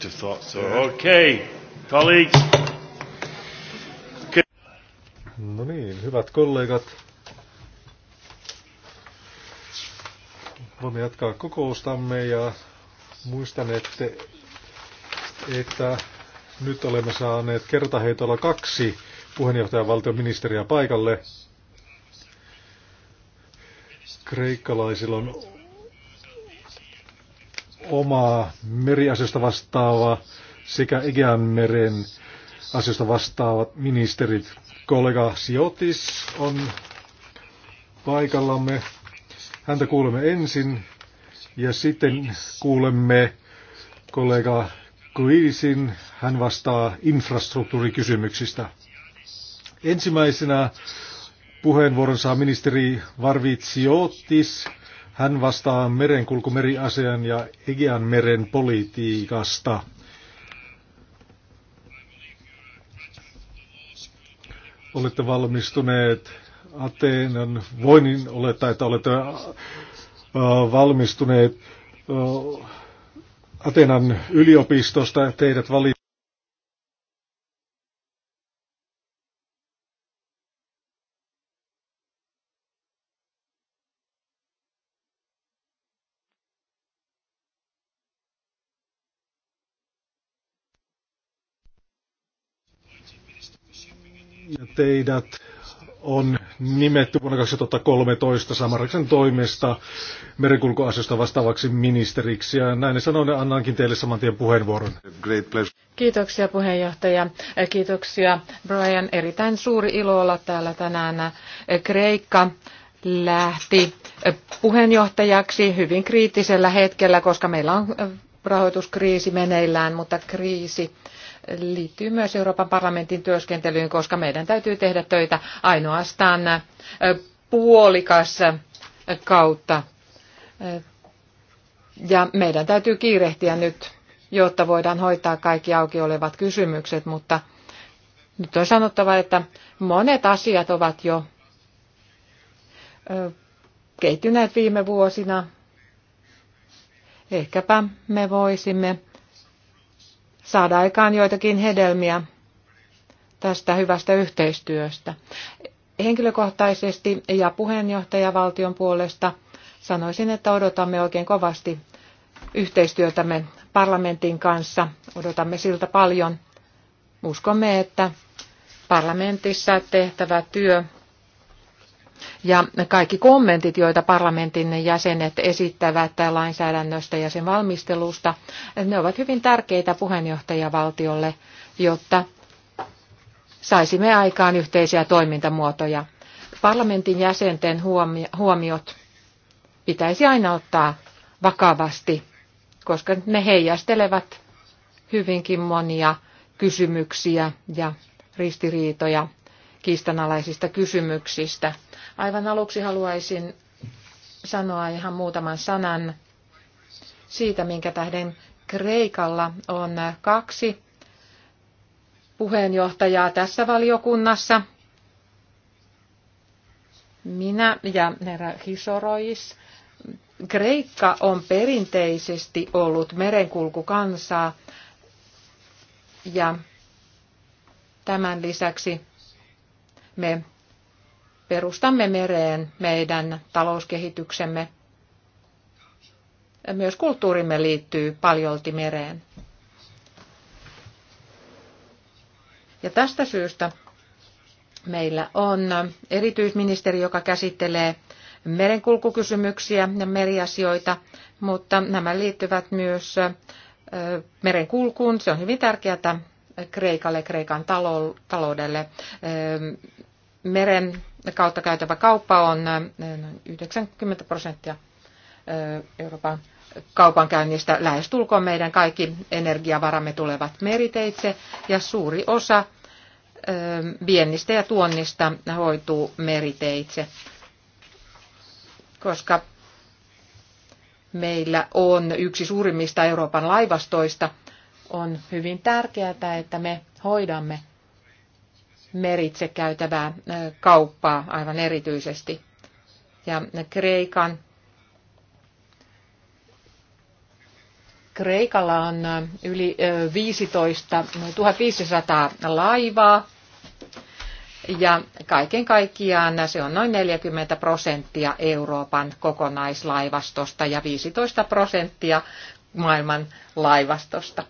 wouldn't have thought so. Okay, colleagues. Okay. No niin, hyvät kollegat. Voimme jatkaa kokoustamme ja muistan, että, että nyt olemme saaneet kertaheitolla kaksi puheenjohtajavaltion ministeriä paikalle. Kreikkalaisilla on omaa meriasioista vastaavaa sekä Egean meren asioista vastaavat ministerit. Kollega Siotis on paikallamme. Häntä kuulemme ensin ja sitten kuulemme kollega Kuisin. Hän vastaa infrastruktuurikysymyksistä. Ensimmäisenä puheenvuoron saa ministeri Varvitsiotis hän vastaa merenkulkumeriasian ja Egean meren politiikasta. Olette valmistuneet Ateenan, voin olettaa, että olette äh, valmistuneet äh, ateenan yliopistosta. Teidät valittiin teidät on nimetty vuonna 2013 Samaraksen toimesta merenkulkuasioista vastaavaksi ministeriksi. Ja näin sanoen annankin teille saman tien puheenvuoron. Kiitoksia puheenjohtaja. Kiitoksia Brian. Erittäin suuri ilo olla täällä tänään. Kreikka lähti puheenjohtajaksi hyvin kriittisellä hetkellä, koska meillä on rahoituskriisi meneillään, mutta kriisi liittyy myös Euroopan parlamentin työskentelyyn, koska meidän täytyy tehdä töitä ainoastaan puolikas kautta. Ja meidän täytyy kiirehtiä nyt, jotta voidaan hoitaa kaikki auki olevat kysymykset, mutta nyt on sanottava, että monet asiat ovat jo kehittyneet viime vuosina. Ehkäpä me voisimme saada aikaan joitakin hedelmiä tästä hyvästä yhteistyöstä. Henkilökohtaisesti ja puheenjohtajavaltion puolesta sanoisin, että odotamme oikein kovasti yhteistyötämme parlamentin kanssa. Odotamme siltä paljon. Uskomme, että parlamentissa tehtävä työ ja kaikki kommentit, joita parlamentin jäsenet esittävät lainsäädännöstä ja sen valmistelusta, ne ovat hyvin tärkeitä puheenjohtajavaltiolle, jotta saisimme aikaan yhteisiä toimintamuotoja. Parlamentin jäsenten huomiot pitäisi aina ottaa vakavasti, koska ne heijastelevat hyvinkin monia kysymyksiä ja ristiriitoja kiistanalaisista kysymyksistä – Aivan aluksi haluaisin sanoa ihan muutaman sanan siitä, minkä tähden Kreikalla on kaksi puheenjohtajaa tässä valiokunnassa. Minä ja herra Hisorois. Kreikka on perinteisesti ollut merenkulkukansaa ja tämän lisäksi me perustamme mereen meidän talouskehityksemme. Myös kulttuurimme liittyy paljolti mereen. Ja tästä syystä meillä on erityisministeri, joka käsittelee merenkulkukysymyksiä ja meriasioita, mutta nämä liittyvät myös merenkulkuun. Se on hyvin tärkeää Kreikalle, Kreikan taloudelle meren kautta käytävä kauppa on äh, noin 90 prosenttia äh, Euroopan kaupankäynnistä. Lähestulkoon meidän kaikki energiavaramme tulevat meriteitse ja suuri osa äh, viennistä ja tuonnista hoituu meriteitse, koska meillä on yksi suurimmista Euroopan laivastoista. On hyvin tärkeää, että me hoidamme meritse käytävää kauppaa aivan erityisesti. Ja Kreikan, Kreikalla on yli 15, 1500 laivaa ja kaiken kaikkiaan se on noin 40 prosenttia Euroopan kokonaislaivastosta ja 15 prosenttia maailman laivastosta.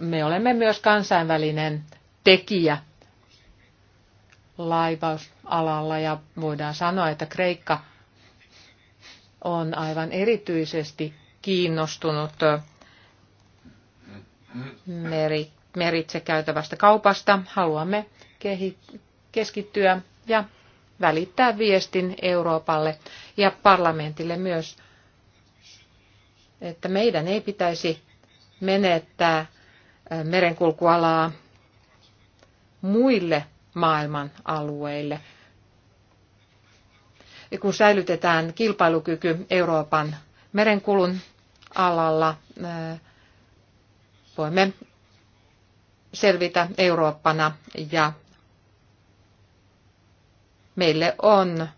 Me olemme myös kansainvälinen tekijä laivausalalla ja voidaan sanoa, että Kreikka on aivan erityisesti kiinnostunut meri, meritse käytävästä kaupasta. Haluamme kehi, keskittyä ja välittää viestin Euroopalle ja parlamentille myös, että meidän ei pitäisi menettää merenkulkualaa muille maailman alueille. Kun säilytetään kilpailukyky Euroopan merenkulun alalla, eh, voimme selvitä Eurooppana ja meille on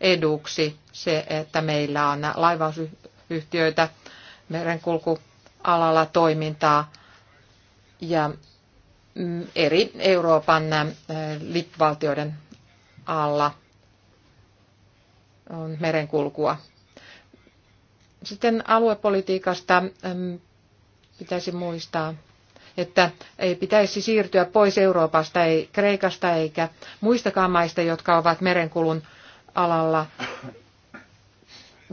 eduksi se, että meillä on laivausyhtiöitä merenkulkualalla toimintaa ja Mm, eri Euroopan äh, liittovaltioiden alla on merenkulkua. Sitten aluepolitiikasta ähm, pitäisi muistaa, että ei pitäisi siirtyä pois Euroopasta, ei Kreikasta eikä muistakaan maista, jotka ovat merenkulun alalla,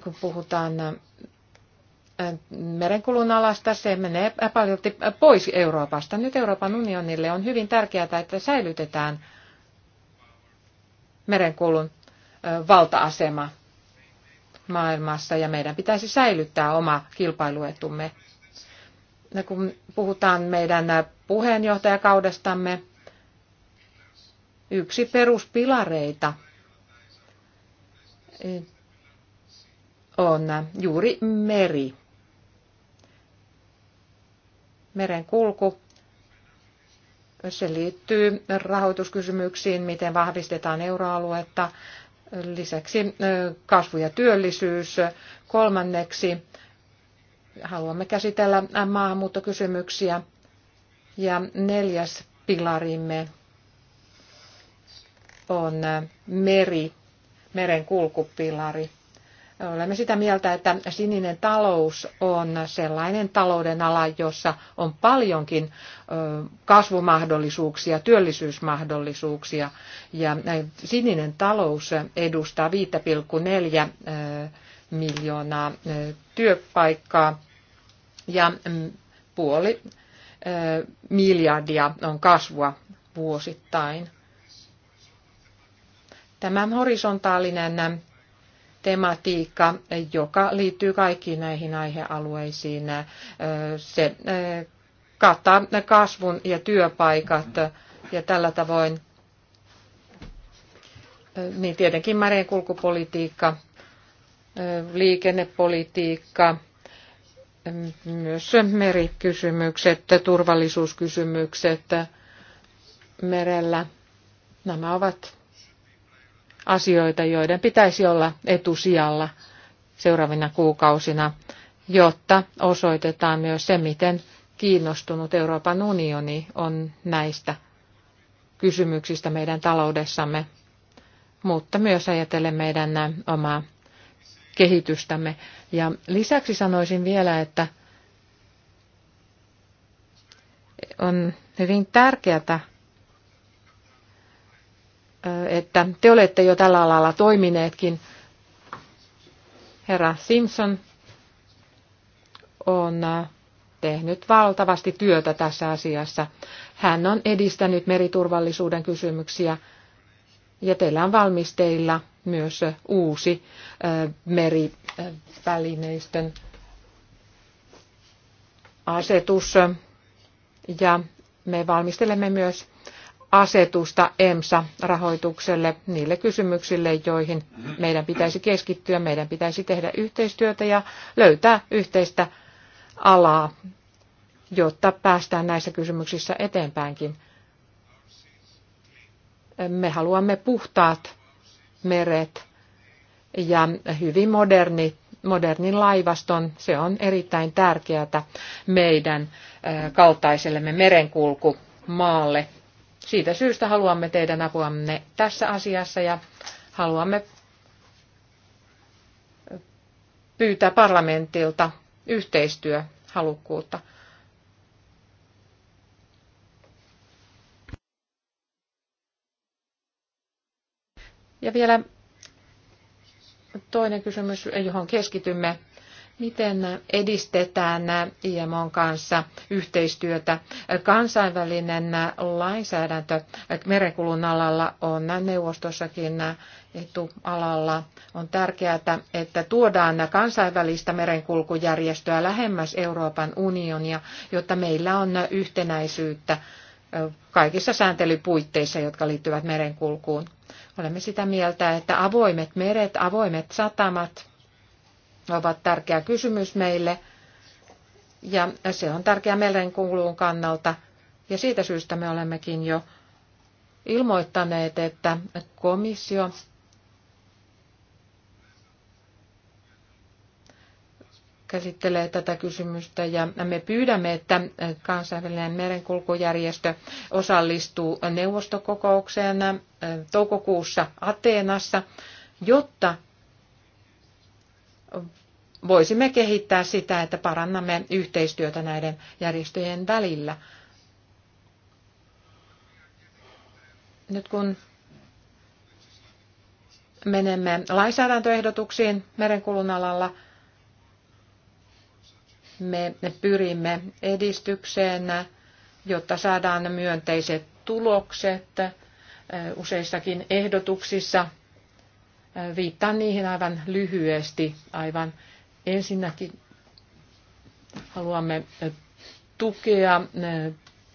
kun puhutaan äh, merenkulun alasta, se menee paljolti pois Euroopasta. Nyt Euroopan unionille on hyvin tärkeää, että säilytetään merenkulun valta-asema maailmassa ja meidän pitäisi säilyttää oma kilpailuetumme. Ja kun puhutaan meidän puheenjohtajakaudestamme, yksi peruspilareita on juuri meri merenkulku. Se liittyy rahoituskysymyksiin, miten vahvistetaan euroaluetta, lisäksi kasvu ja työllisyys. Kolmanneksi haluamme käsitellä maahanmuuttokysymyksiä. Ja neljäs pilarimme on meri, merenkulkupilari. Olemme sitä mieltä, että sininen talous on sellainen talouden ala, jossa on paljonkin kasvumahdollisuuksia, työllisyysmahdollisuuksia. Ja sininen talous edustaa 5,4 miljoonaa työpaikkaa ja mm, puoli miljardia on kasvua vuosittain. Tämä horisontaalinen tematiikka, joka liittyy kaikkiin näihin aihealueisiin. Se kattaa kasvun ja työpaikat ja tällä tavoin niin tietenkin kulkupolitiikka, liikennepolitiikka, myös merikysymykset, turvallisuuskysymykset merellä. Nämä ovat asioita, joiden pitäisi olla etusijalla seuraavina kuukausina, jotta osoitetaan myös se, miten kiinnostunut Euroopan unioni on näistä kysymyksistä meidän taloudessamme, mutta myös ajatellen meidän äh, omaa kehitystämme. Ja lisäksi sanoisin vielä, että on hyvin tärkeää että te olette jo tällä alalla toimineetkin. Herra Simpson on tehnyt valtavasti työtä tässä asiassa. Hän on edistänyt meriturvallisuuden kysymyksiä ja teillä on valmisteilla myös uusi merivälineistön asetus. Ja me valmistelemme myös asetusta EMSA-rahoitukselle niille kysymyksille, joihin meidän pitäisi keskittyä, meidän pitäisi tehdä yhteistyötä ja löytää yhteistä alaa, jotta päästään näissä kysymyksissä eteenpäinkin. Me haluamme puhtaat meret ja hyvin moderni, modernin laivaston. Se on erittäin tärkeää meidän kaltaisellemme merenkulkumaalle siitä syystä haluamme teidän apuamme tässä asiassa ja haluamme pyytää parlamentilta yhteistyöhalukkuutta. Ja vielä toinen kysymys, johon keskitymme miten edistetään IMOn kanssa yhteistyötä. Kansainvälinen lainsäädäntö merenkulun alalla on neuvostossakin etualalla. On tärkeää, että tuodaan kansainvälistä merenkulkujärjestöä lähemmäs Euroopan unionia, jotta meillä on yhtenäisyyttä kaikissa sääntelypuitteissa, jotka liittyvät merenkulkuun. Olemme sitä mieltä, että avoimet meret, avoimet satamat, ovat tärkeä kysymys meille ja se on tärkeä merenkulun kannalta. Ja siitä syystä me olemmekin jo ilmoittaneet, että komissio käsittelee tätä kysymystä ja me pyydämme, että kansainvälinen merenkulkujärjestö osallistuu neuvostokokoukseen toukokuussa Ateenassa, jotta voisimme kehittää sitä, että parannamme yhteistyötä näiden järjestöjen välillä. Nyt kun menemme lainsäädäntöehdotuksiin merenkulun alalla, me pyrimme edistykseen, jotta saadaan myönteiset tulokset eh, useissakin ehdotuksissa Viittaan niihin aivan lyhyesti. Aivan ensinnäkin haluamme tukea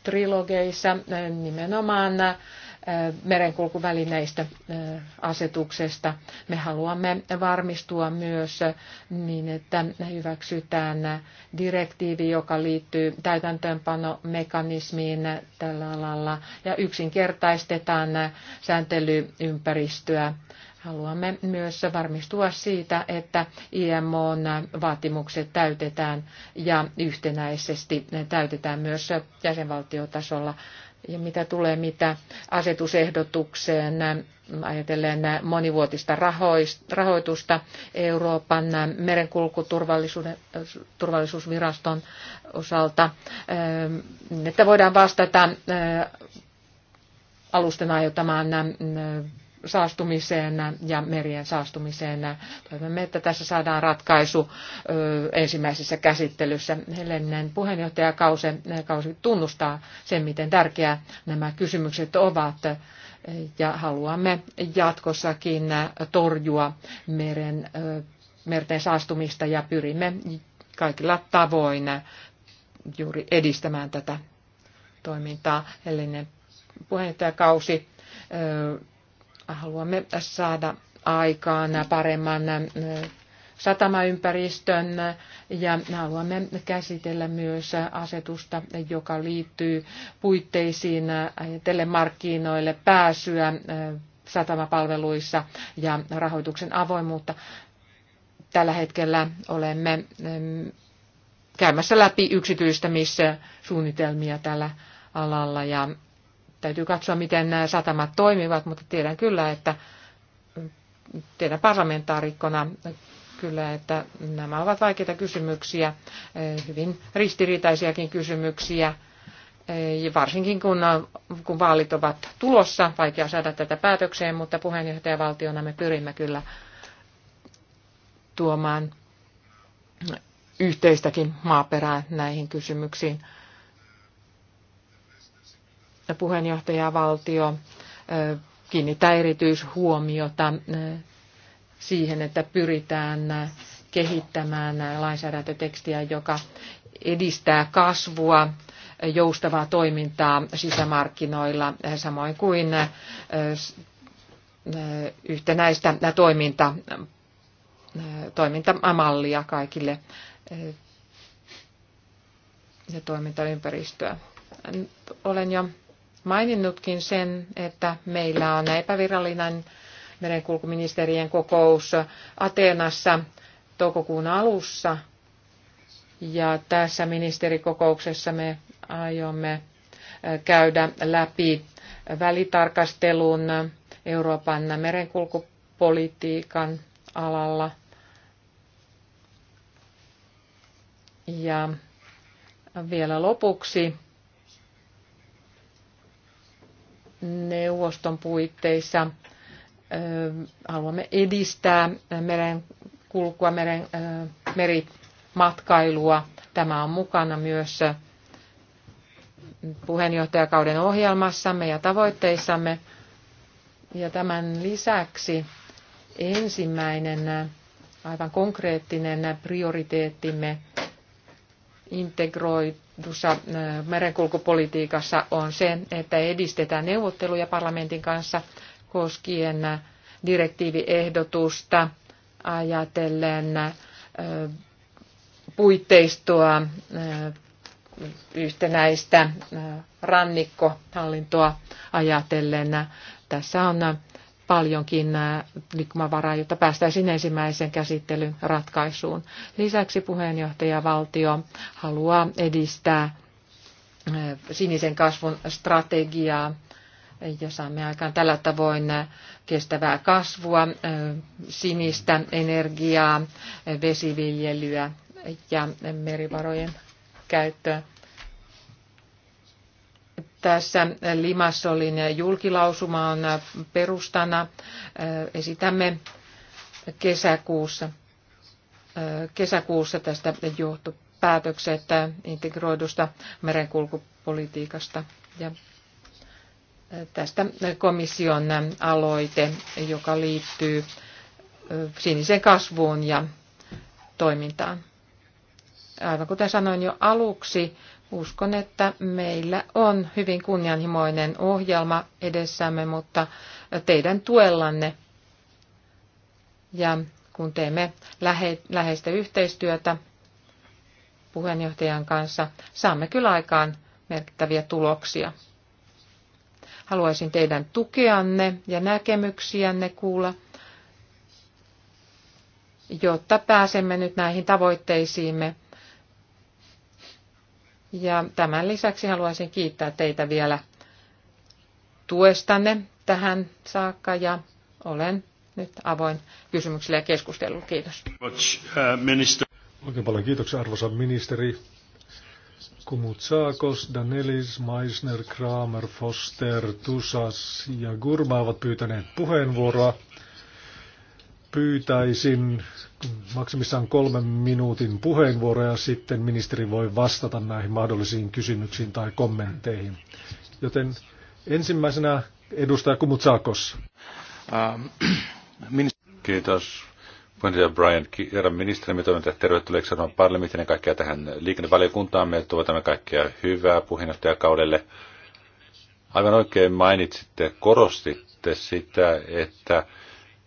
trilogeissa nimenomaan merenkulkuvälineistä asetuksesta. Me haluamme varmistua myös niin, että hyväksytään direktiivi, joka liittyy täytäntöönpanomekanismiin tällä alalla ja yksinkertaistetaan sääntelyympäristöä. Haluamme myös varmistua siitä, että IMOn vaatimukset täytetään ja yhtenäisesti täytetään myös jäsenvaltiotasolla. Ja mitä tulee mitä asetusehdotukseen ajatellen monivuotista rahoitusta Euroopan merenkulkuturvallisuusviraston osalta, ähm, että voidaan vastata äh, alusten aiheuttamaan äh, saastumiseen ja merien saastumiseen. Toivomme, että tässä saadaan ratkaisu ensimmäisessä käsittelyssä. Helennen puheenjohtajakausi kausi tunnustaa sen, miten tärkeää nämä kysymykset ovat ja haluamme jatkossakin torjua meren, merten saastumista ja pyrimme kaikilla tavoin juuri edistämään tätä toimintaa. Hellinen puheenjohtajakausi haluamme saada aikaan paremman satamaympäristön ja haluamme käsitellä myös asetusta, joka liittyy puitteisiin telemarkkinoille pääsyä satamapalveluissa ja rahoituksen avoimuutta. Tällä hetkellä olemme käymässä läpi yksityistämissuunnitelmia tällä alalla ja Täytyy katsoa, miten nämä satamat toimivat, mutta tiedän kyllä, että teidän parlamentaarikkona kyllä, että nämä ovat vaikeita kysymyksiä, hyvin ristiriitaisiakin kysymyksiä, varsinkin kun, kun vaalit ovat tulossa, vaikea saada tätä päätökseen, mutta puheenjohtajavaltiona me pyrimme kyllä tuomaan yhteistäkin maaperää näihin kysymyksiin puheenjohtajavaltio kiinnittää erityishuomiota siihen, että pyritään kehittämään lainsäädäntötekstiä, joka edistää kasvua, joustavaa toimintaa sisämarkkinoilla, samoin kuin yhtenäistä toiminta, toimintamallia kaikille ja toimintaympäristöä. olen jo maininnutkin sen, että meillä on epävirallinen merenkulkuministerien kokous Ateenassa toukokuun alussa. Ja tässä ministerikokouksessa me aiomme käydä läpi välitarkastelun Euroopan merenkulkupolitiikan alalla. Ja vielä lopuksi neuvoston puitteissa haluamme edistää meren kulkua, meren, merimatkailua. Tämä on mukana myös puheenjohtajakauden ohjelmassamme ja tavoitteissamme. Ja tämän lisäksi ensimmäinen aivan konkreettinen prioriteettimme integroidussa merenkulkupolitiikassa on se, että edistetään neuvotteluja parlamentin kanssa koskien direktiiviehdotusta ajatellen puitteistoa yhtenäistä rannikkohallintoa ajatellen. Tässä on paljonkin liikkumavaraa, jotta päästäisiin ensimmäisen käsittelyn ratkaisuun. Lisäksi puheenjohtajavaltio haluaa edistää sinisen kasvun strategiaa ja saamme aikaan tällä tavoin kestävää kasvua, sinistä energiaa, vesiviljelyä ja merivarojen käyttöä. Tässä Limassolin julkilausuma on perustana. Esitämme kesäkuussa, kesäkuussa tästä johtopäätökset integroidusta merenkulkupolitiikasta. Ja tästä komission aloite, joka liittyy sinisen kasvuun ja toimintaan. Aivan kuten sanoin jo aluksi, Uskon, että meillä on hyvin kunnianhimoinen ohjelma edessämme, mutta teidän tuellanne ja kun teemme lähe, läheistä yhteistyötä puheenjohtajan kanssa, saamme kyllä aikaan merkittäviä tuloksia. Haluaisin teidän tukeanne ja näkemyksiänne kuulla, jotta pääsemme nyt näihin tavoitteisiimme ja tämän lisäksi haluaisin kiittää teitä vielä tuestanne tähän saakka ja olen nyt avoin kysymyksille ja keskusteluun. Kiitos. Oikein paljon kiitoksia arvoisa ministeri. Kumutsaakos, Danelis, Meisner, Kramer, Foster, Tusas ja Gurma ovat pyytäneet puheenvuoroa pyytäisin maksimissaan kolmen minuutin puheenvuoroja, ja sitten ministeri voi vastata näihin mahdollisiin kysymyksiin tai kommentteihin. Joten ensimmäisenä edustaja Ähm, Kiitos. Puheenjohtaja Brian, herra ministeri, me toivotan tervetulleeksi sanomaan parlamentin ja kaikkea tähän liikennevaliokuntaan. Me toivotamme kaikkea hyvää puheenjohtajakaudelle. Aivan oikein mainitsitte, korostitte sitä, että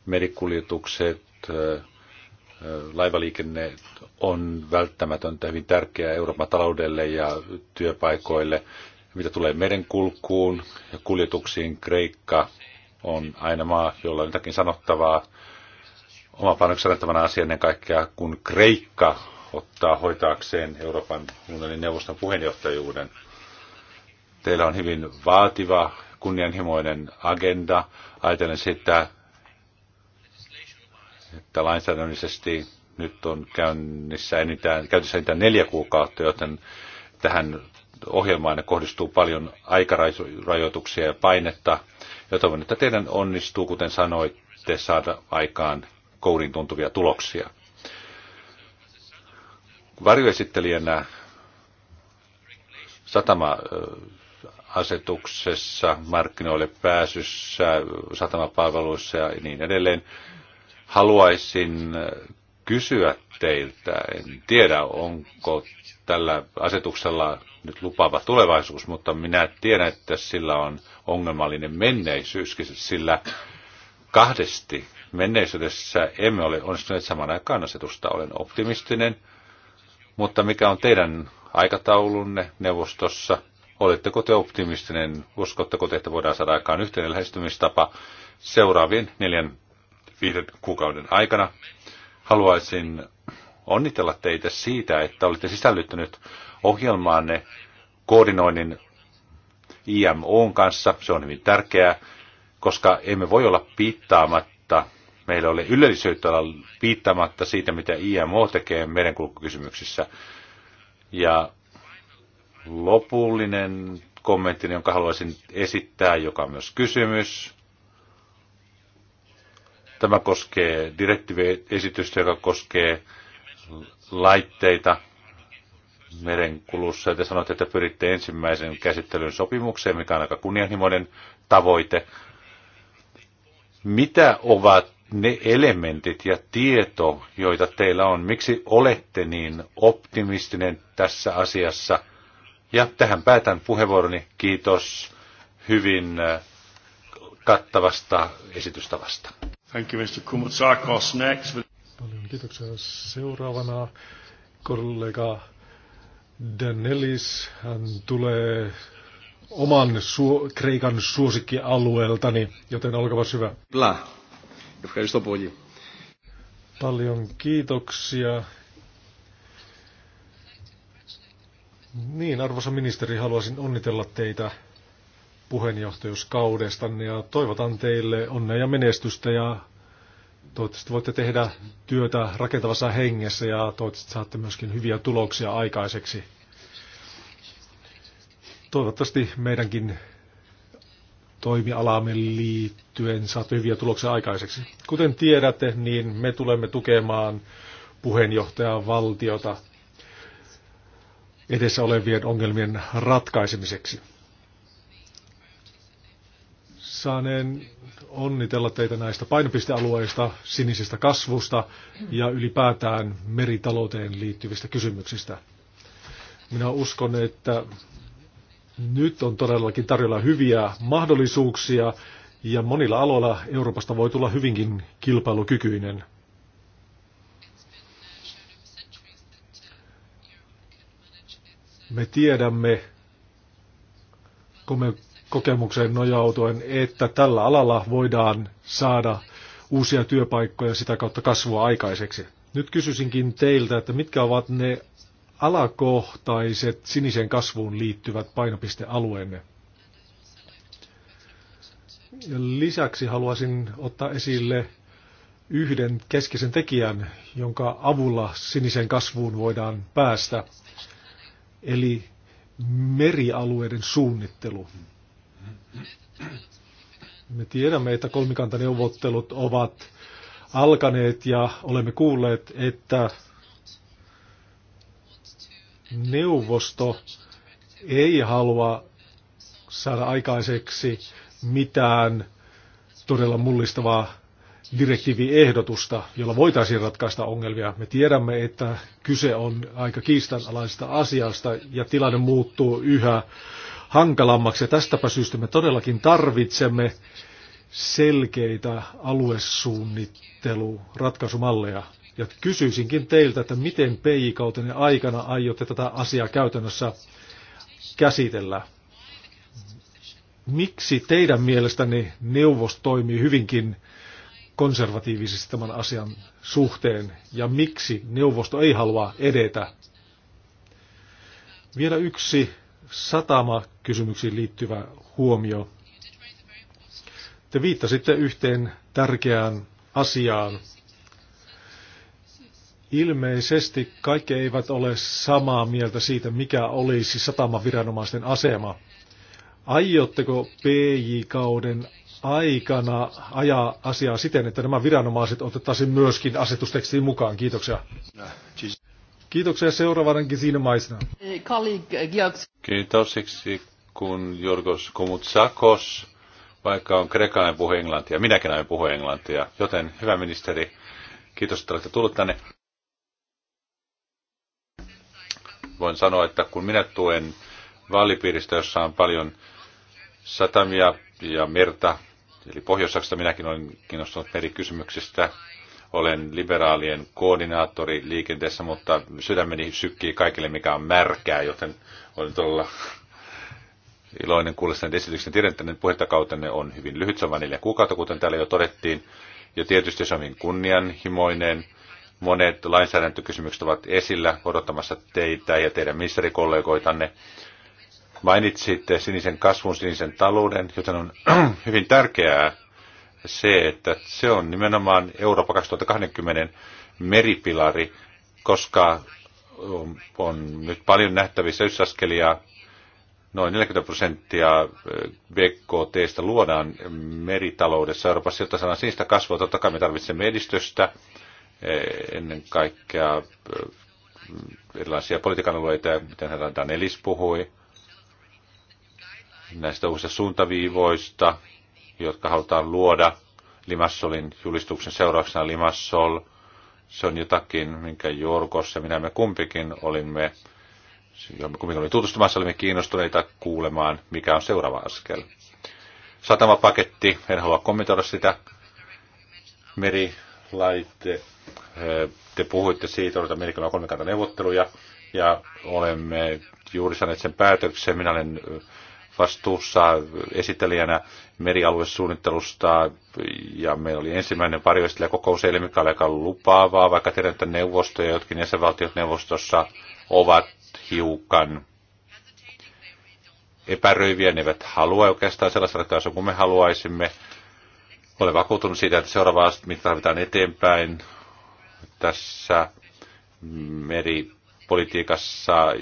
merikuljetukset, laivaliikenne on välttämätöntä, hyvin tärkeää Euroopan taloudelle ja työpaikoille. Mitä tulee merenkulkuun ja kuljetuksiin, Kreikka on aina maa, jolla on jotakin sanottavaa. Oma panoksen annettavana asia ennen kaikkea, kun Kreikka ottaa hoitaakseen Euroopan unionin neuvoston puheenjohtajuuden. Teillä on hyvin vaativa, kunnianhimoinen agenda. Ajatellen sitä, että lainsäädännöllisesti nyt on käynnissä enintään, käytössä enintään neljä kuukautta, joten tähän ohjelmaan kohdistuu paljon aikarajoituksia ja painetta. Ja toivon, että teidän onnistuu, kuten sanoitte, saada aikaan kourin tuntuvia tuloksia. Varjoesittelijänä satama-asetuksessa, markkinoille pääsyssä, satamapalveluissa ja niin edelleen Haluaisin äh, kysyä teiltä, en tiedä onko tällä asetuksella nyt lupaava tulevaisuus, mutta minä tiedän, että sillä on ongelmallinen menneisyys, sillä kahdesti menneisyydessä emme ole onnistuneet saman aikaan asetusta. Olen optimistinen, mutta mikä on teidän aikataulunne neuvostossa? Oletteko te optimistinen? Uskotteko te, että voidaan saada aikaan yhteinen lähestymistapa seuraavien neljän viiden kuukauden aikana. Haluaisin onnitella teitä siitä, että olette sisällyttänyt ohjelmaanne koordinoinnin IMOn kanssa. Se on hyvin tärkeää, koska emme voi olla piittaamatta, meillä oli ylellisyyttä olla piittaamatta siitä, mitä IMO tekee merenkulkukysymyksissä. Ja lopullinen kommentti, jonka haluaisin esittää, joka on myös kysymys, Tämä koskee direktiiviesitystä, joka koskee laitteita merenkulussa. Te sanoitte, että pyritte ensimmäisen käsittelyn sopimukseen, mikä on aika kunnianhimoinen tavoite. Mitä ovat ne elementit ja tieto, joita teillä on? Miksi olette niin optimistinen tässä asiassa? Ja tähän päätän puheenvuoroni. Kiitos hyvin kattavasta esitystavasta. Thank you, Mr. Kumutsakos. Next. Paljon kiitoksia. Seuraavana kollega Danelis. Hän tulee oman su- Kreikan suosikkialueeltani, joten olkaa hyvä. Bla. Paljon kiitoksia. Niin, arvoisa ministeri, haluaisin onnitella teitä puheenjohtajuuskaudestanne ja toivotan teille onnea ja menestystä ja toivottavasti voitte tehdä työtä rakentavassa hengessä ja toivottavasti saatte myöskin hyviä tuloksia aikaiseksi. Toivottavasti meidänkin toimialaamme liittyen saatte hyviä tuloksia aikaiseksi. Kuten tiedätte, niin me tulemme tukemaan puheenjohtajan valtiota edessä olevien ongelmien ratkaisemiseksi saaneen onnitella teitä näistä painopistealueista, sinisestä kasvusta ja ylipäätään meritalouteen liittyvistä kysymyksistä. Minä uskon, että nyt on todellakin tarjolla hyviä mahdollisuuksia ja monilla aloilla Euroopasta voi tulla hyvinkin kilpailukykyinen. Me tiedämme, kun me kokemukseen nojautuen, että tällä alalla voidaan saada uusia työpaikkoja sitä kautta kasvua aikaiseksi. Nyt kysyisinkin teiltä, että mitkä ovat ne alakohtaiset sinisen kasvuun liittyvät painopistealueenne? Ja lisäksi haluaisin ottaa esille yhden keskeisen tekijän, jonka avulla sinisen kasvuun voidaan päästä, eli merialueiden suunnittelu. Me tiedämme, että kolmikantaneuvottelut ovat alkaneet ja olemme kuulleet, että neuvosto ei halua saada aikaiseksi mitään todella mullistavaa direktiiviehdotusta, jolla voitaisiin ratkaista ongelmia. Me tiedämme, että kyse on aika kiistanalaisesta asiasta ja tilanne muuttuu yhä hankalammaksi. Ja tästäpä syystä me todellakin tarvitsemme selkeitä aluesuunnitteluratkaisumalleja. Ja kysyisinkin teiltä, että miten PI-kautenne aikana aiotte tätä asiaa käytännössä käsitellä? Miksi teidän mielestänne neuvos toimii hyvinkin konservatiivisesti tämän asian suhteen ja miksi neuvosto ei halua edetä? Vielä yksi satamakysymyksiin liittyvä huomio. Te viittasitte yhteen tärkeään asiaan. Ilmeisesti kaikki eivät ole samaa mieltä siitä, mikä olisi satamaviranomaisten asema. Aiotteko PJ-kauden aikana ajaa asiaa siten, että nämä viranomaiset otettaisiin myöskin asetustekstiin mukaan? Kiitoksia. Siis Kiitoksia seuraavan Gesine Maisna. Kiitos kun Jorgos Komutsakos, vaikka on krekalainen puhu englantia, minäkin aion puhua englantia, joten hyvä ministeri, kiitos, että olette tullut tänne. Voin sanoa, että kun minä tuen vaalipiiristä, jossa on paljon satamia ja merta, eli pohjois minäkin olen kiinnostunut merikysymyksistä, olen liberaalien koordinaattori liikenteessä, mutta sydämeni sykkii kaikille, mikä on märkää, joten olen todella iloinen kuullessani esityksen. Tiedän, että Ne on hyvin lyhyt, se on neljä kuukautta, kuten täällä jo todettiin. Ja tietysti se on hyvin kunnianhimoinen. Monet lainsäädäntökysymykset ovat esillä odottamassa teitä ja teidän ministerikollegoitanne. Mainitsitte sinisen kasvun, sinisen talouden, joten on hyvin tärkeää, se, että se on nimenomaan Eurooppa 2020 meripilari, koska um, on nyt paljon nähtävissä yksi Noin 40 prosenttia eh, BKTstä luodaan meritaloudessa Euroopassa, jotta saadaan siitä kasvua. Totta kai me tarvitsemme edistystä, eh, ennen kaikkea eh, erilaisia politiikan alueita, miten herra Danelis puhui, näistä uusista suuntaviivoista, jotka halutaan luoda Limassolin julistuksen seurauksena Limassol. Se on jotakin, minkä Jorkossa minä me kumpikin olimme, johon kumpikin oli tutustumassa, olimme kiinnostuneita kuulemaan, mikä on seuraava askel. Satamapaketti, en halua kommentoida sitä. Merilaite, eh, te puhuitte siitä, että Amerikalla on kolmikanta neuvotteluja, ja olemme juuri saaneet sen päätöksen. Minä olen eh, vastuussa esittelijänä merialuesuunnittelusta ja meillä oli ensimmäinen kokous eilen, mikä oli aika lupaavaa, vaikka tiedän, että neuvosto ja jotkin jäsenvaltiot neuvostossa ovat hiukan epäröiviä, ne eivät halua oikeastaan sellaisella ratkaisua kuin me haluaisimme. Olen vakuutunut siitä, että asti, mitä tarvitaan eteenpäin tässä meri politiikassa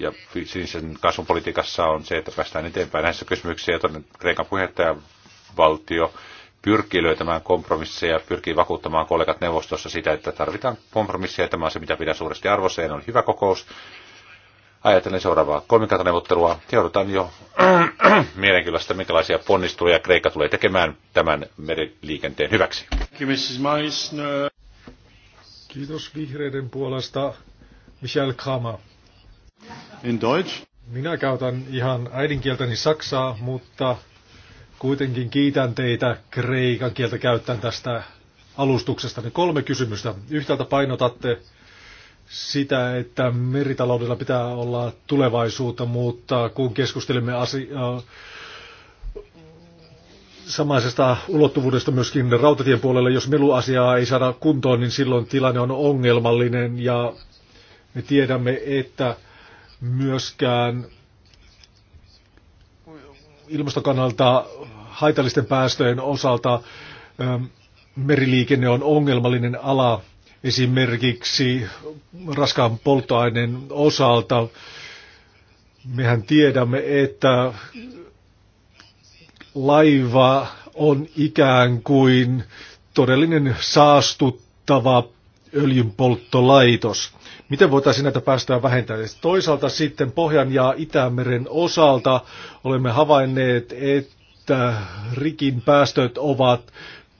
ja sinisen kasvun politiikassa on se, että päästään eteenpäin näissä kysymyksissä. Ja Kreikan puheenjohtajavaltio pyrkii löytämään kompromisseja, pyrkii vakuuttamaan kollegat neuvostossa sitä, että tarvitaan kompromisseja. Tämä on se, mitä pidän suuresti arvossa. Ja on hyvä kokous. Ajatellen seuraavaa kolmikantaneuvottelua. Joudutaan jo mielenkiintoista, minkälaisia ponnisteluja Kreikka tulee tekemään tämän meriliikenteen hyväksi. Kiitos vihreiden puolesta. Michael Kramer. In Deutsch. Minä käytän ihan äidinkieltäni saksaa, mutta kuitenkin kiitän teitä kreikan kieltä käyttäen tästä alustuksesta. Niin kolme kysymystä. Yhtäältä painotatte sitä, että meritaloudella pitää olla tulevaisuutta, mutta kun keskustelimme asi- äh, samaisesta ulottuvuudesta myöskin rautatien puolella, jos meluasiaa ei saada kuntoon, niin silloin tilanne on ongelmallinen ja me tiedämme, että myöskään ilmastokannalta haitallisten päästöjen osalta ähm, meriliikenne on ongelmallinen ala esimerkiksi raskaan polttoaineen osalta. Mehän tiedämme, että laiva on ikään kuin todellinen saastuttava öljynpolttolaitos. Miten voitaisiin näitä päästöjä vähentää? Toisaalta sitten Pohjan ja Itämeren osalta olemme havainneet, että rikin päästöt ovat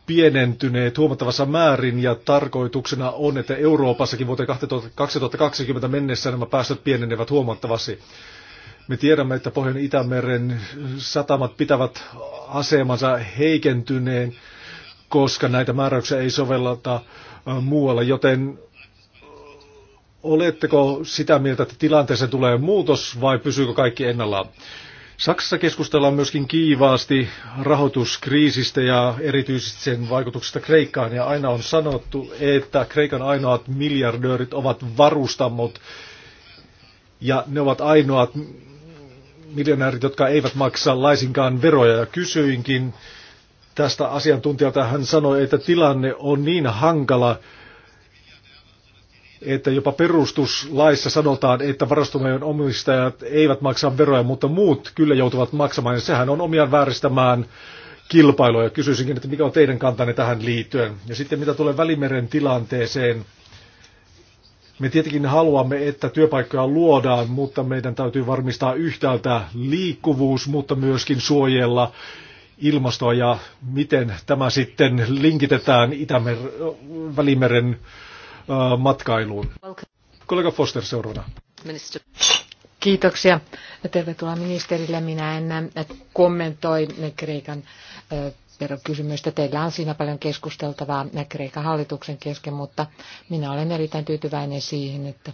pienentyneet huomattavassa määrin ja tarkoituksena on, että Euroopassakin vuoteen 2020 mennessä nämä päästöt pienenevät huomattavasti. Me tiedämme, että Pohjan Itämeren satamat pitävät asemansa heikentyneen, koska näitä määräyksiä ei sovelleta muualla, joten Oletteko sitä mieltä, että tilanteeseen tulee muutos vai pysyykö kaikki ennallaan? Saksassa keskustellaan myöskin kiivaasti rahoituskriisistä ja erityisesti sen vaikutuksesta Kreikkaan. Ja aina on sanottu, että Kreikan ainoat miljardöörit ovat varustamot ja ne ovat ainoat miljonäärit, jotka eivät maksa laisinkaan veroja. Ja kysyinkin tästä asiantuntijalta, hän sanoi, että tilanne on niin hankala, että jopa perustuslaissa sanotaan, että varastomajan omistajat eivät maksa veroja, mutta muut kyllä joutuvat maksamaan, ja sehän on omiaan vääristämään kilpailuja. kysyisinkin, että mikä on teidän kantanne tähän liittyen. Ja sitten mitä tulee Välimeren tilanteeseen, me tietenkin haluamme, että työpaikkoja luodaan, mutta meidän täytyy varmistaa yhtäältä liikkuvuus, mutta myöskin suojella ilmastoa ja miten tämä sitten linkitetään Itämer- Välimeren Äh, matkailuun. Kollega Foster seuraavana. Kiitoksia. Tervetuloa ministerille. Minä en äh, kommentoi Kreikan äh, kysymystä. Teillä on siinä paljon keskusteltavaa Kreikan hallituksen kesken, mutta minä olen erittäin tyytyväinen siihen, että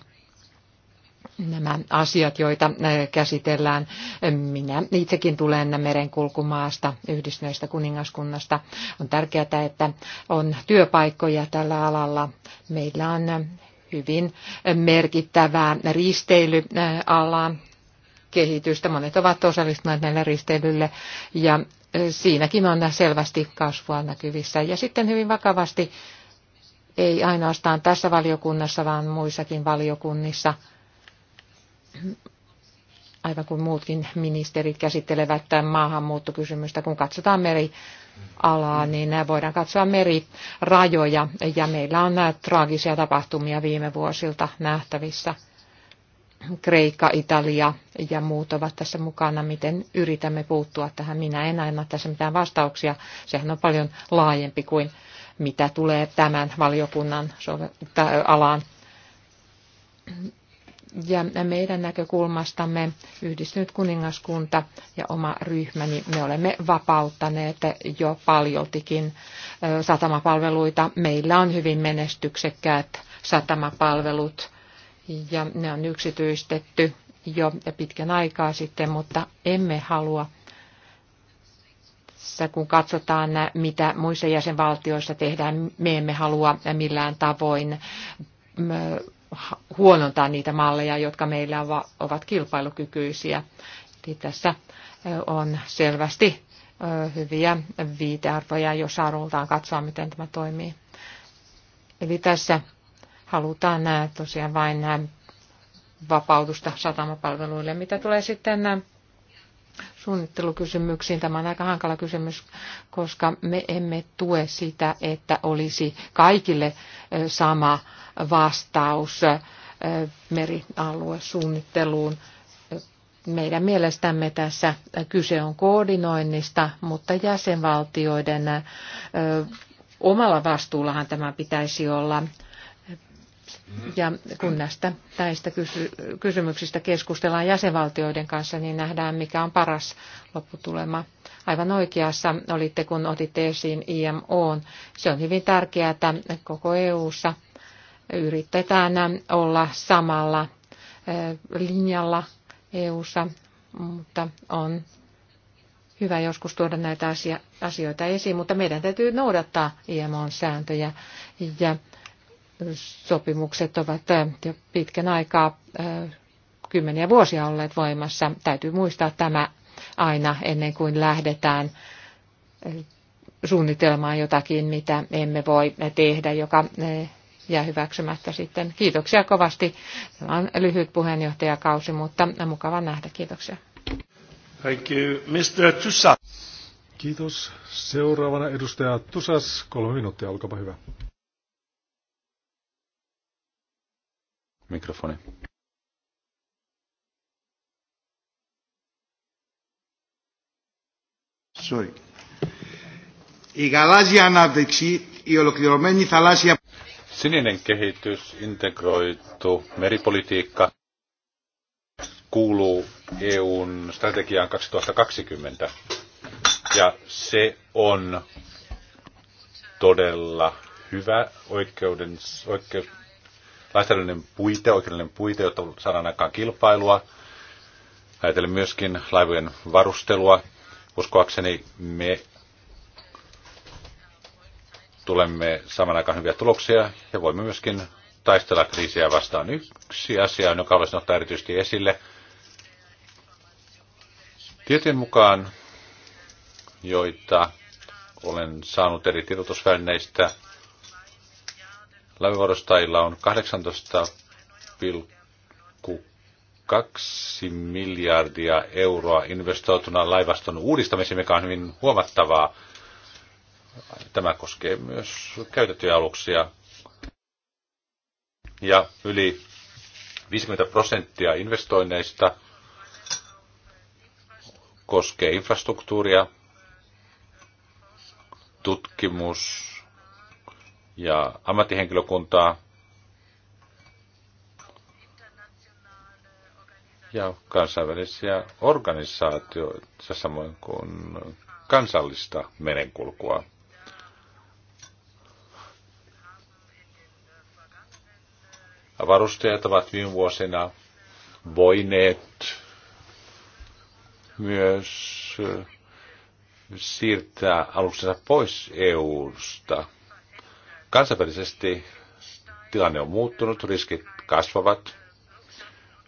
nämä asiat, joita käsitellään. Minä itsekin tulen merenkulkumaasta, yhdistyneestä kuningaskunnasta. On tärkeää, että on työpaikkoja tällä alalla Meillä on hyvin merkittävää risteilyalaa kehitystä. Monet ovat osallistuneet näille risteilylle ja siinäkin on selvästi kasvua näkyvissä. Ja sitten hyvin vakavasti, ei ainoastaan tässä valiokunnassa, vaan muissakin valiokunnissa, aivan kuin muutkin ministerit käsittelevät tämän maahanmuuttokysymystä, kun katsotaan merialaa, niin voidaan katsoa merirajoja, ja meillä on traagisia tapahtumia viime vuosilta nähtävissä. Kreikka, Italia ja muut ovat tässä mukana, miten yritämme puuttua tähän. Minä en aina tässä mitään vastauksia, sehän on paljon laajempi kuin mitä tulee tämän valiokunnan alaan ja meidän näkökulmastamme yhdistynyt kuningaskunta ja oma ryhmäni, niin me olemme vapauttaneet jo paljoltikin satamapalveluita. Meillä on hyvin menestyksekkäät satamapalvelut ja ne on yksityistetty jo pitkän aikaa sitten, mutta emme halua kun katsotaan, mitä muissa jäsenvaltioissa tehdään, me emme halua millään tavoin huonontaa niitä malleja, jotka meillä ovat kilpailukykyisiä. Eli tässä on selvästi hyviä viitearvoja, jos arvoltaan katsoa, miten tämä toimii. Eli tässä halutaan tosiaan vain vapautusta satamapalveluille. Mitä tulee sitten suunnittelukysymyksiin. Tämä on aika hankala kysymys, koska me emme tue sitä, että olisi kaikille sama vastaus merialuesuunnitteluun. Meidän mielestämme tässä kyse on koordinoinnista, mutta jäsenvaltioiden omalla vastuullahan tämä pitäisi olla. Ja kun näistä, näistä kysy- kysymyksistä keskustellaan jäsenvaltioiden kanssa, niin nähdään, mikä on paras lopputulema. Aivan oikeassa olitte, kun otitte esiin IMO. Se on hyvin tärkeää koko EU-ssa yritetään olla samalla linjalla EU-ssa, mutta on hyvä joskus tuoda näitä asia, asioita esiin, mutta meidän täytyy noudattaa imo sääntöjä ja sopimukset ovat jo pitkän aikaa, kymmeniä vuosia olleet voimassa. Täytyy muistaa tämä aina ennen kuin lähdetään suunnitelmaan jotakin, mitä emme voi tehdä, joka jää hyväksymättä sitten. Kiitoksia kovasti. Tämä on lyhyt puheenjohtajakausi, mutta mukava nähdä. Kiitoksia. Thank you, Mr. Tussas. Kiitos. Seuraavana edustaja Tusas. Kolme minuuttia, olkaapa hyvä. Mikrofoni. Sorry. Η γαλάζια ανάπτυξη, η ολοκληρωμένη θαλάσσια Sininen kehitys, integroitu meripolitiikka kuuluu EUn strategiaan 2020. Ja se on todella hyvä oikeuden, oikeus, lainsäädännön puite, oikeudellinen puite, jotta saadaan aikaan kilpailua. Ajatellen myöskin laivojen varustelua. Uskoakseni me tulemme saman aikaan hyviä tuloksia ja voimme myöskin taistella kriisiä vastaan. Yksi asia, joka haluaisin ottaa erityisesti esille. Tietojen mukaan, joita olen saanut eri tiedotusvälineistä, läpivuodostajilla on 18,2 miljardia euroa investoituna laivaston uudistamiseen, mikä on hyvin huomattavaa Tämä koskee myös käytettyjä aluksia. Ja yli 50 prosenttia investoinneista koskee infrastruktuuria, tutkimus ja ammattihenkilökuntaa ja kansainvälisiä organisaatioita, samoin kuin kansallista merenkulkua. Varustajat ovat viime vuosina voineet myös siirtää aluksensa pois EU-sta. Kansainvälisesti tilanne on muuttunut, riskit kasvavat.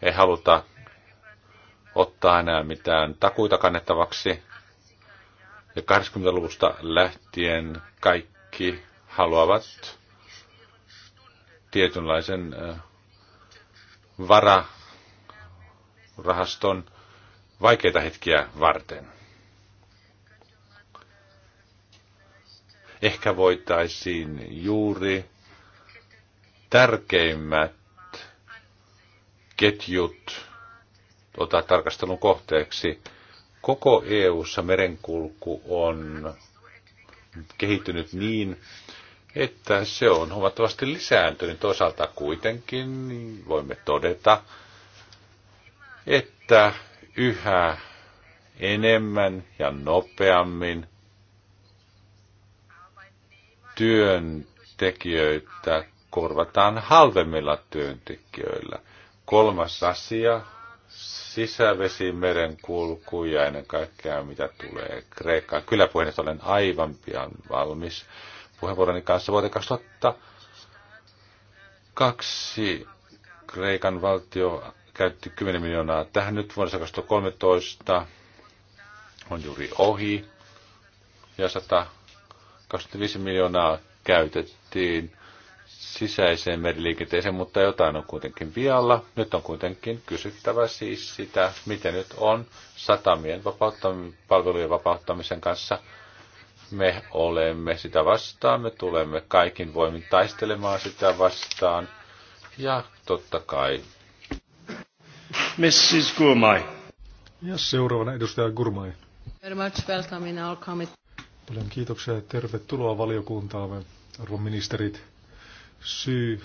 Ei haluta ottaa enää mitään takuita kannettavaksi. Ja 80-luvusta lähtien kaikki haluavat tietynlaisen vararahaston vaikeita hetkiä varten. Ehkä voitaisiin juuri tärkeimmät ketjut ottaa tarkastelun kohteeksi. Koko EU-ssa merenkulku on kehittynyt niin, että se on huomattavasti lisääntynyt toisaalta kuitenkin. Voimme todeta, että yhä enemmän ja nopeammin työntekijöitä korvataan halvemmilla työntekijöillä. Kolmas asia, sisävesimeren kulku ja ennen kaikkea mitä tulee Kreikkaan. Kyllä puheenjohtaja olen aivan pian valmis puheenvuoroni kanssa. Vuoteen 2002 Kreikan valtio käytti 10 miljoonaa tähän nyt vuonna 2013 on juuri ohi ja 125 miljoonaa käytettiin sisäiseen meriliikenteeseen, mutta jotain on kuitenkin vialla. Nyt on kuitenkin kysyttävä siis sitä, miten nyt on satamien vapauttam- palvelujen vapauttamisen kanssa – me olemme sitä vastaan, me tulemme kaikin voimin taistelemaan sitä vastaan. Ja totta kai. Mrs. Gurmai. Ja seuraavana edustaja Gurmai. Very much welcome in our committee. Paljon kiitoksia ja tervetuloa valiokuntaamme, arvon ministerit. Syy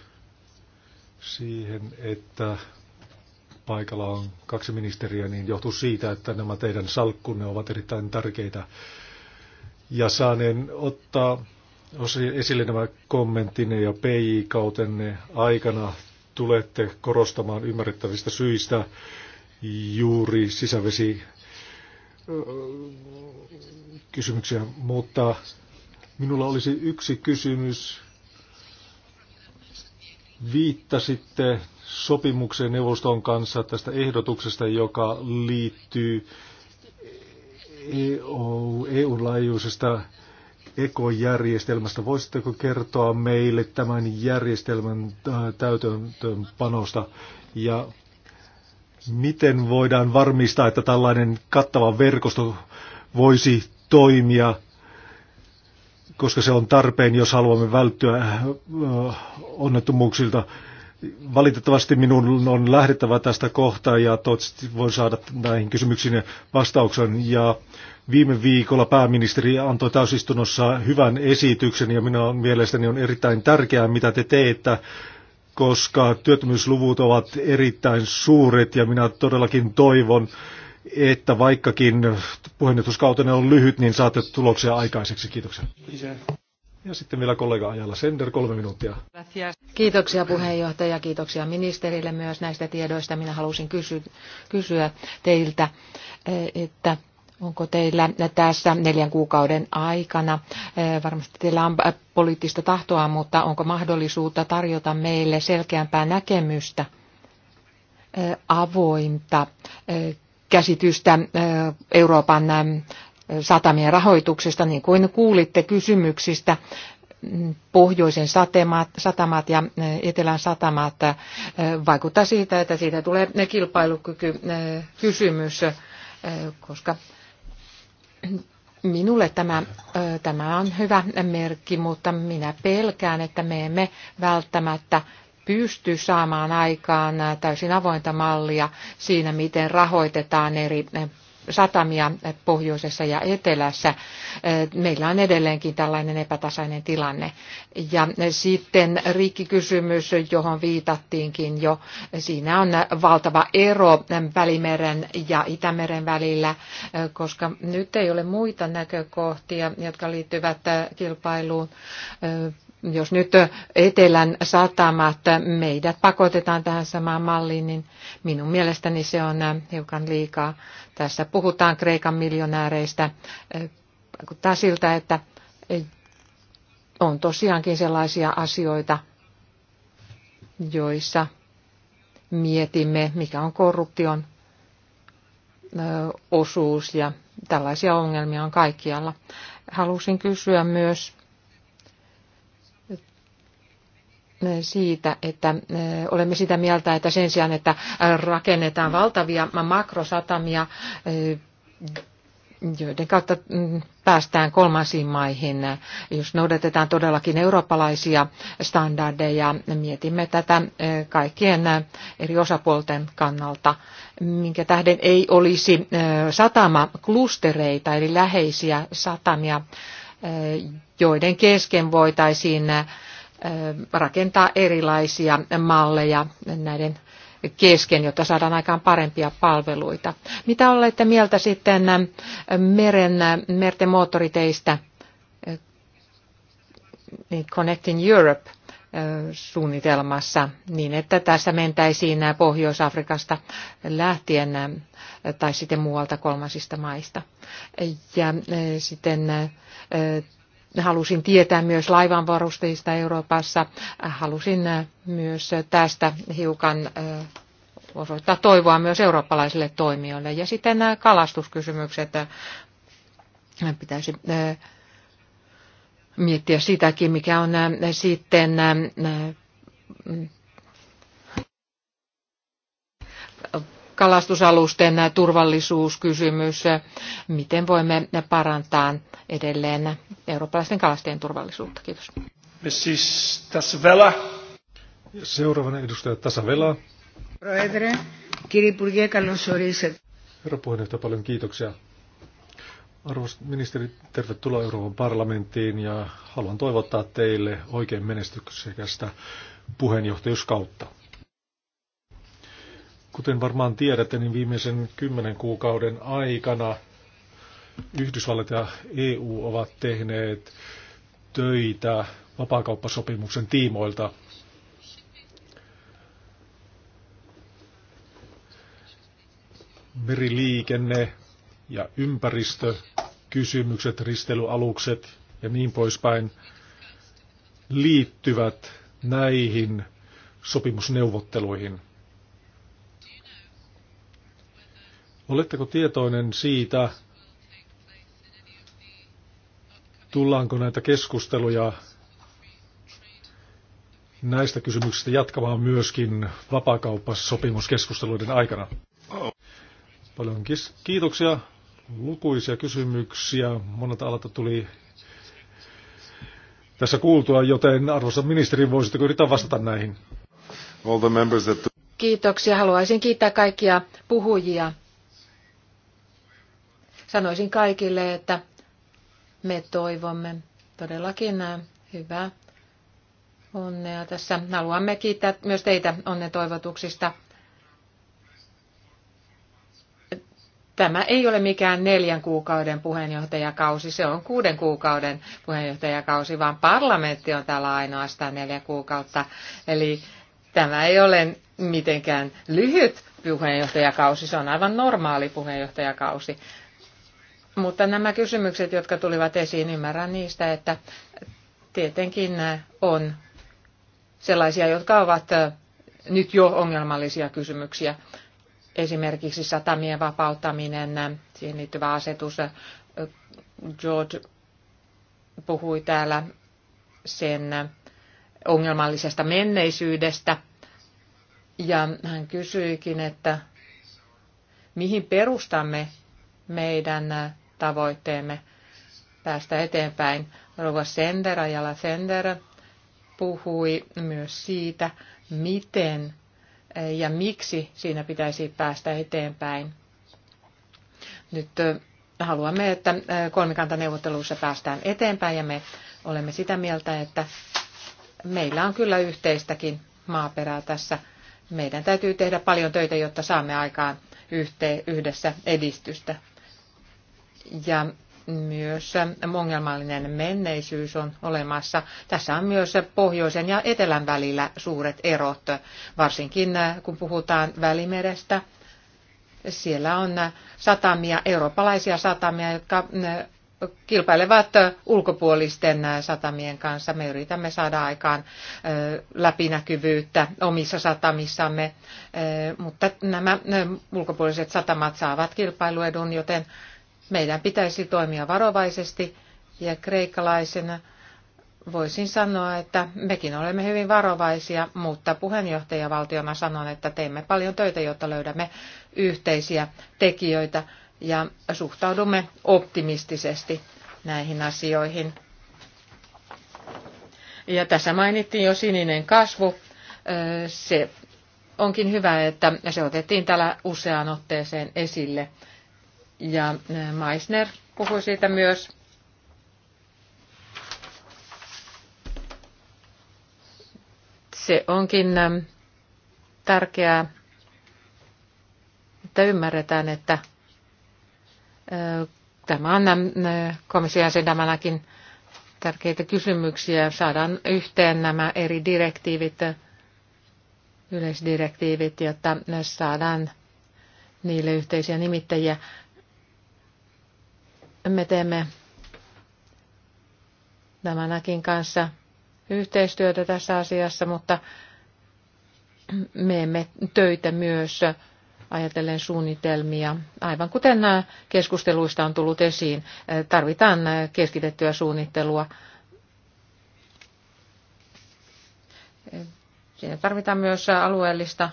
siihen, että paikalla on kaksi ministeriä, niin johtuu siitä, että nämä teidän salkkunne ovat erittäin tärkeitä ja saaneen ottaa esille nämä kommenttine ja PI-kautenne aikana tulette korostamaan ymmärrettävistä syistä juuri sisävesi kysymyksiä, mutta minulla olisi yksi kysymys. Viittasitte sopimukseen neuvoston kanssa tästä ehdotuksesta, joka liittyy EU, e laajuisesta ekojärjestelmästä. Voisitteko kertoa meille tämän järjestelmän äh, täytäntöönpanosta ja miten voidaan varmistaa, että tällainen kattava verkosto voisi toimia, koska se on tarpeen, jos haluamme välttyä äh, onnettomuuksilta Valitettavasti minun on lähdettävä tästä kohtaa ja toivottavasti voin saada näihin kysymyksiin vastauksen. Ja viime viikolla pääministeri antoi täysistunnossa hyvän esityksen ja minä mielestäni on erittäin tärkeää, mitä te teette, koska työttömyysluvut ovat erittäin suuret ja minä todellakin toivon, että vaikkakin puheenjohtajuuskautenne on lyhyt, niin saatte tuloksia aikaiseksi. Kiitoksia. Ja sitten vielä kollega Ajalla Sender, kolme minuuttia. Kiitoksia puheenjohtaja, kiitoksia ministerille myös näistä tiedoista. Minä halusin kysy- kysyä teiltä, eh, että onko teillä tässä neljän kuukauden aikana, eh, varmasti teillä on eh, poliittista tahtoa, mutta onko mahdollisuutta tarjota meille selkeämpää näkemystä, avointa käsitystä Euroopan satamien rahoituksesta, niin kuin kuulitte kysymyksistä, mm, pohjoisen satemat, satamat ja mm, etelän satamat äh, vaikuttaa siitä, että siitä tulee kilpailukyky kysymys, äh, koska minulle tämä, äh, tämä on hyvä merkki, mutta minä pelkään, että me emme välttämättä pysty saamaan aikaan täysin avointa mallia siinä, miten rahoitetaan eri satamia pohjoisessa ja etelässä. Meillä on edelleenkin tällainen epätasainen tilanne. Ja sitten rikkikysymys, johon viitattiinkin jo. Siinä on valtava ero Välimeren ja Itämeren välillä, koska nyt ei ole muita näkökohtia, jotka liittyvät kilpailuun jos nyt etelän satamat meidät pakotetaan tähän samaan malliin, niin minun mielestäni se on hiukan liikaa. Tässä puhutaan Kreikan miljonääreistä. Vaikuttaa siltä, että on tosiaankin sellaisia asioita, joissa mietimme, mikä on korruption osuus ja tällaisia ongelmia on kaikkialla. Halusin kysyä myös siitä, että olemme sitä mieltä, että sen sijaan, että rakennetaan valtavia makrosatamia, joiden kautta mm, päästään kolmansiin maihin, jos noudatetaan todellakin eurooppalaisia standardeja. Mietimme tätä kaikkien eri osapuolten kannalta, minkä tähden ei olisi satamaklustereita, eli läheisiä satamia, joiden kesken voitaisiin rakentaa erilaisia malleja näiden kesken, jotta saadaan aikaan parempia palveluita. Mitä olette mieltä sitten meren, merten moottoriteistä niin Connecting Europe suunnitelmassa niin, että tässä mentäisiin Pohjois-Afrikasta lähtien tai sitten muualta kolmansista maista. Ja sitten halusin tietää myös laivanvarusteista Euroopassa. Halusin äh, myös tästä hiukan äh, osoittaa toivoa myös eurooppalaisille toimijoille. Ja sitten nämä äh, kalastuskysymykset pitäisi miettiä sitäkin, mikä on sitten kalastusalusten turvallisuuskysymys, miten voimme parantaa edelleen eurooppalaisten kalastajien turvallisuutta. Kiitos. Siis Tasvela. Seuraavana edustaja Tasavela. Proedre, Herra puheenjohtaja, paljon kiitoksia. Arvoisa ministeri, tervetuloa Euroopan parlamenttiin ja haluan toivottaa teille oikein menestyksekästä puheenjohtajuuskautta. Kuten varmaan tiedätte, niin viimeisen kymmenen kuukauden aikana Yhdysvallat ja EU ovat tehneet töitä vapaakauppasopimuksen tiimoilta. Meriliikenne ja ympäristö, kysymykset, ristelyalukset ja niin poispäin liittyvät näihin sopimusneuvotteluihin. Oletteko tietoinen siitä, tullaanko näitä keskusteluja näistä kysymyksistä jatkamaan myöskin vapaakauppasopimuskeskusteluiden aikana? Paljon kiitoksia. Lukuisia kysymyksiä. Monelta alalta tuli tässä kuultua, joten arvoisa ministeri, voisitteko yrittää vastata näihin? Kiitoksia. Haluaisin kiittää kaikkia puhujia Sanoisin kaikille, että me toivomme todellakin äh, hyvää onnea tässä. Haluamme kiittää myös teitä onnetoivotuksista. Tämä ei ole mikään neljän kuukauden puheenjohtajakausi, se on kuuden kuukauden puheenjohtajakausi, vaan parlamentti on täällä ainoastaan neljä kuukautta. Eli tämä ei ole mitenkään lyhyt puheenjohtajakausi, se on aivan normaali puheenjohtajakausi. Mutta nämä kysymykset, jotka tulivat esiin, ymmärrän niistä, että tietenkin on sellaisia, jotka ovat nyt jo ongelmallisia kysymyksiä. Esimerkiksi satamien vapauttaminen, siihen liittyvä asetus. George puhui täällä sen ongelmallisesta menneisyydestä. Ja hän kysyikin, että mihin perustamme meidän tavoitteemme päästä eteenpäin. Rova Sender, Ajala Sender, puhui myös siitä, miten eh, ja miksi siinä pitäisi päästä eteenpäin. Nyt eh, haluamme, että eh, kolmikantaneuvotteluissa päästään eteenpäin ja me olemme sitä mieltä, että meillä on kyllä yhteistäkin maaperää tässä. Meidän täytyy tehdä paljon töitä, jotta saamme aikaan yhdessä edistystä ja myös ongelmallinen menneisyys on olemassa. Tässä on myös pohjoisen ja etelän välillä suuret erot, varsinkin äh, kun puhutaan Välimerestä. Siellä on äh, satamia, eurooppalaisia satamia, jotka äh, kilpailevat ulkopuolisten satamien kanssa. Me yritämme saada aikaan läpinäkyvyyttä omissa satamissamme, mutta nämä ulkopuoliset satamat saavat kilpailuedun, joten meidän pitäisi toimia varovaisesti ja kreikkalaisena voisin sanoa, että mekin olemme hyvin varovaisia, mutta puheenjohtajavaltiona sanon, että teemme paljon töitä, jotta löydämme yhteisiä tekijöitä ja suhtaudumme optimistisesti näihin asioihin. Ja tässä mainittiin jo sininen kasvu. Se onkin hyvä, että se otettiin täällä useaan otteeseen esille. Ja eh, Meissner puhui siitä myös. Se onkin eh, tärkeää, että ymmärretään, että eh, tämä on komission sydämälläkin tärkeitä kysymyksiä. Saadaan yhteen nämä eri direktiivit, yleisdirektiivit, jotta saadaan niille yhteisiä nimittäjiä. Me teemme Damanakin kanssa yhteistyötä tässä asiassa, mutta me emme töitä myös ajatellen suunnitelmia. Aivan kuten nämä keskusteluista on tullut esiin, tarvitaan keskitettyä suunnittelua. Siinä tarvitaan myös alueellista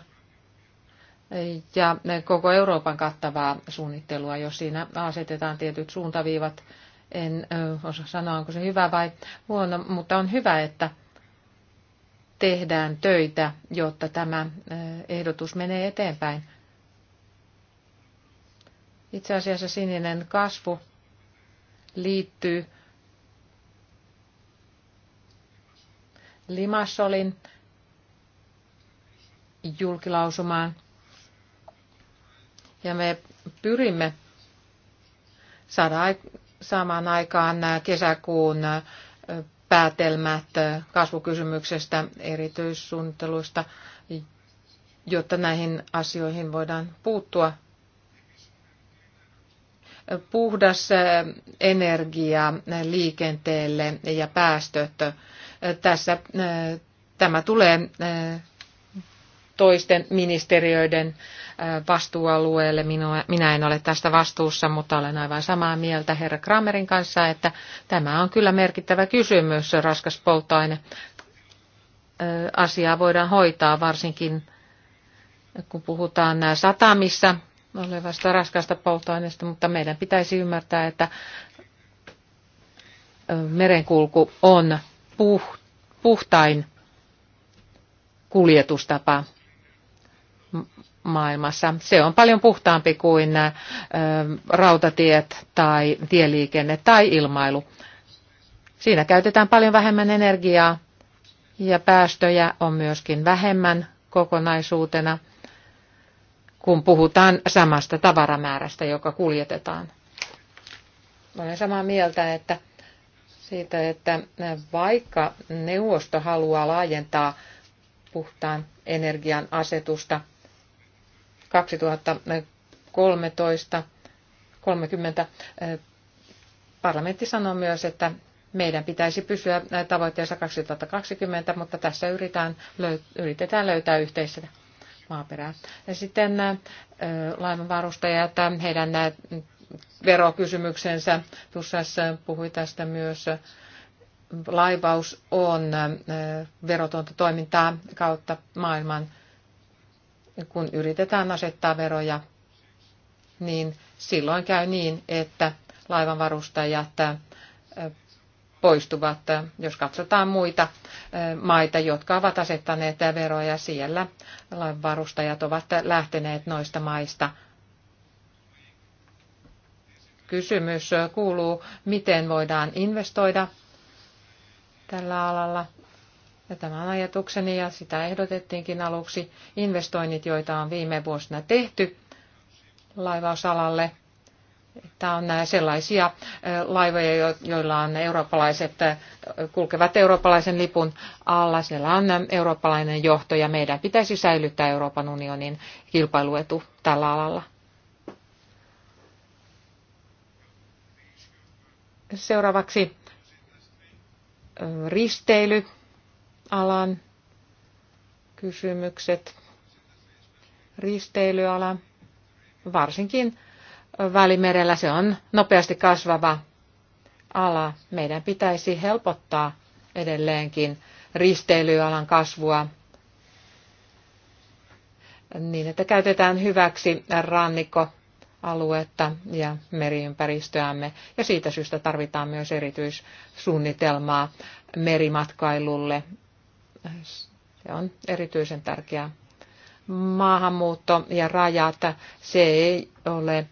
ja koko Euroopan kattavaa suunnittelua, jos siinä asetetaan tietyt suuntaviivat. En osaa sanoa, onko se hyvä vai huono, mutta on hyvä, että tehdään töitä, jotta tämä ehdotus menee eteenpäin. Itse asiassa sininen kasvu liittyy Limassolin julkilausumaan ja me pyrimme saada, saamaan aikaan kesäkuun päätelmät kasvukysymyksestä, erityissuunnitteluista, jotta näihin asioihin voidaan puuttua. Puhdas energia liikenteelle ja päästöt. Tässä tämä tulee toisten ministeriöiden vastuualueelle. Minua, minä en ole tästä vastuussa, mutta olen aivan samaa mieltä herra Kramerin kanssa, että tämä on kyllä merkittävä kysymys, raskas polttoaine. Asiaa voidaan hoitaa varsinkin, kun puhutaan satamissa olevasta raskasta polttoaineesta, mutta meidän pitäisi ymmärtää, että merenkulku on puh, puhtain kuljetustapa maailmassa. Se on paljon puhtaampi kuin rautatiet tai tieliikenne tai ilmailu. Siinä käytetään paljon vähemmän energiaa ja päästöjä on myöskin vähemmän kokonaisuutena, kun puhutaan samasta tavaramäärästä, joka kuljetetaan. Olen samaa mieltä, että siitä, että vaikka neuvosto haluaa laajentaa puhtaan energian asetusta 2013 30. Eh, parlamentti sanoi myös, että meidän pitäisi pysyä eh, tavoitteessa 2020, mutta tässä yritetään, yritetään löytää yhteistä maaperää. Ja sitten eh, laivanvarustajat, heidän verokysymyksensä, tuossa puhui tästä myös, laivaus on verotonta toimintaa kautta maailman kun yritetään asettaa veroja, niin silloin käy niin, että laivanvarustajat poistuvat, jos katsotaan muita maita, jotka ovat asettaneet veroja siellä. Laivanvarustajat ovat lähteneet noista maista. Kysymys kuuluu, miten voidaan investoida tällä alalla ja tämä on ajatukseni ja sitä ehdotettiinkin aluksi. Investoinnit, joita on viime vuosina tehty laivausalalle, Tämä on sellaisia laivoja, joilla on eurooppalaiset, kulkevat eurooppalaisen lipun alla. Siellä on eurooppalainen johto ja meidän pitäisi säilyttää Euroopan unionin kilpailuetu tällä alalla. Seuraavaksi risteily alan kysymykset, risteilyala, varsinkin Välimerellä se on nopeasti kasvava ala. Meidän pitäisi helpottaa edelleenkin risteilyalan kasvua niin, että käytetään hyväksi rannikkoaluetta ja meriympäristöämme. Ja siitä syystä tarvitaan myös erityissuunnitelmaa merimatkailulle se on erityisen tärkeää. Maahanmuutto ja rajat, se ei ole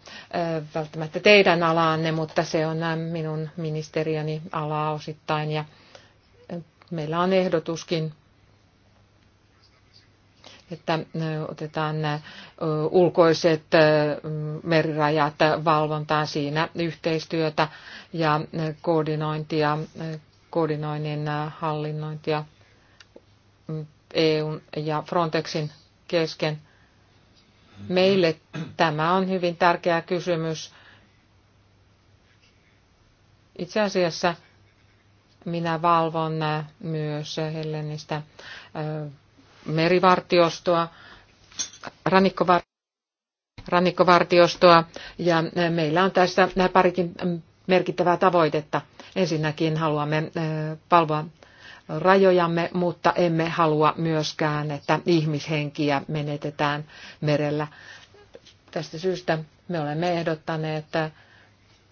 välttämättä teidän alaanne, mutta se on minun ministeriöni alaa osittain. Ja meillä on ehdotuskin että otetaan ulkoiset merirajat valvontaan siinä yhteistyötä ja koordinointia, koordinoinnin hallinnointia EU ja Frontexin kesken. Meille tämä on hyvin tärkeä kysymys. Itse asiassa minä valvon äh, myös Hellenistä äh, merivartiostoa, rannikkovar- rannikkovartiostoa ja äh, meillä on tässä parikin merkittävää tavoitetta. Ensinnäkin haluamme valvoa rajojamme, mutta emme halua myöskään, että ihmishenkiä menetetään merellä. Tästä syystä me olemme ehdottaneet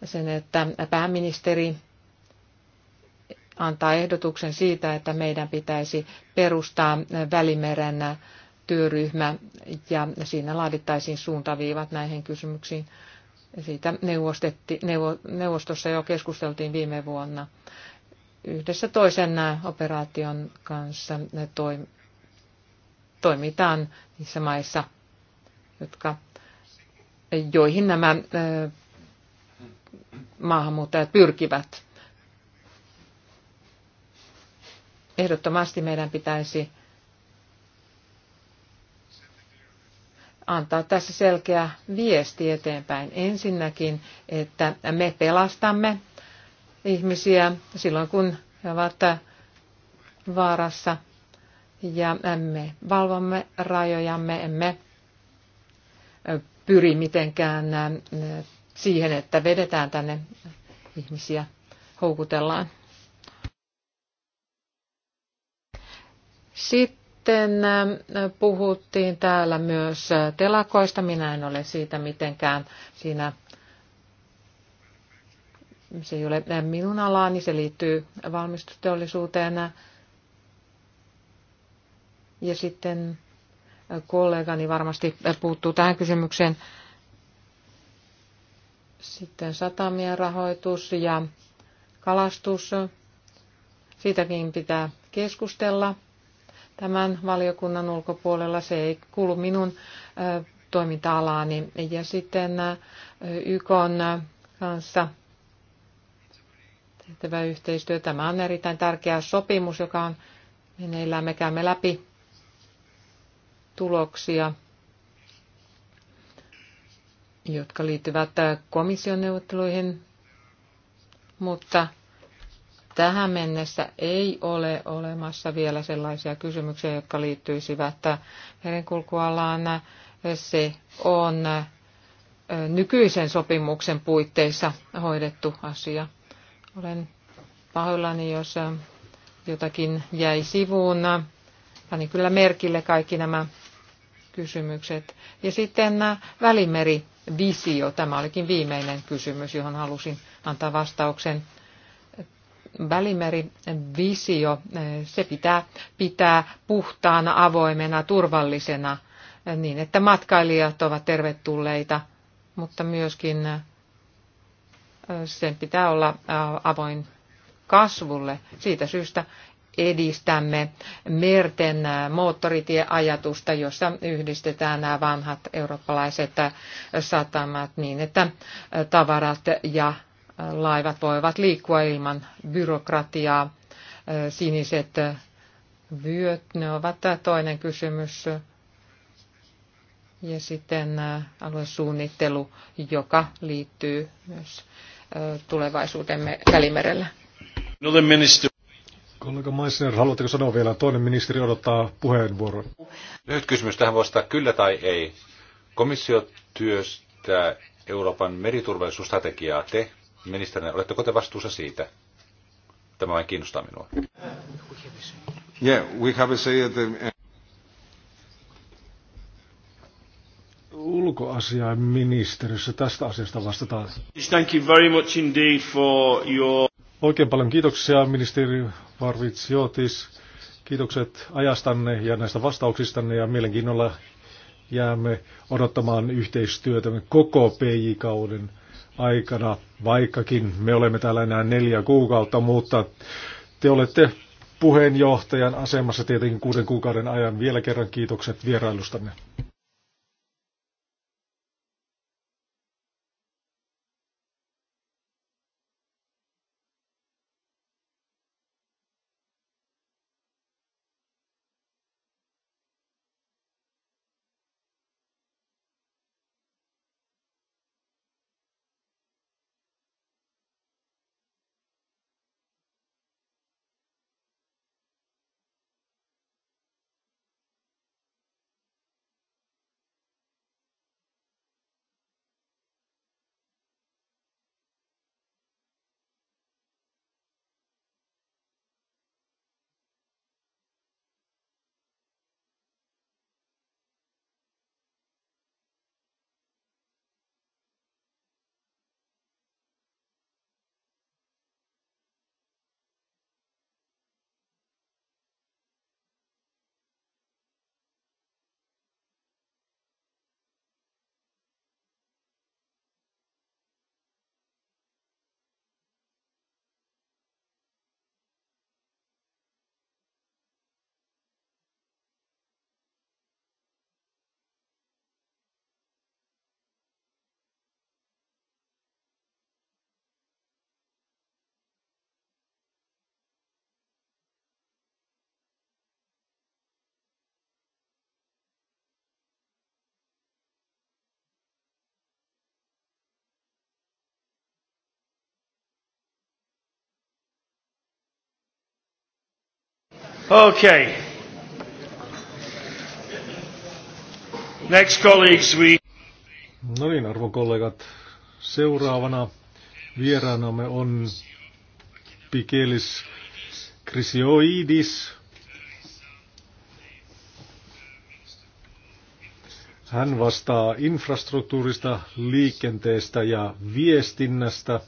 sen, että pääministeri antaa ehdotuksen siitä, että meidän pitäisi perustaa Välimeren työryhmä ja siinä laadittaisiin suuntaviivat näihin kysymyksiin. Siitä neuvostossa jo keskusteltiin viime vuonna yhdessä toisen äh, operaation kanssa ne toimitaan niissä maissa, jotka, joihin nämä äh, maahanmuuttajat pyrkivät. Ehdottomasti meidän pitäisi antaa tässä selkeä viesti eteenpäin. Ensinnäkin, että me pelastamme ihmisiä silloin, kun he ovat vaarassa. Ja me valvomme rajojamme, emme pyri mitenkään siihen, että vedetään tänne ihmisiä, houkutellaan. Sitten puhuttiin täällä myös telakoista. Minä en ole siitä mitenkään siinä se ei ole minun alaani, se liittyy valmistusteollisuuteen. Ja sitten kollegani varmasti puuttuu tähän kysymykseen. Sitten satamien rahoitus ja kalastus. Siitäkin pitää keskustella tämän valiokunnan ulkopuolella. Se ei kuulu minun toiminta-alaani. Ja sitten YK kanssa tehtävä yhteistyö. Tämä on erittäin tärkeä sopimus, joka on meneillään. Me käymme läpi tuloksia, jotka liittyvät komission neuvotteluihin, mutta tähän mennessä ei ole olemassa vielä sellaisia kysymyksiä, jotka liittyisivät merenkulkualaan. Se on nykyisen sopimuksen puitteissa hoidettu asia. Olen pahoillani, jos äh, jotakin jäi sivuun. Pani kyllä merkille kaikki nämä kysymykset. Ja sitten äh, välimeri visio. Tämä olikin viimeinen kysymys, johon halusin antaa vastauksen. Välimeri visio, äh, se pitää pitää puhtaana, avoimena, turvallisena niin, että matkailijat ovat tervetulleita, mutta myöskin sen pitää olla avoin kasvulle. Siitä syystä edistämme merten moottoritieajatusta, jossa yhdistetään nämä vanhat eurooppalaiset satamat niin, että tavarat ja laivat voivat liikkua ilman byrokratiaa. Siniset vyöt, ne ovat toinen kysymys. Ja sitten aluesuunnittelu, joka liittyy myös tulevaisuutemme Välimerellä. Kollega Meissner, haluatteko sanoa vielä? Toinen ministeri odottaa puheenvuoron. Nyt kysymys tähän vastaa kyllä tai ei. Komissio työstää Euroopan meriturvallisuusstrategiaa. Te, ministerinä, oletteko te vastuussa siitä? Tämä vain kiinnostaa minua. Yeah, we have a say at the... ulkoasiainministeriössä tästä asiasta vastataan. Thank you very much indeed for your... Oikein paljon kiitoksia ministeri Varvitsiotis. Kiitokset ajastanne ja näistä vastauksistanne ja mielenkiinnolla jäämme odottamaan yhteistyötä koko PJ-kauden aikana, vaikkakin me olemme täällä enää neljä kuukautta, mutta te olette puheenjohtajan asemassa tietenkin kuuden kuukauden ajan. Vielä kerran kiitokset vierailustanne. Okay. Next colleagues we... No niin, arvon kollegat. Seuraavana vieraanamme on Pikelis Krisioidis. Hän vastaa infrastruktuurista, liikenteestä ja viestinnästä –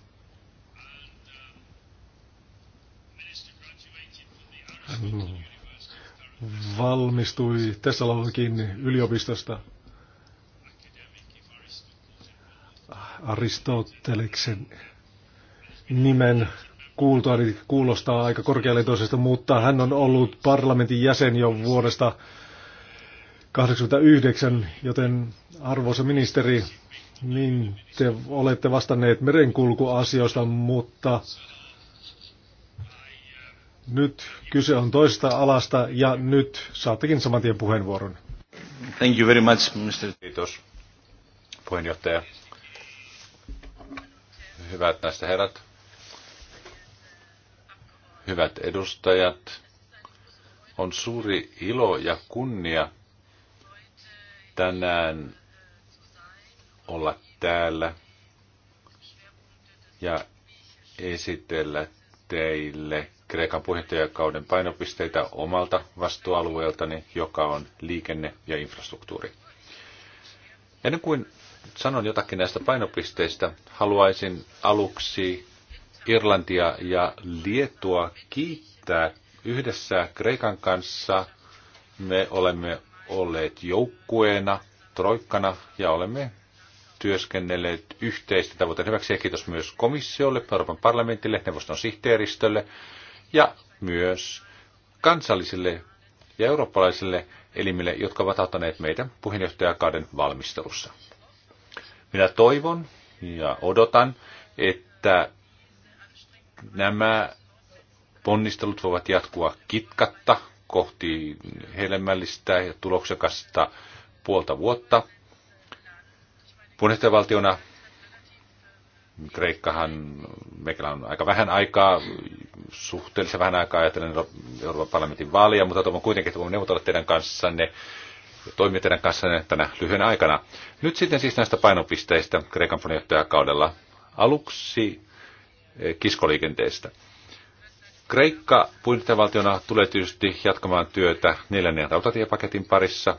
valmistui Tessalonikin yliopistosta Aristoteleksen nimen kuultua, niin kuulostaa aika korkealentoisesta, mutta hän on ollut parlamentin jäsen jo vuodesta 1989, joten arvoisa ministeri, niin te olette vastanneet merenkulkuasioista, mutta nyt kyse on toista alasta ja nyt saattekin saman tien puheenvuoron. Thank you very much, Mr. Kiitos, puheenjohtaja. Hyvät näistä herrat, hyvät edustajat, on suuri ilo ja kunnia tänään olla täällä ja esitellä teille Kreikan puheenjohtajakauden painopisteitä omalta vastuualueeltani, joka on liikenne ja infrastruktuuri. Ennen kuin sanon jotakin näistä painopisteistä, haluaisin aluksi Irlantia ja Lietua kiittää yhdessä Kreikan kanssa. Me olemme olleet joukkueena, troikkana ja olemme työskennelleet yhteistä tavoitteen hyväksi. Ja kiitos myös komissiolle, Euroopan parlamentille, neuvoston sihteeristölle ja myös kansallisille ja eurooppalaisille elimille, jotka ovat auttaneet meidän puheenjohtajakauden valmistelussa. Minä toivon ja odotan, että nämä ponnistelut voivat jatkua kitkatta kohti helmällistä ja tuloksekasta puolta vuotta. Puheenjohtajavaltiona Kreikkahan, meillä on aika vähän aikaa suhteellisen vähän aikaa ajatellen Euroopan parlamentin vaalia, mutta toivon kuitenkin, että voimme neuvotella teidän kanssanne ja toimia teidän kanssanne tänä lyhyen aikana. Nyt sitten siis näistä painopisteistä Kreikan kaudella aluksi eh, kiskoliikenteestä. Kreikka puheenjohtajavaltiona tulee tietysti jatkamaan työtä neljännen rautatiepaketin parissa.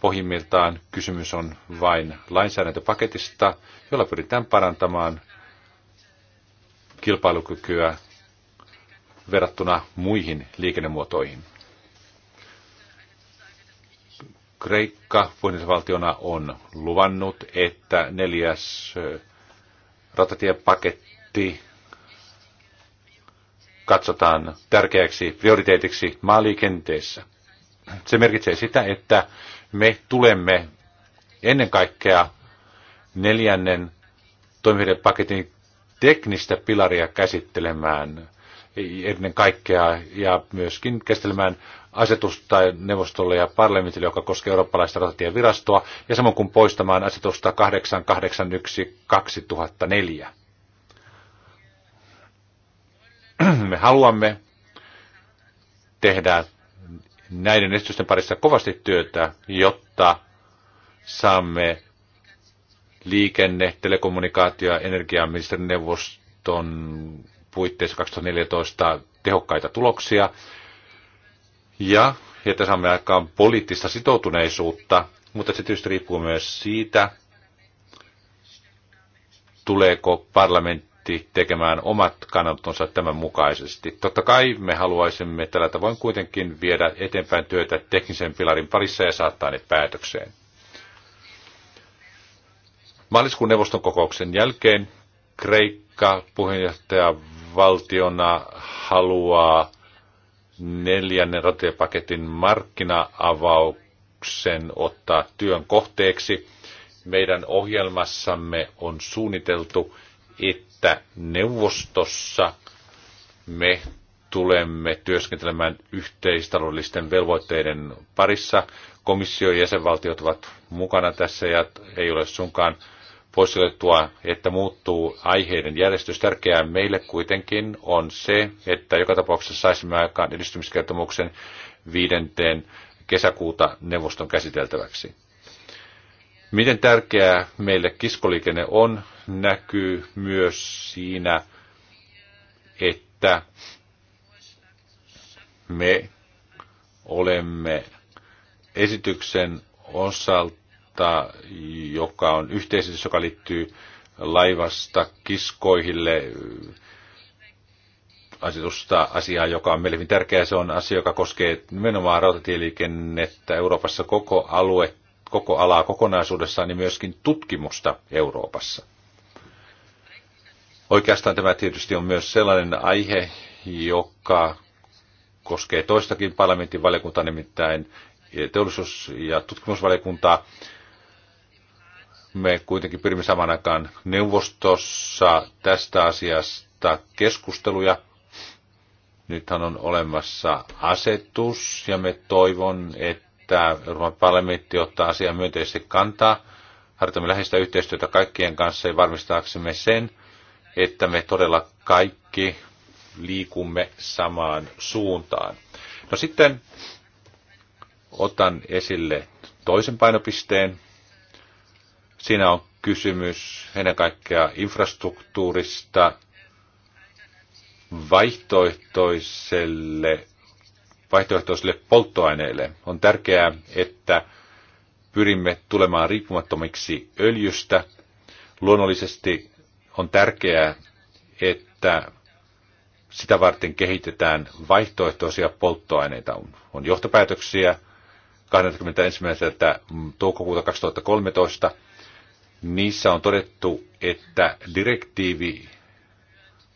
Pohjimmiltaan kysymys on vain lainsäädäntöpaketista, jolla pyritään parantamaan kilpailukykyä verrattuna muihin liikennemuotoihin. Kreikka puheenjohtajavaltiona on luvannut, että neljäs ratatiepaketti katsotaan tärkeäksi prioriteetiksi maaliikenteessä. Se merkitsee sitä, että me tulemme ennen kaikkea neljännen toimenpidepaketin teknistä pilaria käsittelemään ennen kaikkea ja myöskin käsittelemään asetusta neuvostolle ja parlamentille, joka koskee eurooppalaista rautatievirastoa, ja samoin kuin poistamaan asetusta 881-2004. Me haluamme tehdä näiden esitysten parissa kovasti työtä, jotta saamme liikenne, telekommunikaatio- ja energiaministerineuvoston puitteissa 2014 tehokkaita tuloksia ja että saamme aikaan poliittista sitoutuneisuutta, mutta se tietysti riippuu myös siitä, tuleeko parlamentti tekemään omat kannanottonsa tämän mukaisesti. Totta kai me haluaisimme tällä tavoin kuitenkin viedä eteenpäin työtä teknisen pilarin parissa ja saattaa ne päätökseen. Maaliskuun neuvoston kokouksen jälkeen Kreikka puheenjohtaja valtiona haluaa neljännen ratepaketin markkinaavauksen ottaa työn kohteeksi. Meidän ohjelmassamme on suunniteltu, että neuvostossa me tulemme työskentelemään yhteistaloudellisten velvoitteiden parissa. Komission jäsenvaltiot ovat mukana tässä ja ei ole sunkaan poistettua, että muuttuu aiheiden järjestys. Tärkeää meille kuitenkin on se, että joka tapauksessa saisimme aikaan edistymiskertomuksen viidenteen kesäkuuta neuvoston käsiteltäväksi. Miten tärkeää meille kiskoliikenne on, näkyy myös siinä, että me olemme esityksen osalta kohtaa, joka on yhteisesitys, joka liittyy laivasta kiskoihille äh, asetusta asiaa, joka on meille hyvin tärkeä. Se on asia, joka koskee nimenomaan rautatieliikennettä Euroopassa koko alue, koko alaa kokonaisuudessaan, niin myöskin tutkimusta Euroopassa. Oikeastaan tämä tietysti on myös sellainen aihe, joka koskee toistakin parlamentin valiokuntaa, nimittäin teollisuus- ja tutkimusvaliokuntaa. Me kuitenkin pyrimme saman aikaan neuvostossa tästä asiasta keskusteluja. Nythän on olemassa asetus ja me toivon, että Euroopan parlamentti ottaa asiaa myönteisesti kantaa. Harjoitamme läheistä yhteistyötä kaikkien kanssa ja varmistaaksemme sen, että me todella kaikki liikumme samaan suuntaan. No sitten otan esille toisen painopisteen, Siinä on kysymys ennen kaikkea infrastruktuurista, vaihtoehtoiselle, vaihtoehtoiselle polttoaineelle. On tärkeää, että pyrimme tulemaan riippumattomiksi öljystä. Luonnollisesti on tärkeää, että sitä varten kehitetään vaihtoehtoisia polttoaineita. On johtopäätöksiä 21. toukokuuta 2013 Niissä on todettu, että direktiivi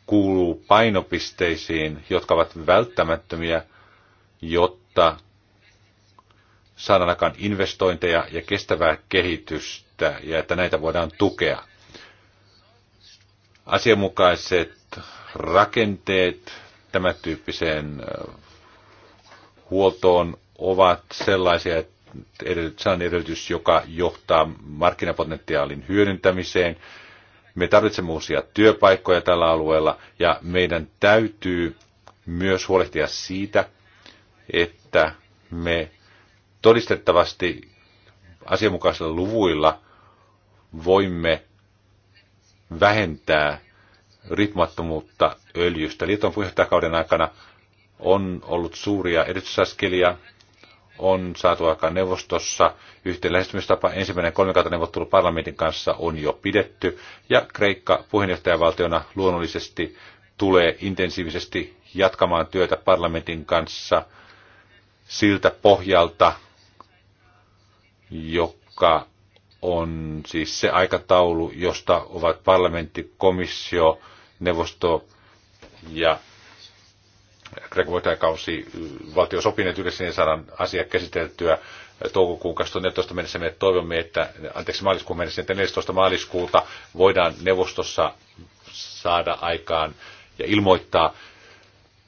kuuluu painopisteisiin, jotka ovat välttämättömiä, jotta saadaan aikaan investointeja ja kestävää kehitystä ja että näitä voidaan tukea. Asianmukaiset rakenteet tämän tyyppiseen huoltoon ovat sellaisia, että sellainen edellytys, joka johtaa markkinapotentiaalin hyödyntämiseen. Me tarvitsemme uusia työpaikkoja tällä alueella ja meidän täytyy myös huolehtia siitä, että me todistettavasti asianmukaisilla luvuilla voimme vähentää riippumattomuutta öljystä. Liiton puheenjohtajakauden aikana on ollut suuria edistysaskelia on saatu aikaan neuvostossa. Yhteen lähestymistapa ensimmäinen kolmikautta neuvottelu parlamentin kanssa on jo pidetty, ja Kreikka puheenjohtajavaltiona luonnollisesti tulee intensiivisesti jatkamaan työtä parlamentin kanssa siltä pohjalta, joka on siis se aikataulu, josta ovat parlamentti, komissio, neuvosto ja Greg kausi, valtio sopineet yhdessä, niin saadaan asia käsiteltyä toukokuun 2014 mennessä. Me toivomme, että, anteeksi maaliskuun mennessä, että 14. maaliskuuta voidaan neuvostossa saada aikaan ja ilmoittaa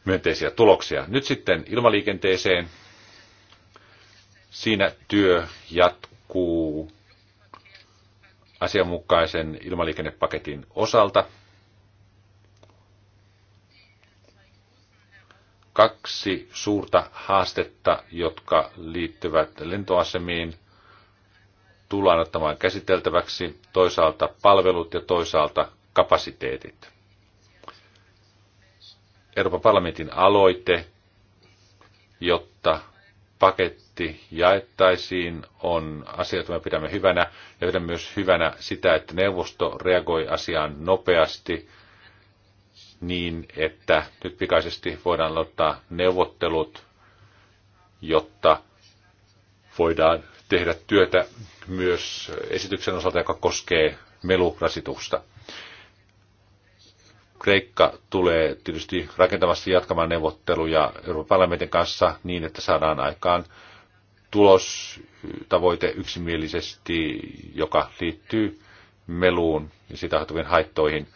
myönteisiä tuloksia. Nyt sitten ilmaliikenteeseen. Siinä työ jatkuu asianmukaisen ilmaliikennepaketin osalta. kaksi suurta haastetta, jotka liittyvät lentoasemiin, tullaan ottamaan käsiteltäväksi toisaalta palvelut ja toisaalta kapasiteetit. Euroopan parlamentin aloite, jotta paketti jaettaisiin, on asia, jota me pidämme hyvänä ja pidämme myös hyvänä sitä, että neuvosto reagoi asiaan nopeasti niin, että nyt pikaisesti voidaan ottaa neuvottelut, jotta voidaan tehdä työtä myös esityksen osalta, joka koskee melurasitusta. Kreikka tulee tietysti rakentavasti jatkamaan neuvotteluja Euroopan parlamentin kanssa niin, että saadaan aikaan tulos-tavoite yksimielisesti, joka liittyy meluun ja sitä haittoihin –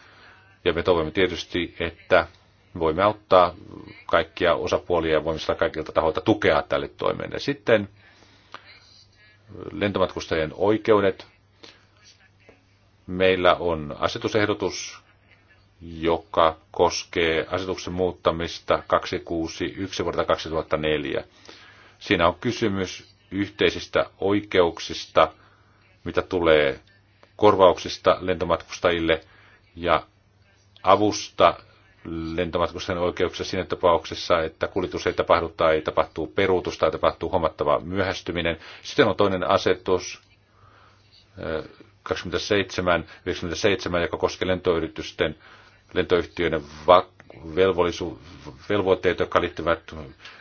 ja me toivomme tietysti, että voimme auttaa kaikkia osapuolia ja voimme saada kaikilta tahoilta tukea tälle Ja Sitten lentomatkustajien oikeudet. Meillä on asetusehdotus, joka koskee asetuksen muuttamista 261 vuodelta 2004. Siinä on kysymys yhteisistä oikeuksista, mitä tulee korvauksista lentomatkustajille ja avusta lentomatkustajan oikeuksia siinä tapauksessa, että kuljetus ei tapahdu tai tapahtuu peruutus tai tapahtuu huomattava myöhästyminen. Sitten on toinen asetus 27, 97, joka koskee lentoyritysten, lentoyhtiöiden va- velvollisu- velvoitteita, jotka liittyvät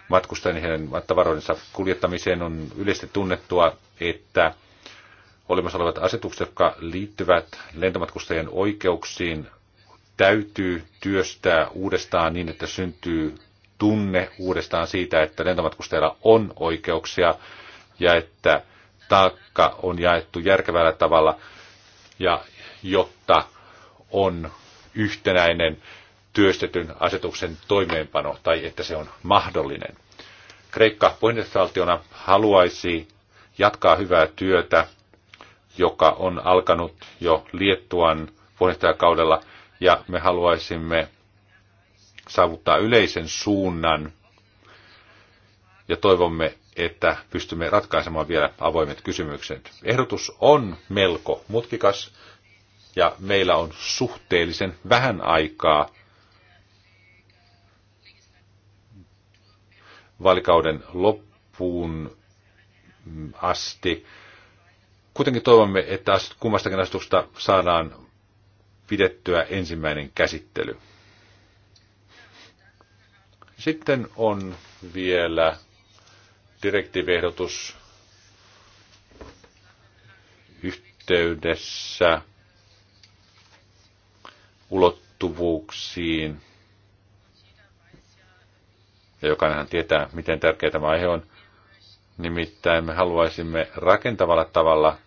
matkustajien heidän tavaroidensa kuljettamiseen. On yleisesti tunnettua, että olemassa olevat asetukset, jotka liittyvät lentomatkustajien oikeuksiin, täytyy työstää uudestaan niin, että syntyy tunne uudestaan siitä, että lentomatkustajilla on oikeuksia ja että taakka on jaettu järkevällä tavalla ja jotta on yhtenäinen työstetyn asetuksen toimeenpano tai että se on mahdollinen. Kreikka puheenjohtajavaltiona haluaisi jatkaa hyvää työtä, joka on alkanut jo Liettuan puheenjohtajakaudella ja me haluaisimme saavuttaa yleisen suunnan ja toivomme, että pystymme ratkaisemaan vielä avoimet kysymykset. Ehdotus on melko mutkikas ja meillä on suhteellisen vähän aikaa valikauden loppuun asti. Kuitenkin toivomme, että kummastakin asetuksesta saadaan pidettyä ensimmäinen käsittely. Sitten on vielä direktiivehdotus yhteydessä ulottuvuuksiin. Ja jokainenhan tietää, miten tärkeä tämä aihe on. Nimittäin me haluaisimme rakentavalla tavalla –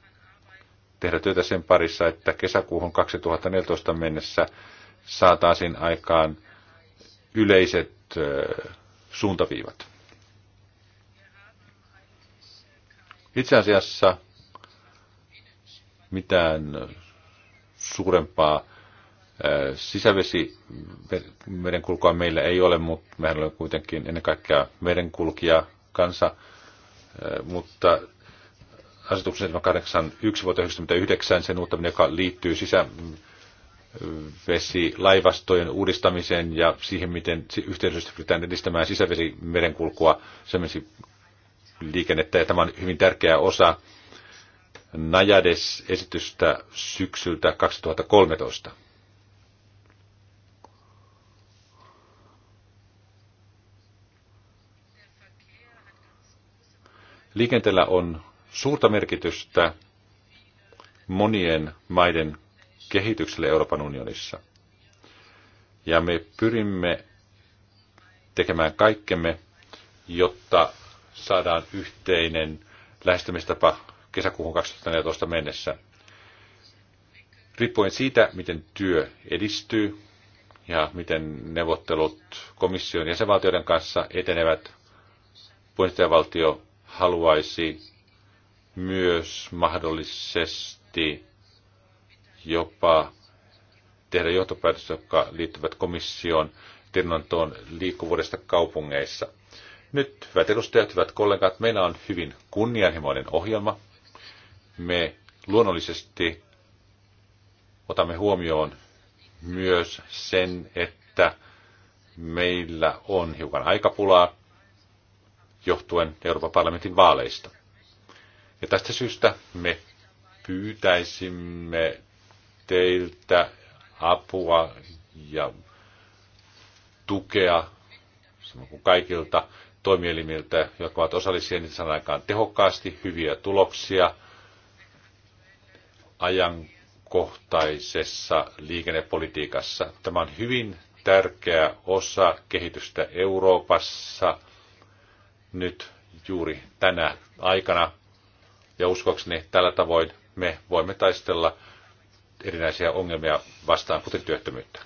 tehdä työtä sen parissa, että kesäkuuhun 2014 mennessä saataisiin aikaan yleiset suuntaviivat. Itse asiassa mitään suurempaa sisävesimerenkulkua meillä ei ole, mutta mehän olemme kuitenkin ennen kaikkea merenkulkija kansa, mutta asetuksen 81 vuotta 1999, sen muuttaminen, joka liittyy sisävesilaivastojen uudistamiseen ja siihen, miten yhteisöllisesti pyritään edistämään sisävesimerenkulkua, semmoisi liikennettä, ja tämä on hyvin tärkeä osa Najades-esitystä syksyltä 2013. Liikenteellä on suurta merkitystä monien maiden kehitykselle Euroopan unionissa. Ja me pyrimme tekemään kaikkemme, jotta saadaan yhteinen lähestymistapa kesäkuuhun 2014 mennessä. Riippuen siitä, miten työ edistyy ja miten neuvottelut komission jäsenvaltioiden kanssa etenevät, puheenjohtajavaltio haluaisi myös mahdollisesti jopa tehdä johtopäätöksiä, jotka liittyvät komission tiedonantoon liikkuvuudesta kaupungeissa. Nyt, hyvät edustajat, hyvät kollegat, meillä on hyvin kunnianhimoinen ohjelma. Me luonnollisesti otamme huomioon myös sen, että meillä on hiukan aikapulaa johtuen Euroopan parlamentin vaaleista. Ja tästä syystä me pyytäisimme teiltä apua ja tukea kuin kaikilta toimielimiltä, jotka ovat osallisia, niin sanan aikaan tehokkaasti hyviä tuloksia ajankohtaisessa liikennepolitiikassa. Tämä on hyvin tärkeä osa kehitystä Euroopassa nyt juuri tänä aikana. Ja uskoakseni tällä tavoin me voimme taistella erinäisiä ongelmia vastaan, kuten työttömyyttä.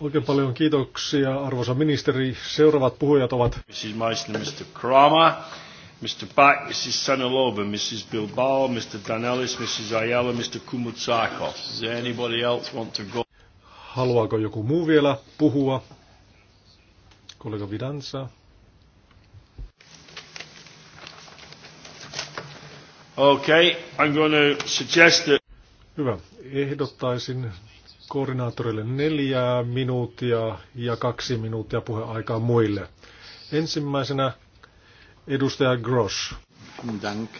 Oikein paljon kiitoksia, arvoisa ministeri. Seuraavat puhujat ovat Mrs. Meissner, Mr. Kramer, Mr. Pack, Mrs. Sanilova, Mrs. Bilbao, Mr. Danelis, Mrs. Ayala, Mr. Kumutsako. Does anybody else want to go? Haluaako joku muu vielä puhua? Kollega Vidansa. Okay, I'm going to suggest that... Hyvä. Ehdottaisin koordinaattorille neljää minuuttia ja kaksi minuuttia puheaikaa muille. Ensimmäisenä edustaja Grosch. Dank.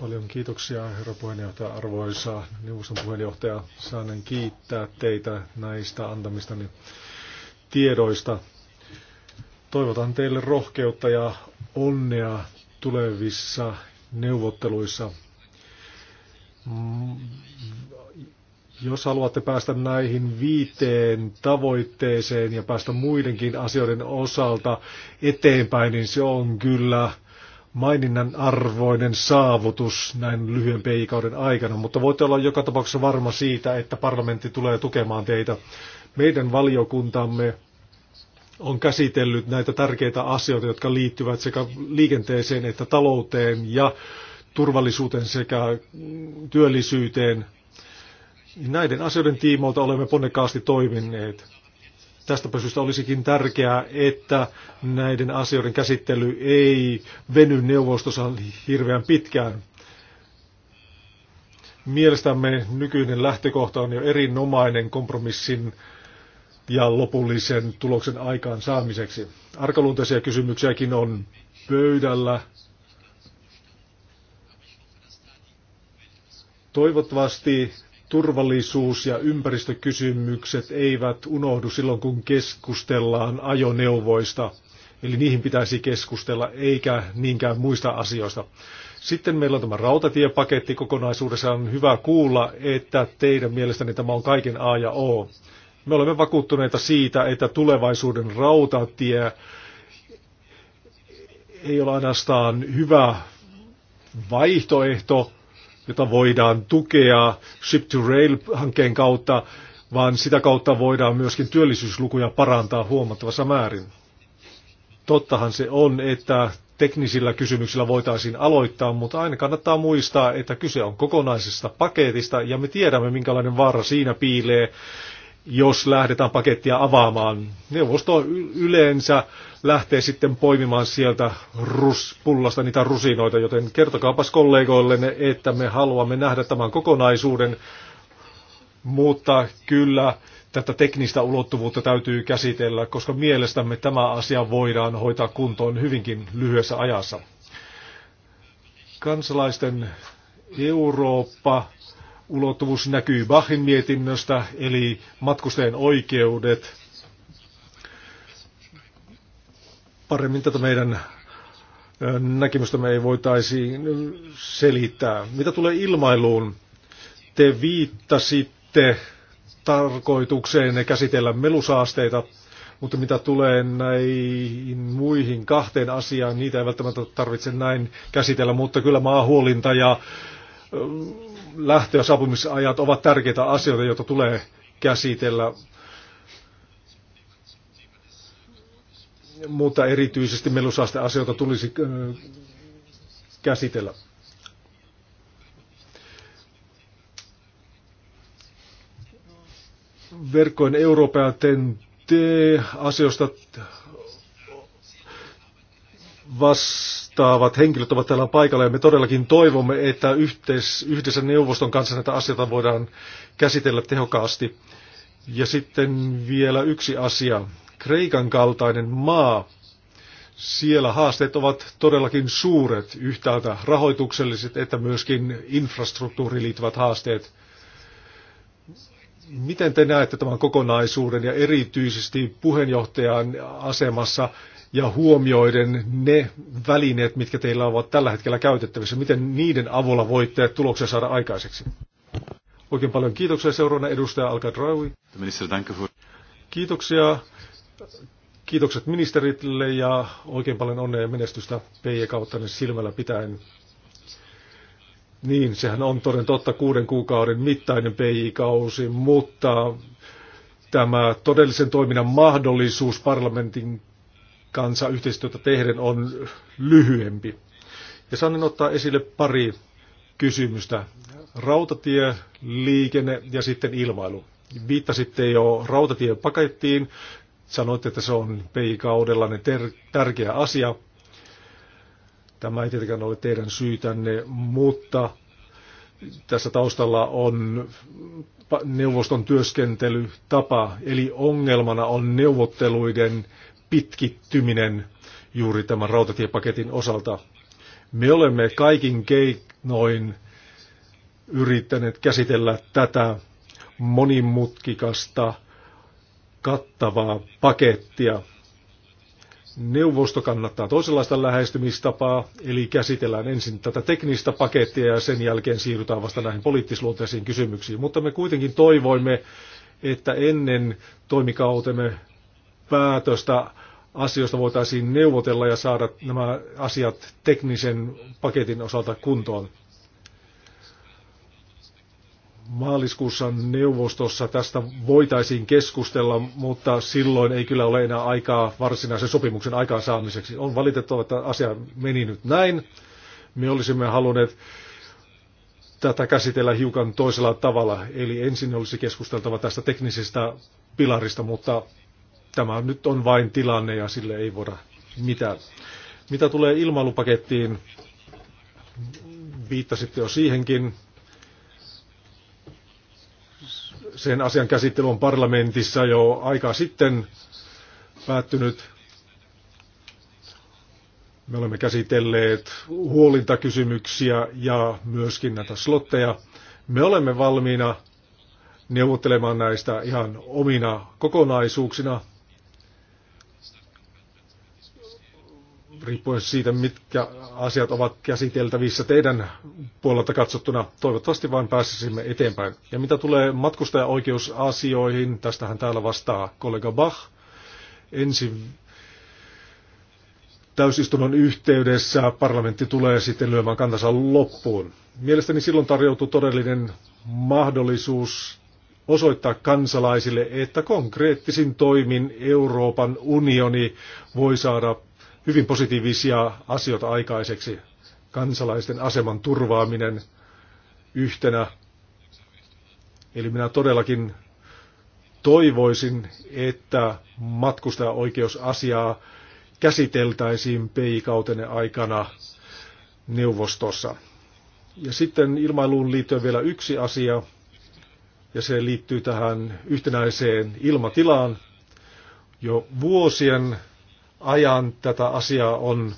Paljon kiitoksia, herra puheenjohtaja, arvoisa neuvoston puheenjohtaja. Saanen kiittää teitä näistä antamistani tiedoista. Toivotan teille rohkeutta ja onnea tulevissa neuvotteluissa. Mm, jos haluatte päästä näihin viiteen tavoitteeseen ja päästä muidenkin asioiden osalta eteenpäin, niin se on kyllä maininnan arvoinen saavutus näin lyhyen peikauden aikana, mutta voitte olla joka tapauksessa varma siitä, että parlamentti tulee tukemaan teitä. Meidän valiokuntamme on käsitellyt näitä tärkeitä asioita, jotka liittyvät sekä liikenteeseen että talouteen ja turvallisuuteen sekä työllisyyteen. Näiden asioiden tiimoilta olemme ponnekkaasti toimineet. Tästä pysystä olisikin tärkeää, että näiden asioiden käsittely ei veny neuvostossa hirveän pitkään. Mielestämme nykyinen lähtökohta on jo erinomainen kompromissin ja lopullisen tuloksen aikaan saamiseksi. Arkaluonteisia kysymyksiäkin on pöydällä. Toivottavasti turvallisuus- ja ympäristökysymykset eivät unohdu silloin, kun keskustellaan ajoneuvoista. Eli niihin pitäisi keskustella, eikä niinkään muista asioista. Sitten meillä on tämä rautatiepaketti kokonaisuudessaan. On hyvä kuulla, että teidän mielestänne tämä on kaiken A ja O. Me olemme vakuuttuneita siitä, että tulevaisuuden rautatie ei ole ainoastaan hyvä vaihtoehto, jota voidaan tukea Ship to Rail-hankkeen kautta, vaan sitä kautta voidaan myöskin työllisyyslukuja parantaa huomattavassa määrin. Tottahan se on, että teknisillä kysymyksillä voitaisiin aloittaa, mutta aina kannattaa muistaa, että kyse on kokonaisesta paketista ja me tiedämme, minkälainen vaara siinä piilee, jos lähdetään pakettia avaamaan. Neuvosto yleensä lähtee sitten poimimaan sieltä rus, niitä rusinoita, joten kertokaapas kollegoillenne, että me haluamme nähdä tämän kokonaisuuden, mutta kyllä tätä teknistä ulottuvuutta täytyy käsitellä, koska mielestämme tämä asia voidaan hoitaa kuntoon hyvinkin lyhyessä ajassa. Kansalaisten Eurooppa ulottuvuus näkyy Bachin mietinnöstä, eli matkustajien oikeudet. Paremmin tätä meidän näkemystämme ei voitaisi selittää. Mitä tulee ilmailuun, te viittasitte tarkoitukseen käsitellä melusaasteita, mutta mitä tulee näihin muihin kahteen asiaan, niitä ei välttämättä tarvitse näin käsitellä, mutta kyllä maahuolinta ja lähtö- ja saapumisajat ovat tärkeitä asioita, joita tulee käsitellä. Mutta erityisesti asioita tulisi käsitellä. Verkkojen Eurooppa ja ten asioista vas vastaavat henkilöt ovat täällä paikalla ja me todellakin toivomme, että yhteis, yhdessä neuvoston kanssa näitä asioita voidaan käsitellä tehokkaasti. Ja sitten vielä yksi asia. Kreikan kaltainen maa, siellä haasteet ovat todellakin suuret, yhtäältä rahoitukselliset että myöskin infrastruktuuriin liittyvät haasteet. Miten te näette tämän kokonaisuuden ja erityisesti puheenjohtajan asemassa ja huomioiden ne välineet, mitkä teillä ovat tällä hetkellä käytettävissä, miten niiden avulla voitte tuloksia saada aikaiseksi? Oikein paljon kiitoksia seuraavana edustaja Alka Draui. Kiitoksia. Kiitokset ministerille ja oikein paljon onnea ja menestystä PJ kautta silmällä pitäen. Niin, sehän on toden totta kuuden kuukauden mittainen PI-kausi, mutta tämä todellisen toiminnan mahdollisuus parlamentin kanssa yhteistyötä tehden on lyhyempi. Ja saan ottaa esille pari kysymystä. Rautatie, liikenne ja sitten ilmailu. Viittasitte jo rautatiepakettiin. Sanoitte, että se on peikaudellanne tärkeä asia. Tämä ei tietenkään ole teidän syytänne, mutta tässä taustalla on neuvoston työskentelytapa, eli ongelmana on neuvotteluiden pitkittyminen juuri tämän rautatiepaketin osalta. Me olemme kaikin keinoin yrittäneet käsitellä tätä monimutkikasta kattavaa pakettia. Neuvosto kannattaa toisenlaista lähestymistapaa, eli käsitellään ensin tätä teknistä pakettia ja sen jälkeen siirrytään vasta näihin poliittisluonteisiin kysymyksiin. Mutta me kuitenkin toivoimme, että ennen toimikautemme päätöstä asioista voitaisiin neuvotella ja saada nämä asiat teknisen paketin osalta kuntoon. Maaliskuussa neuvostossa tästä voitaisiin keskustella, mutta silloin ei kyllä ole enää aikaa varsinaisen sopimuksen aikaansaamiseksi. On valitettava, että asia meni nyt näin. Me olisimme halunneet tätä käsitellä hiukan toisella tavalla. Eli ensin olisi keskusteltava tästä teknisestä pilarista, mutta tämä nyt on vain tilanne ja sille ei voida mitään. Mitä tulee ilmailupakettiin, viittasitte jo siihenkin. Sen asian käsittely on parlamentissa jo aika sitten päättynyt. Me olemme käsitelleet huolintakysymyksiä ja myöskin näitä slotteja. Me olemme valmiina neuvottelemaan näistä ihan omina kokonaisuuksina – riippuen siitä, mitkä asiat ovat käsiteltävissä teidän puolelta katsottuna. Toivottavasti vain pääsisimme eteenpäin. Ja mitä tulee matkustajaoikeusasioihin, tästähän täällä vastaa kollega Bach. Ensin täysistunnon yhteydessä parlamentti tulee sitten lyömään kantansa loppuun. Mielestäni silloin tarjoutuu todellinen mahdollisuus osoittaa kansalaisille, että konkreettisin toimin Euroopan unioni voi saada hyvin positiivisia asioita aikaiseksi. Kansalaisten aseman turvaaminen yhtenä. Eli minä todellakin toivoisin, että matkustajaoikeusasiaa käsiteltäisiin peikautenne aikana neuvostossa. Ja sitten ilmailuun liittyy vielä yksi asia, ja se liittyy tähän yhtenäiseen ilmatilaan. Jo vuosien ajan tätä asiaa on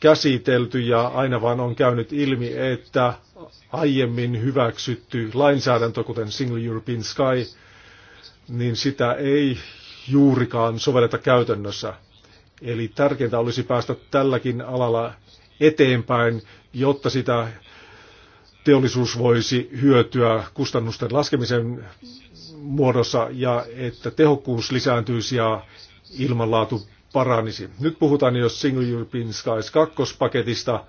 käsitelty ja aina vaan on käynyt ilmi, että aiemmin hyväksytty lainsäädäntö, kuten Single European Sky, niin sitä ei juurikaan sovelleta käytännössä. Eli tärkeintä olisi päästä tälläkin alalla eteenpäin, jotta sitä teollisuus voisi hyötyä kustannusten laskemisen muodossa ja että tehokkuus lisääntyisi ja ilmanlaatu paranisi. Nyt puhutaan jo Single European Skies 2 paketista.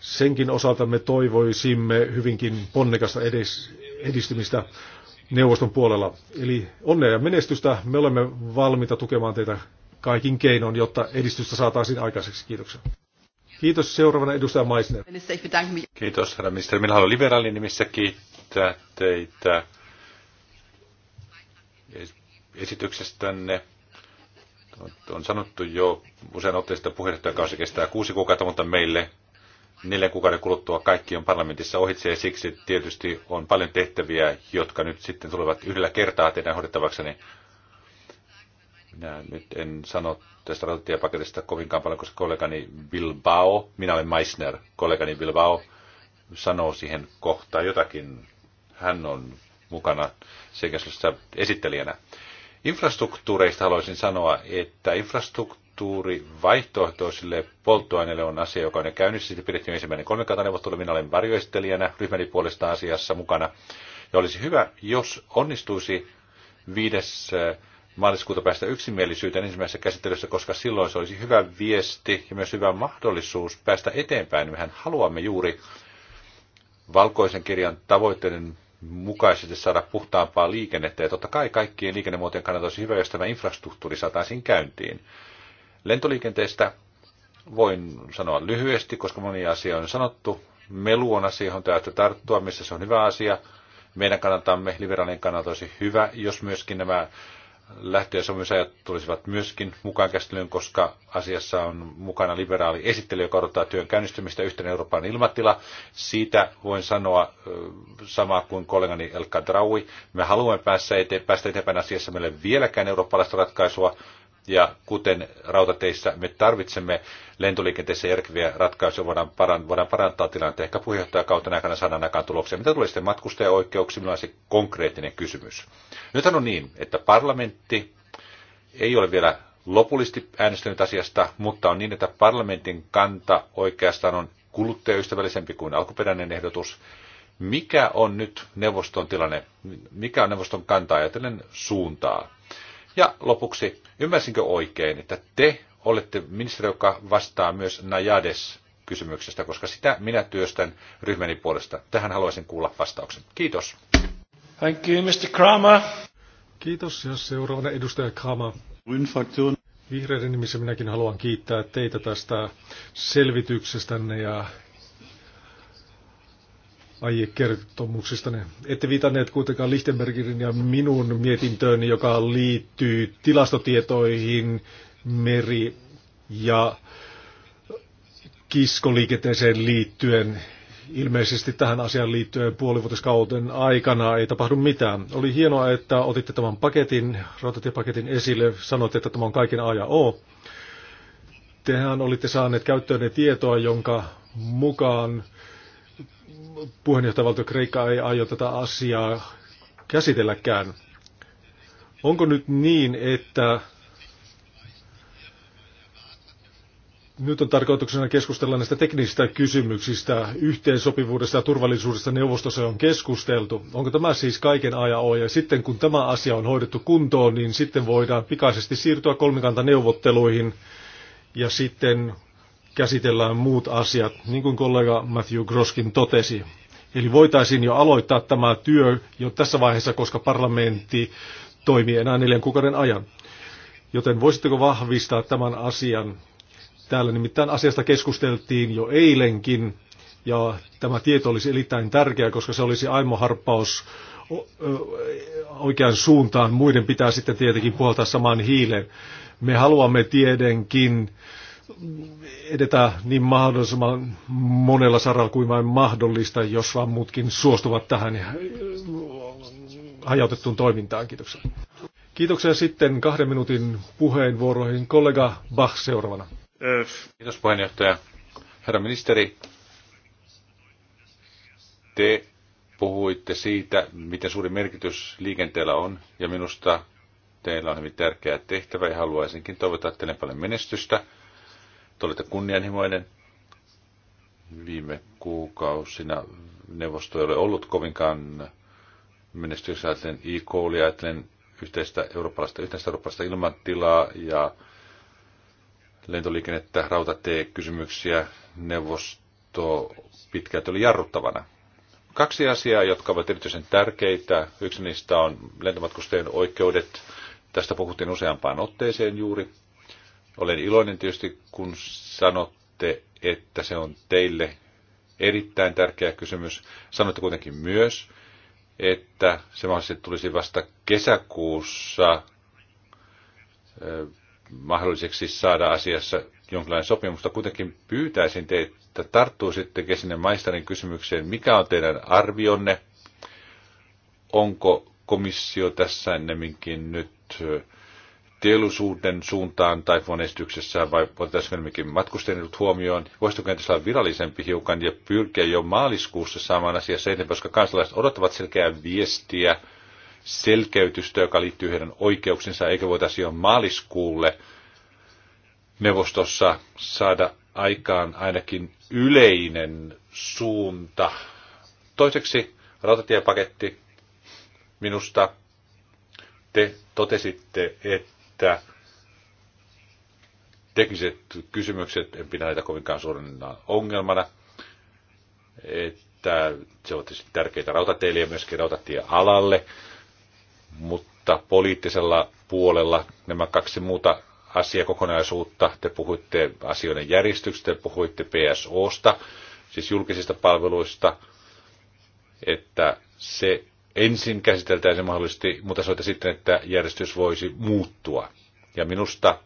Senkin osalta me toivoisimme hyvinkin ponnekasta edes, edistymistä neuvoston puolella. Eli onnea ja menestystä. Me olemme valmiita tukemaan teitä kaikin keinoin, jotta edistystä saataisiin aikaiseksi. Kiitoksia. Kiitos seuraavana edustaja Maisner. Kiitos herra ministeri. Minä haluan liberaalin nimissä kiittää teitä esityksestänne on sanottu jo usein otteesta puheenjohtajakausi kestää kuusi kuukautta, mutta meille neljän kuukauden kuluttua kaikki on parlamentissa ohitse ja siksi tietysti on paljon tehtäviä, jotka nyt sitten tulevat yhdellä kertaa teidän hoidettavakseni. Minä nyt en sano tästä rautatiepaketista kovinkaan paljon, koska kollegani Bilbao, minä olen Meissner, kollegani Bilbao sanoo siihen kohtaan jotakin. Hän on mukana sekä esittelijänä. Infrastruktuureista haluaisin sanoa, että infrastruktuuri vaihtoehtoisille polttoaineille on asia, joka on jo käynnissä. Siitä pidettiin ensimmäinen kolmikantaneuvottelu. Minä olen varjoistelijana ryhmäni puolesta asiassa mukana. Ja olisi hyvä, jos onnistuisi viides eh, maaliskuuta päästä yksimielisyyteen ensimmäisessä käsittelyssä, koska silloin se olisi hyvä viesti ja myös hyvä mahdollisuus päästä eteenpäin. Mehän haluamme juuri valkoisen kirjan tavoitteiden mukaisesti saada puhtaampaa liikennettä. Ja totta kai kaikkien liikennemuotojen kannalta olisi hyvä, jos tämä infrastruktuuri saataisiin käyntiin. Lentoliikenteestä voin sanoa lyhyesti, koska moni asia on sanottu. Melu on asia, johon täytyy tarttua, missä se on hyvä asia. Meidän kannaltamme, liberaalien kannalta olisi hyvä, jos myöskin nämä lähtöjäsopimusajat tulisivat myöskin mukaan käsittelyyn, koska asiassa on mukana liberaali esittely, joka odottaa työn käynnistymistä yhteen Euroopan ilmatila. Siitä voin sanoa samaa kuin kollegani El Kadraui. Me haluamme päästä, eteenpäin asiassa. Meillä ei vieläkään eurooppalaista ratkaisua. Ja kuten rautateissä, me tarvitsemme lentoliikenteessä järkeviä ratkaisuja, voidaan, paran, voidaan parantaa tilannetta. Ehkä kautta aikana saadaan aikaan tuloksia. Mitä tulee sitten matkustajaoikeuksiin, minulla on se konkreettinen kysymys. Nyt on niin, että parlamentti ei ole vielä lopullisesti äänestänyt asiasta, mutta on niin, että parlamentin kanta oikeastaan on kuluttajaystävällisempi kuin alkuperäinen ehdotus. Mikä on nyt neuvoston tilanne? Mikä on neuvoston kanta ajatellen suuntaa? Ja lopuksi, ymmärsinkö oikein, että te olette ministeri, joka vastaa myös Najades kysymyksestä, koska sitä minä työstän ryhmäni puolesta. Tähän haluaisin kuulla vastauksen. Kiitos. Thank you, Mr. Kramer. Kiitos ja seuraavana edustaja Kramer. Vihreiden nimissä minäkin haluan kiittää teitä tästä selvityksestänne ja aiekertomuksistanne. Ette viitanneet kuitenkaan Lichtenbergin ja minun mietintöön, joka liittyy tilastotietoihin meri- ja kiskoliikenteeseen liittyen. Ilmeisesti tähän asiaan liittyen puolivuotiskauden aikana ei tapahdu mitään. Oli hienoa, että otitte tämän paketin, rautatiepaketin esille, sanoitte, että tämä on kaiken A ja O. Tehän olitte saaneet käyttöön ne tietoa, jonka mukaan puheenjohtajavaltio Kreikka ei aio tätä asiaa käsitelläkään. Onko nyt niin, että nyt on tarkoituksena keskustella näistä teknisistä kysymyksistä, yhteensopivuudesta ja turvallisuudesta neuvostossa on keskusteltu. Onko tämä siis kaiken ajan O? Ja sitten kun tämä asia on hoidettu kuntoon, niin sitten voidaan pikaisesti siirtyä kolmikantaneuvotteluihin ja sitten käsitellään muut asiat, niin kuin kollega Matthew Groskin totesi. Eli voitaisiin jo aloittaa tämä työ jo tässä vaiheessa, koska parlamentti toimii enää neljän kuukauden ajan. Joten voisitteko vahvistaa tämän asian? Täällä nimittäin asiasta keskusteltiin jo eilenkin, ja tämä tieto olisi erittäin tärkeä, koska se olisi aimoharppaus oikeaan suuntaan. Muiden pitää sitten tietenkin puhaltaa samaan hiileen. Me haluamme tietenkin edetä niin mahdollisimman monella saralla kuin vain mahdollista, jos vaan muutkin suostuvat tähän äh, hajautettuun toimintaan. Kiitoksia. Kiitoksia sitten kahden minuutin puheenvuoroihin. Kollega Bach seuraavana. Kiitos puheenjohtaja. Herra ministeri, te puhuitte siitä, miten suuri merkitys liikenteellä on, ja minusta teillä on hyvin tärkeä tehtävä, ja haluaisinkin toivottaa teille paljon menestystä te olette kunnianhimoinen. Viime kuukausina neuvosto ei ole ollut kovinkaan menestyksessä ajatellen oli ajatellen yhteistä eurooppalaista, yhteistä eurooppalaista ilmatilaa ja lentoliikennettä, kysymyksiä neuvosto pitkälti oli jarruttavana. Kaksi asiaa, jotka ovat erityisen tärkeitä. Yksi niistä on lentomatkustajien oikeudet. Tästä puhuttiin useampaan otteeseen juuri. Olen iloinen tietysti, kun sanotte, että se on teille erittäin tärkeä kysymys. Sanoitte kuitenkin myös, että se mahdollisesti tulisi vasta kesäkuussa mahdolliseksi saada asiassa jonkinlainen sopimusta. Kuitenkin pyytäisin teitä, että tarttuisitte sinne maistarin kysymykseen, mikä on teidän arvionne, onko komissio tässä ennemminkin nyt teollisuuden suuntaan tai esityksessä vai voitaisiin enemmänkin matkustajien huomioon? Voisitko kenties olla virallisempi hiukan ja pyrkiä jo maaliskuussa saamaan asiassa eteenpäin, koska kansalaiset odottavat selkeää viestiä, selkeytystä, joka liittyy heidän oikeuksinsa, eikä voitaisiin jo maaliskuulle neuvostossa saada aikaan ainakin yleinen suunta. Toiseksi rautatiepaketti minusta te totesitte, että että tekniset kysymykset, en pidä näitä kovinkaan suurena ongelmana, että se on tietysti tärkeitä rautateille ja myöskin rautatiealalle, mutta poliittisella puolella nämä kaksi muuta asiakokonaisuutta, te puhuitte asioiden järjestyksestä, te puhuitte PSOsta, siis julkisista palveluista, että se ensin käsiteltäisiin mahdollisesti, mutta soita sitten, että järjestys voisi muuttua. Ja minusta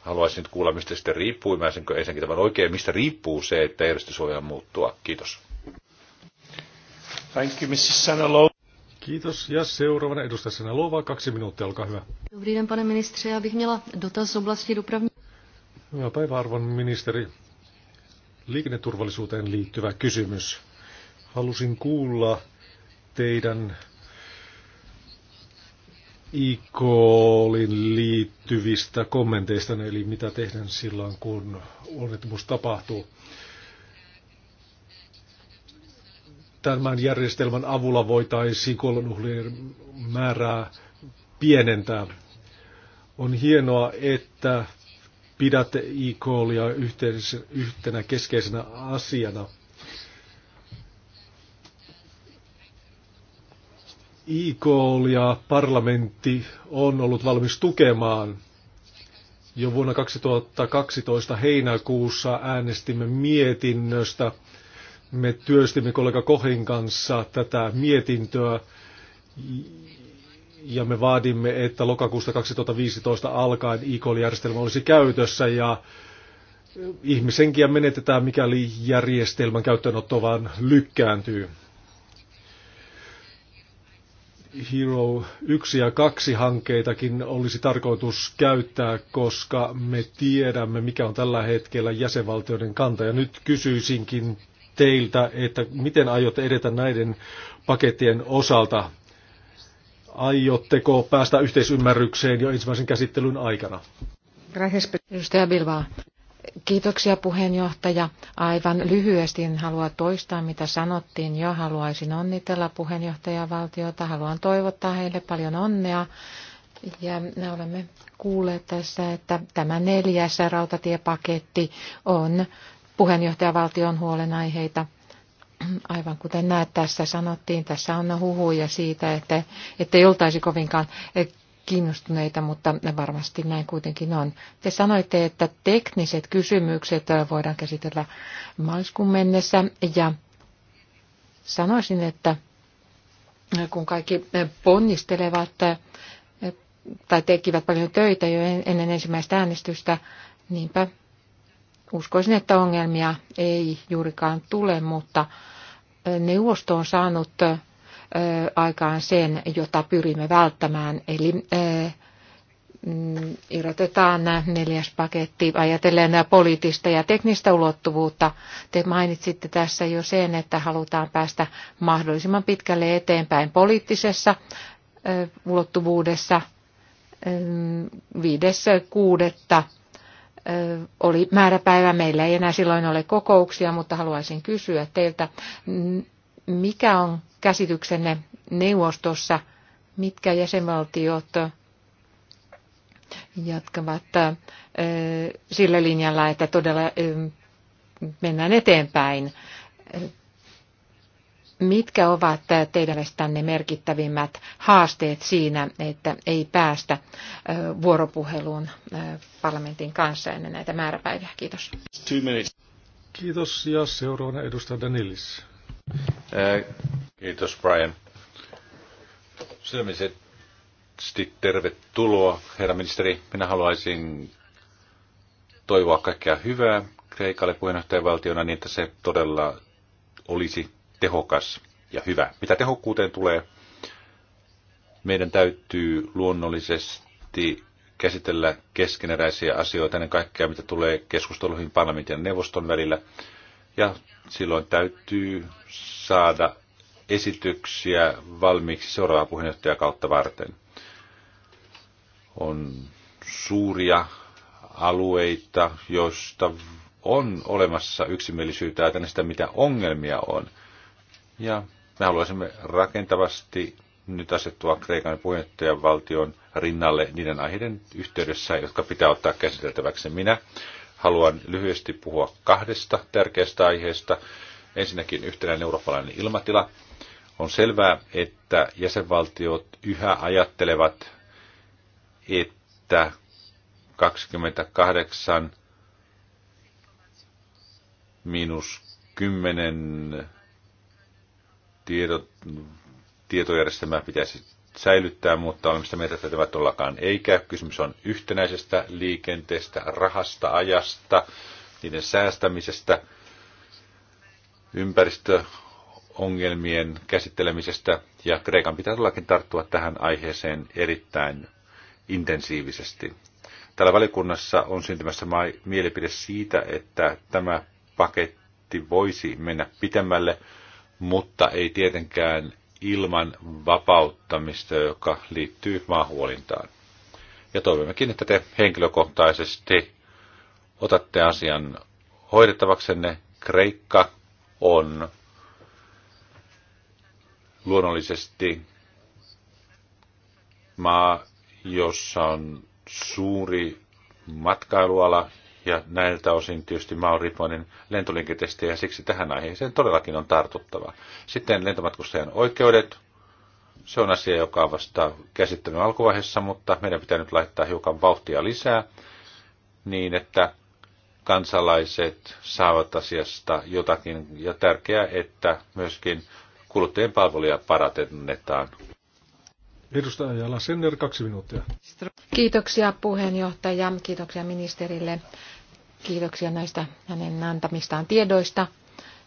haluaisin nyt kuulla, mistä sitten riippuu, sen ensinnäkin tämän oikein, mistä riippuu se, että järjestys voidaan muuttua. Kiitos. Thank you, Mrs. Kiitos. Ja seuraavana edustaja Sanalova, kaksi minuuttia, olkaa hyvä. Dobrý den, pane ministře, já bych měla dotaz z oblasti dopravní. Hyvää päivää, arvon ministeri. Liikenneturvallisuuteen liittyvä kysymys. Halusin kuulla, teidän IKOLin liittyvistä kommenteista, eli mitä tehdään silloin, kun onnettomuus tapahtuu. Tämän järjestelmän avulla voitaisiin kuolonuhlien määrää pienentää. On hienoa, että pidätte IKOLia yhtenä keskeisenä asiana – ja parlamentti on ollut valmis tukemaan. Jo vuonna 2012 heinäkuussa äänestimme mietinnöstä. Me työstimme kollega Kohin kanssa tätä mietintöä ja me vaadimme, että lokakuusta 2015 alkaen IKL-järjestelmä olisi käytössä ja ihmisenkiä menetetään, mikäli järjestelmän käyttöönotto vaan lykkääntyy. Hero 1 ja 2 hankkeitakin olisi tarkoitus käyttää, koska me tiedämme, mikä on tällä hetkellä jäsenvaltioiden kanta. Ja nyt kysyisinkin teiltä, että miten aiotte edetä näiden pakettien osalta? Aiotteko päästä yhteisymmärrykseen jo ensimmäisen käsittelyn aikana? Gracias, Kiitoksia puheenjohtaja. Aivan lyhyesti en halua toistaa, mitä sanottiin jo. Haluaisin onnitella puheenjohtajavaltiota. Haluan toivottaa heille paljon onnea. Ja me olemme kuulleet tässä, että tämä neljäs rautatiepaketti on puheenjohtajavaltion huolenaiheita. Aivan kuten näet tässä sanottiin, tässä on huhuja siitä, että, että ei oltaisi kovinkaan kiinnostuneita, mutta varmasti näin kuitenkin on. Te sanoitte, että tekniset kysymykset voidaan käsitellä maaliskuun mennessä ja sanoisin, että kun kaikki ponnistelevat tai tekivät paljon töitä jo ennen ensimmäistä äänestystä, niinpä uskoisin, että ongelmia ei juurikaan tule, mutta neuvosto on saanut aikaan sen, jota pyrimme välttämään, eli mm, irrotetaan neljäs paketti ajatellen poliittista ja teknistä ulottuvuutta. Te mainitsitte tässä jo sen, että halutaan päästä mahdollisimman pitkälle eteenpäin poliittisessa ulottuvuudessa. Viides kuudetta oli määräpäivä. Meillä ei enää silloin ole kokouksia, mutta haluaisin kysyä teiltä mikä on käsityksenne neuvostossa, mitkä jäsenvaltiot jatkavat sillä linjalla, että todella mennään eteenpäin. Mitkä ovat teidän mielestänne merkittävimmät haasteet siinä, että ei päästä vuoropuheluun parlamentin kanssa ennen näitä määräpäiviä? Kiitos. Kiitos ja seuraavana edustaja Danilis. Kiitos Brian. Sydämisesti tervetuloa, herra ministeri. Minä haluaisin toivoa kaikkea hyvää Kreikalle puheenjohtajavaltiona niin, että se todella olisi tehokas ja hyvä. Mitä tehokkuuteen tulee, meidän täytyy luonnollisesti käsitellä keskeneräisiä asioita, ennen kaikkea mitä tulee keskusteluihin parlamentin ja neuvoston välillä ja silloin täytyy saada esityksiä valmiiksi puheenjohtaja kautta varten. On suuria alueita, joista on olemassa yksimielisyyttä ajatellen sitä, mitä ongelmia on. Ja me haluaisimme rakentavasti nyt asettua Kreikan puheenjohtajan valtion rinnalle niiden aiheiden yhteydessä, jotka pitää ottaa käsiteltäväksi. Minä Haluan lyhyesti puhua kahdesta tärkeästä aiheesta. Ensinnäkin yhtenäinen eurooppalainen ilmatila. On selvää, että jäsenvaltiot yhä ajattelevat, että 28 miinus 10 tiedot, tietojärjestelmää pitäisi säilyttää, mutta olemme sitä mieltä, että tämä todellakaan eikä. Kysymys on yhtenäisestä liikenteestä, rahasta, ajasta, niiden säästämisestä, ympäristöongelmien käsittelemisestä, ja Kreikan pitää todellakin tarttua tähän aiheeseen erittäin intensiivisesti. Täällä valikunnassa on syntymässä mielipide siitä, että tämä paketti voisi mennä pitemmälle, mutta ei tietenkään ilman vapauttamista, joka liittyy maahuolintaan. Ja toivommekin, että te henkilökohtaisesti otatte asian hoidettavaksenne. Kreikka on luonnollisesti maa, jossa on suuri matkailuala, ja näiltä osin tietysti maun Ritmonin lentoliikenteestä ja siksi tähän aiheeseen todellakin on tartuttava. Sitten lentomatkustajan oikeudet. Se on asia, joka on vasta käsittelyn alkuvaiheessa, mutta meidän pitää nyt laittaa hiukan vauhtia lisää niin, että kansalaiset saavat asiasta jotakin ja tärkeää, että myöskin kuluttajien palveluja parannetaan. Edustaja Jala Senner, kaksi minuuttia. Kiitoksia puheenjohtaja, kiitoksia ministerille Kiitoksia näistä hänen antamistaan tiedoista.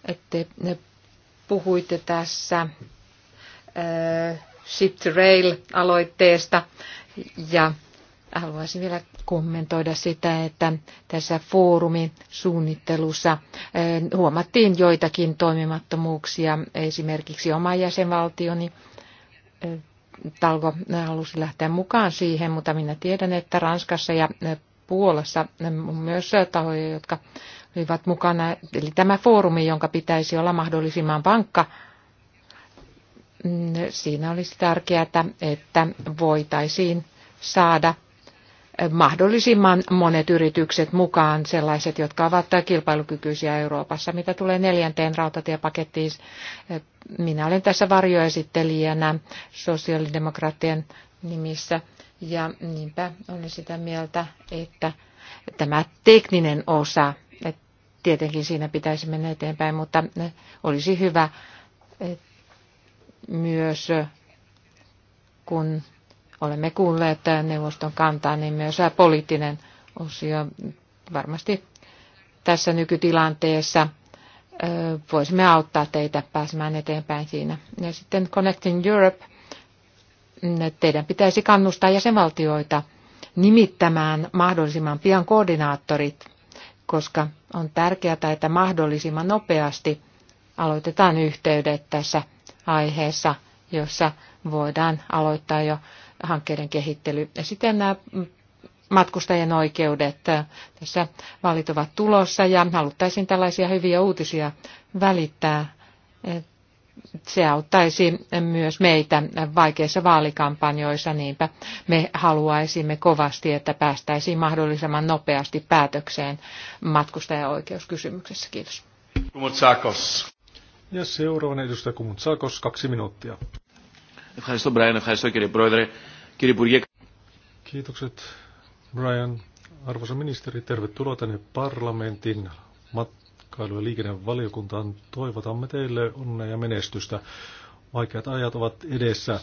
Että ne puhuitte tässä äh, Ship to Rail-aloitteesta ja haluaisin vielä kommentoida sitä, että tässä foorumin suunnittelussa äh, huomattiin joitakin toimimattomuuksia. Esimerkiksi oma jäsenvaltioni äh, Talko halusi lähteä mukaan siihen, mutta minä tiedän, että Ranskassa ja Puolassa myös tahoja, jotka olivat mukana. Eli tämä foorumi, jonka pitäisi olla mahdollisimman vankka, siinä olisi tärkeää, että voitaisiin saada mahdollisimman monet yritykset mukaan, sellaiset, jotka ovat kilpailukykyisiä Euroopassa. Mitä tulee neljänteen rautatiepakettiin, minä olen tässä varjoesittelijänä sosiaalidemokraattien nimissä. Ja niinpä olen sitä mieltä, että tämä tekninen osa, että tietenkin siinä pitäisi mennä eteenpäin, mutta olisi hyvä myös, kun olemme kuulleet neuvoston kantaa, niin myös poliittinen osio varmasti tässä nykytilanteessa voisimme auttaa teitä pääsemään eteenpäin siinä. Ja sitten Connecting Europe teidän pitäisi kannustaa jäsenvaltioita nimittämään mahdollisimman pian koordinaattorit, koska on tärkeää, että mahdollisimman nopeasti aloitetaan yhteydet tässä aiheessa, jossa voidaan aloittaa jo hankkeiden kehittely. Ja sitten nämä matkustajien oikeudet. Tässä valit ovat tulossa ja haluttaisiin tällaisia hyviä uutisia välittää se auttaisi myös meitä vaikeissa vaalikampanjoissa, niinpä me haluaisimme kovasti, että päästäisiin mahdollisimman nopeasti päätökseen matkustajaoikeuskysymyksessä. Kiitos. Kumutsakos. Ja seuraavana edustaja Kumutsakos, kaksi minuuttia. Brian. Kiitokset, Brian. Arvoisa ministeri, tervetuloa tänne parlamentin matkailu- ja liikennevaliokuntaan. Toivotamme teille onnea ja menestystä. Vaikeat ajat ovat edessä.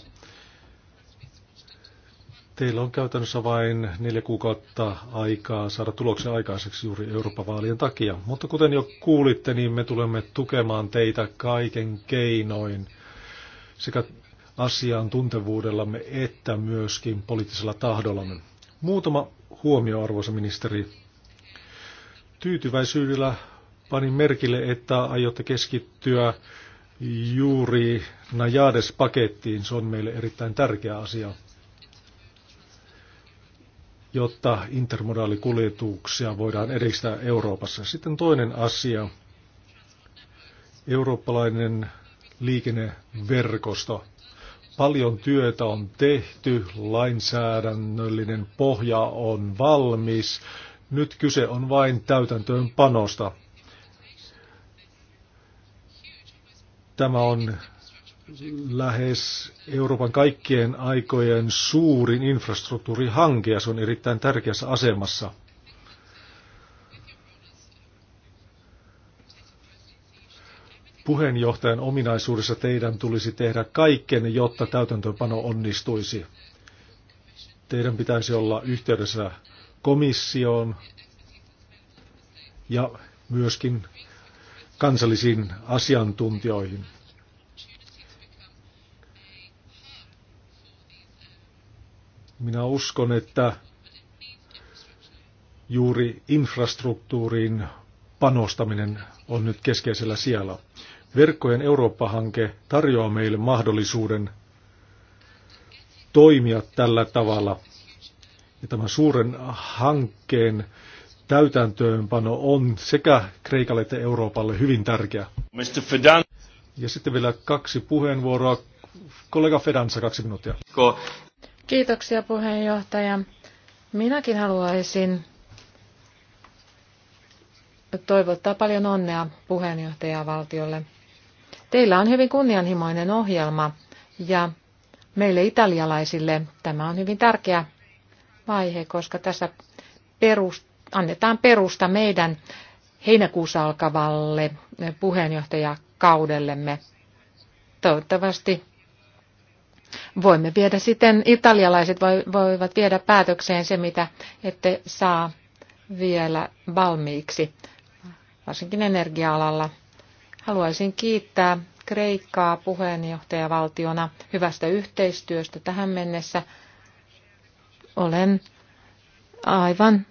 Teillä on käytännössä vain neljä kuukautta aikaa saada tuloksen aikaiseksi juuri Euroopan vaalien takia. Mutta kuten jo kuulitte, niin me tulemme tukemaan teitä kaiken keinoin sekä asiantuntevuudellamme että myöskin poliittisella tahdollamme. Muutama huomio, arvoisa ministeri. Tyytyväisyydellä panin merkille, että aiotte keskittyä juuri Najades-pakettiin. Se on meille erittäin tärkeä asia, jotta intermodaalikuljetuksia voidaan edistää Euroopassa. Sitten toinen asia, eurooppalainen liikenneverkosto. Paljon työtä on tehty, lainsäädännöllinen pohja on valmis. Nyt kyse on vain täytäntöön panosta. Tämä on lähes Euroopan kaikkien aikojen suurin infrastruktuurihanke ja se on erittäin tärkeässä asemassa. Puheenjohtajan ominaisuudessa teidän tulisi tehdä kaikkenne, jotta täytäntöönpano onnistuisi. Teidän pitäisi olla yhteydessä komissioon ja myöskin kansallisiin asiantuntijoihin. Minä uskon, että juuri infrastruktuuriin panostaminen on nyt keskeisellä siellä. Verkkojen Eurooppa-hanke tarjoaa meille mahdollisuuden toimia tällä tavalla. Ja tämän suuren hankkeen täytäntöönpano on sekä Kreikalle että Euroopalle hyvin tärkeä. Mr. Fedan. Ja sitten vielä kaksi puheenvuoroa. Kollega Fedansa, kaksi minuuttia. Kiitoksia puheenjohtaja. Minäkin haluaisin toivottaa paljon onnea puheenjohtajavaltiolle. Teillä on hyvin kunnianhimoinen ohjelma ja meille italialaisille tämä on hyvin tärkeä vaihe, koska tässä perust, annetaan perusta meidän heinäkuussa alkavalle puheenjohtajakaudellemme. Toivottavasti voimme viedä sitten, italialaiset voivat viedä päätökseen se, mitä ette saa vielä valmiiksi, varsinkin energia-alalla. Haluaisin kiittää Kreikkaa puheenjohtajavaltiona hyvästä yhteistyöstä tähän mennessä. Olen aivan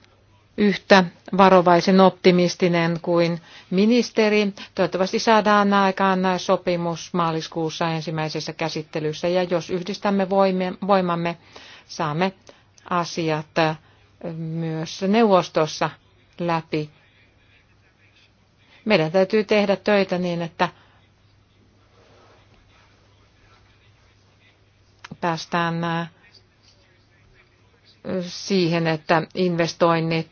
yhtä varovaisen optimistinen kuin ministeri. Toivottavasti saadaan aikaan sopimus maaliskuussa ensimmäisessä käsittelyssä ja jos yhdistämme voimamme, saamme asiat äh, myös neuvostossa läpi. Meidän täytyy tehdä töitä niin, että päästään äh, siihen, että investoinnit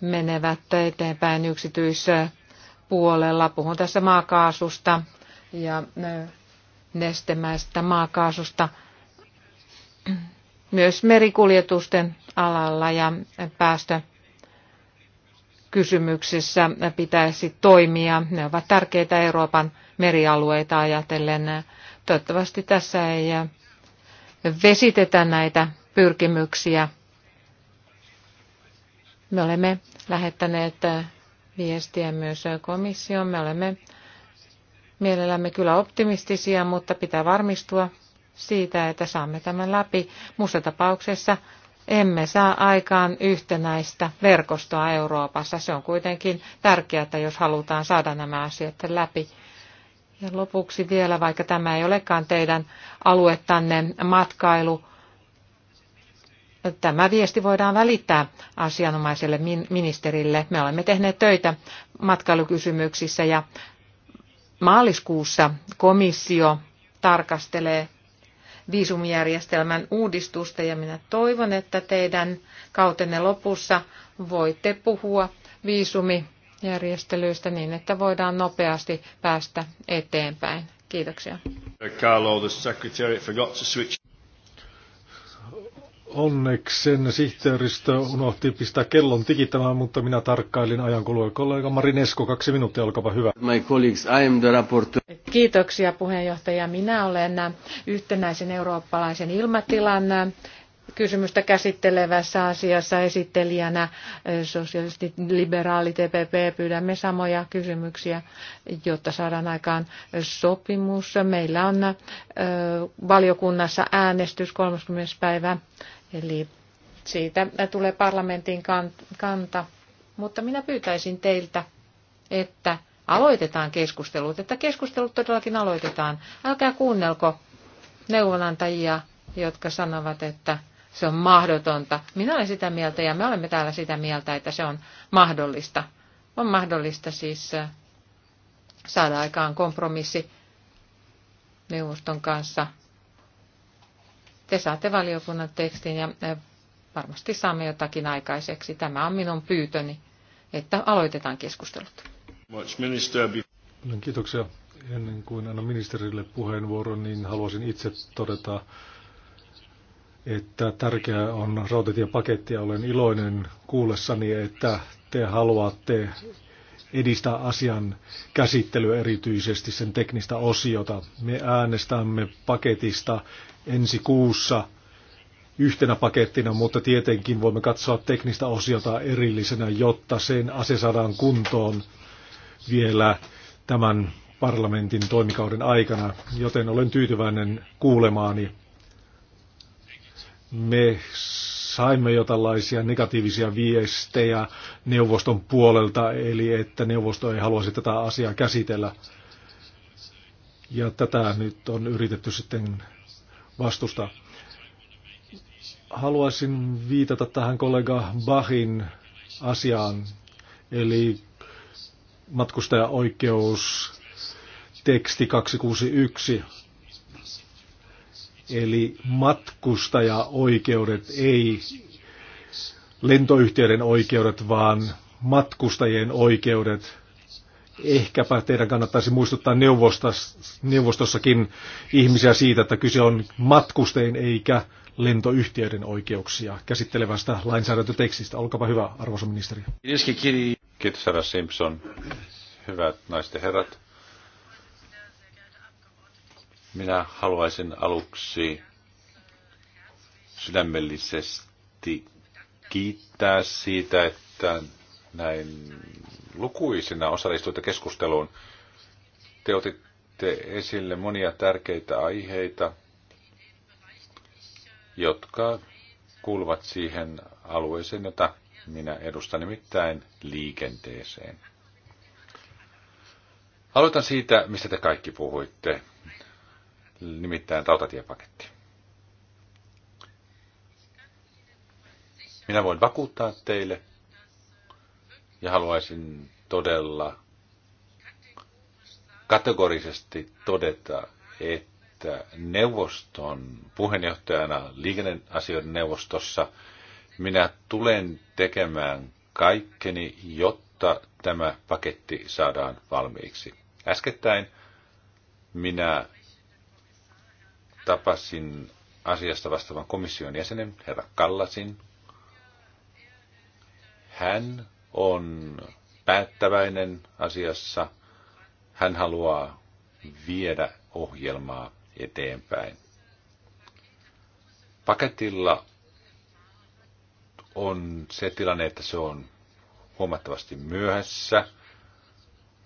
menevät eteenpäin yksityispuolella. Puhun tässä maakaasusta ja nestemäistä maakaasusta myös merikuljetusten alalla ja päästö kysymyksissä pitäisi toimia. Ne ovat tärkeitä Euroopan merialueita ajatellen. Toivottavasti tässä ei vesitetä näitä pyrkimyksiä. Me olemme lähettäneet viestiä myös komissioon. Me olemme mielellämme kyllä optimistisia, mutta pitää varmistua siitä, että saamme tämän läpi. Muussa tapauksessa emme saa aikaan yhtenäistä verkostoa Euroopassa. Se on kuitenkin tärkeää, että jos halutaan saada nämä asiat läpi. Ja lopuksi vielä, vaikka tämä ei olekaan teidän aluettanne matkailu, Tämä viesti voidaan välittää asianomaiselle ministerille. Me olemme tehneet töitä matkailukysymyksissä ja maaliskuussa komissio tarkastelee viisumijärjestelmän uudistusta ja minä toivon, että teidän kautenne lopussa voitte puhua viisumijärjestelyistä niin, että voidaan nopeasti päästä eteenpäin. Kiitoksia. Carlo, the secretary forgot to switch. Onneksen sihteeristö unohti pistää kellon tikittämään, mutta minä tarkkailin ajankulua. Kollega Marinesko, kaksi minuuttia, olkaapa hyvä. My colleagues, I am the rapporteur. Kiitoksia puheenjohtaja. Minä olen yhtenäisen eurooppalaisen ilmatilan kysymystä käsittelevässä asiassa esittelijänä sosialistit, liberaali TPP pyydämme samoja kysymyksiä, jotta saadaan aikaan sopimus. Meillä on valiokunnassa äänestys 30. päivä Eli siitä tulee parlamentin kanta. Mutta minä pyytäisin teiltä, että aloitetaan keskustelut, että keskustelut todellakin aloitetaan. Älkää kuunnelko neuvonantajia, jotka sanovat, että se on mahdotonta. Minä olen sitä mieltä ja me olemme täällä sitä mieltä, että se on mahdollista. On mahdollista siis äh, saada aikaan kompromissi neuvoston kanssa te saatte valiokunnan tekstin ja eh, varmasti saamme jotakin aikaiseksi. Tämä on minun pyytöni, että aloitetaan keskustelut. Kiitoksia. Ennen kuin annan ministerille puheenvuoron, niin haluaisin itse todeta, että tärkeää on rautatiepaketti ja olen iloinen kuullessani, että te haluatte edistää asian käsittelyä erityisesti sen teknistä osiota. Me äänestämme paketista ensi kuussa yhtenä pakettina, mutta tietenkin voimme katsoa teknistä osiota erillisenä, jotta sen ase saadaan kuntoon vielä tämän parlamentin toimikauden aikana, joten olen tyytyväinen kuulemaani. Me saimme jo tällaisia negatiivisia viestejä neuvoston puolelta, eli että neuvosto ei haluaisi tätä asiaa käsitellä. Ja tätä nyt on yritetty sitten vastustaa. Haluaisin viitata tähän kollega Bachin asiaan, eli matkustajaoikeus teksti 261. Eli matkustajaoikeudet, ei lentoyhtiöiden oikeudet, vaan matkustajien oikeudet ehkäpä teidän kannattaisi muistuttaa neuvostossakin ihmisiä siitä, että kyse on matkustein eikä lentoyhtiöiden oikeuksia käsittelevästä lainsäädäntötekstistä. Olkapa hyvä, arvoisa ministeri. Kiitos, herra Simpson. Hyvät naiset ja herrat. Minä haluaisin aluksi sydämellisesti kiittää siitä, että näin lukuisina osallistuitte keskusteluun. Te otitte esille monia tärkeitä aiheita, jotka kuuluvat siihen alueeseen, jota minä edustan, nimittäin liikenteeseen. Aloitan siitä, mistä te kaikki puhuitte, nimittäin rautatiepaketti. Minä voin vakuuttaa teille, ja haluaisin todella kategorisesti todeta, että neuvoston puheenjohtajana liikenneasioiden neuvostossa minä tulen tekemään kaikkeni, jotta tämä paketti saadaan valmiiksi. Äskettäin minä tapasin asiasta vastaavan komission jäsenen, herra Kallasin. Hän on päättäväinen asiassa. Hän haluaa viedä ohjelmaa eteenpäin. Paketilla on se tilanne, että se on huomattavasti myöhässä,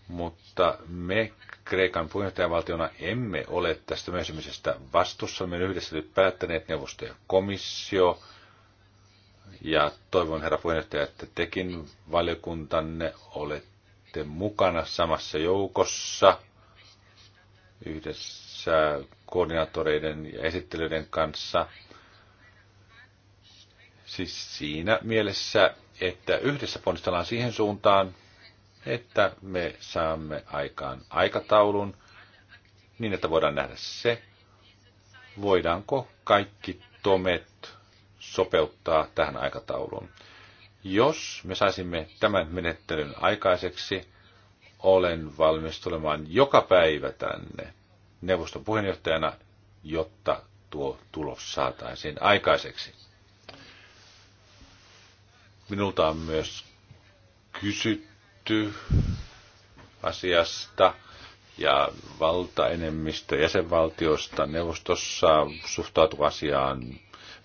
mutta me Kreikan puheenjohtajavaltiona emme ole tästä myöhemmisestä vastuussa. Me yhdessä nyt päättäneet neuvosto ja komissio ja toivon, herra puheenjohtaja, että tekin valiokuntanne olette mukana samassa joukossa yhdessä koordinaattoreiden ja esittelyiden kanssa. Siis siinä mielessä, että yhdessä ponnistellaan siihen suuntaan, että me saamme aikaan aikataulun niin, että voidaan nähdä se, voidaanko kaikki tomet sopeuttaa tähän aikatauluun. Jos me saisimme tämän menettelyn aikaiseksi, olen valmis tulemaan joka päivä tänne neuvoston puheenjohtajana, jotta tuo tulos saataisiin aikaiseksi. Minulta on myös kysytty asiasta ja valtaenemmistö jäsenvaltiosta neuvostossa suhtautuu asiaan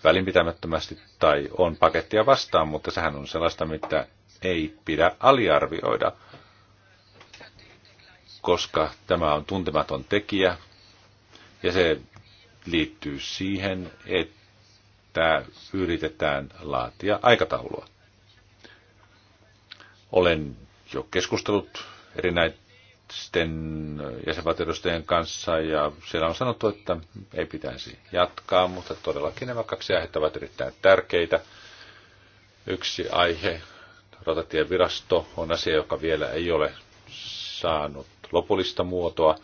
välinpitämättömästi tai on pakettia vastaan, mutta sehän on sellaista, mitä ei pidä aliarvioida, koska tämä on tuntematon tekijä ja se liittyy siihen, että yritetään laatia aikataulua. Olen jo keskustellut erinäitä sitten jäsenvaltioiden kanssa ja siellä on sanottu, että ei pitäisi jatkaa, mutta todellakin nämä kaksi aihetta ovat erittäin tärkeitä. Yksi aihe, rautatievirasto, on asia, joka vielä ei ole saanut lopullista muotoa.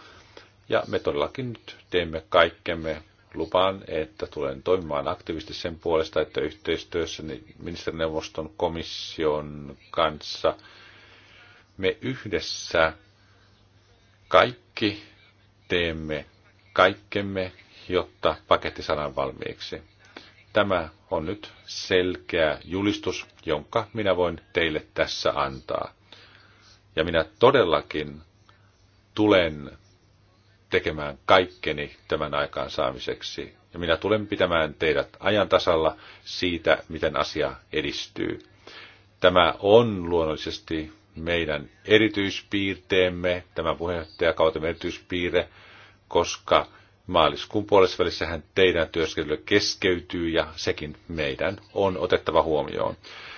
Ja me todellakin nyt teemme kaikkemme. Lupaan, että tulen toimimaan aktiivisesti sen puolesta, että yhteistyössä ministerineuvoston komission kanssa me yhdessä kaikki teemme kaikkemme, jotta paketti saadaan valmiiksi. Tämä on nyt selkeä julistus, jonka minä voin teille tässä antaa. Ja minä todellakin tulen tekemään kaikkeni tämän aikaan saamiseksi. Ja minä tulen pitämään teidät ajan tasalla siitä, miten asia edistyy. Tämä on luonnollisesti meidän erityispiirteemme, tämä puheenjohtajakautemme erityispiirre, koska maaliskuun puolessavälissähän teidän työskentely keskeytyy ja sekin meidän on otettava huomioon.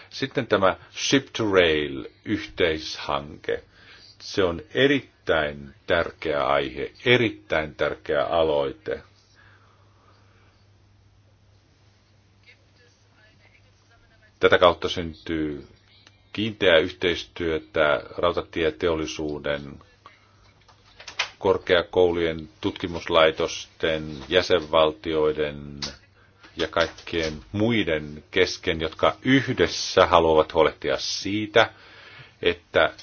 Sitten tämä Ship to Rail yhteishanke. Se on erittäin tärkeä aihe, erittäin tärkeä aloite. Tätä kautta syntyy kiinteää yhteistyötä rautatieteollisuuden, korkeakoulujen, tutkimuslaitosten, jäsenvaltioiden ja kaikkien muiden kesken, jotka yhdessä haluavat huolehtia siitä, että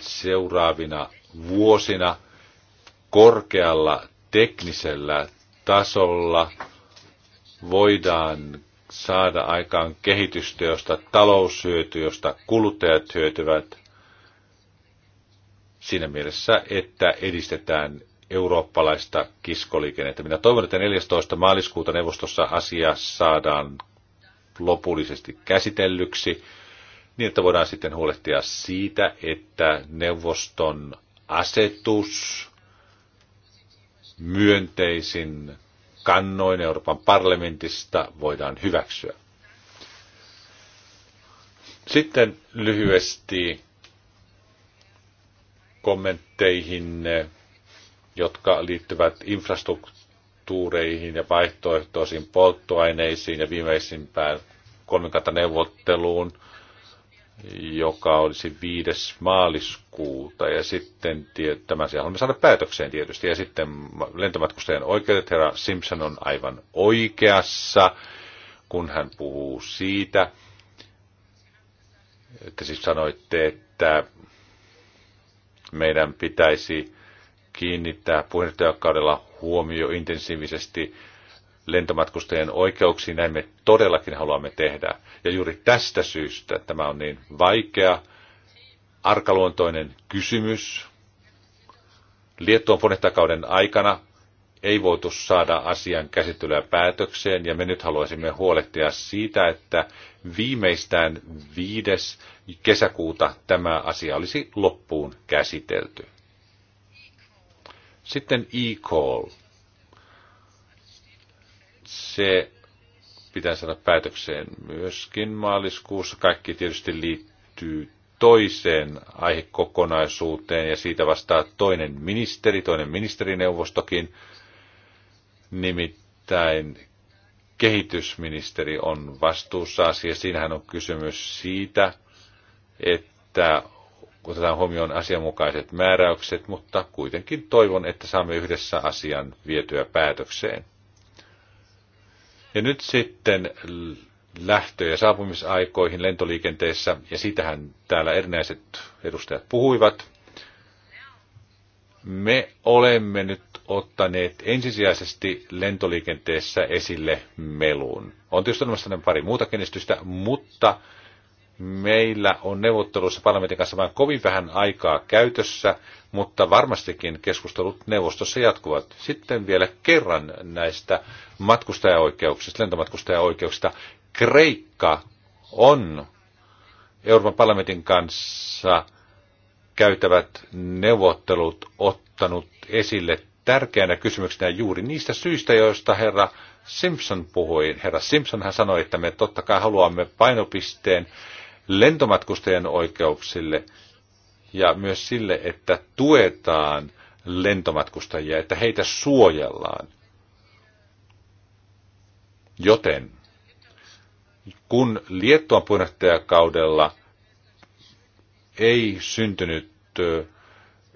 seuraavina vuosina korkealla teknisellä tasolla voidaan saada aikaan kehitystä, josta talous hyötyy, josta kuluttajat hyötyvät siinä mielessä, että edistetään eurooppalaista kiskoliikennettä. Minä toivon, että 14. maaliskuuta neuvostossa asia saadaan lopullisesti käsitellyksi, niin että voidaan sitten huolehtia siitä, että neuvoston asetus myönteisin kannoin Euroopan parlamentista voidaan hyväksyä. Sitten lyhyesti kommentteihin, jotka liittyvät infrastruktuureihin ja vaihtoehtoisiin polttoaineisiin ja viimeisimpään kolmikantaneuvotteluun neuvotteluun joka olisi 5. maaliskuuta, ja sitten tämä siellä haluamme saada päätökseen tietysti, ja sitten lentomatkustajan oikeudet, herra Simpson on aivan oikeassa, kun hän puhuu siitä, että siis sanoitte, että meidän pitäisi kiinnittää puheenjohtajakaudella huomio intensiivisesti lentomatkustajien oikeuksiin, näin me todellakin haluamme tehdä. Ja juuri tästä syystä tämä on niin vaikea, arkaluontoinen kysymys. Liettuon punettakauden aikana ei voitu saada asian käsittelyä päätökseen, ja me nyt haluaisimme huolehtia siitä, että viimeistään 5. kesäkuuta tämä asia olisi loppuun käsitelty. Sitten e-call. Se pitää saada päätökseen myöskin maaliskuussa. Kaikki tietysti liittyy toiseen aihekokonaisuuteen ja siitä vastaa toinen ministeri, toinen ministerineuvostokin. Nimittäin kehitysministeri on vastuussa asia. Siinähän on kysymys siitä, että otetaan huomioon asianmukaiset määräykset, mutta kuitenkin toivon, että saamme yhdessä asian vietyä päätökseen. Ja nyt sitten lähtö- ja saapumisaikoihin lentoliikenteessä, ja sitähän täällä erinäiset edustajat puhuivat. Me olemme nyt ottaneet ensisijaisesti lentoliikenteessä esille melun. On tietysti olemassa pari muutakin esitystä, mutta Meillä on neuvotteluissa parlamentin kanssa vain kovin vähän aikaa käytössä, mutta varmastikin keskustelut neuvostossa jatkuvat. Sitten vielä kerran näistä matkustajaoikeuksista, lentomatkustajaoikeuksista. Kreikka on Euroopan parlamentin kanssa käytävät neuvottelut ottanut esille tärkeänä kysymyksenä juuri niistä syistä, joista herra Simpson puhui. Herra Simpson hän sanoi, että me totta kai haluamme painopisteen lentomatkustajien oikeuksille ja myös sille, että tuetaan lentomatkustajia, että heitä suojellaan. Joten kun Liettuan puheenjohtajakaudella ei syntynyt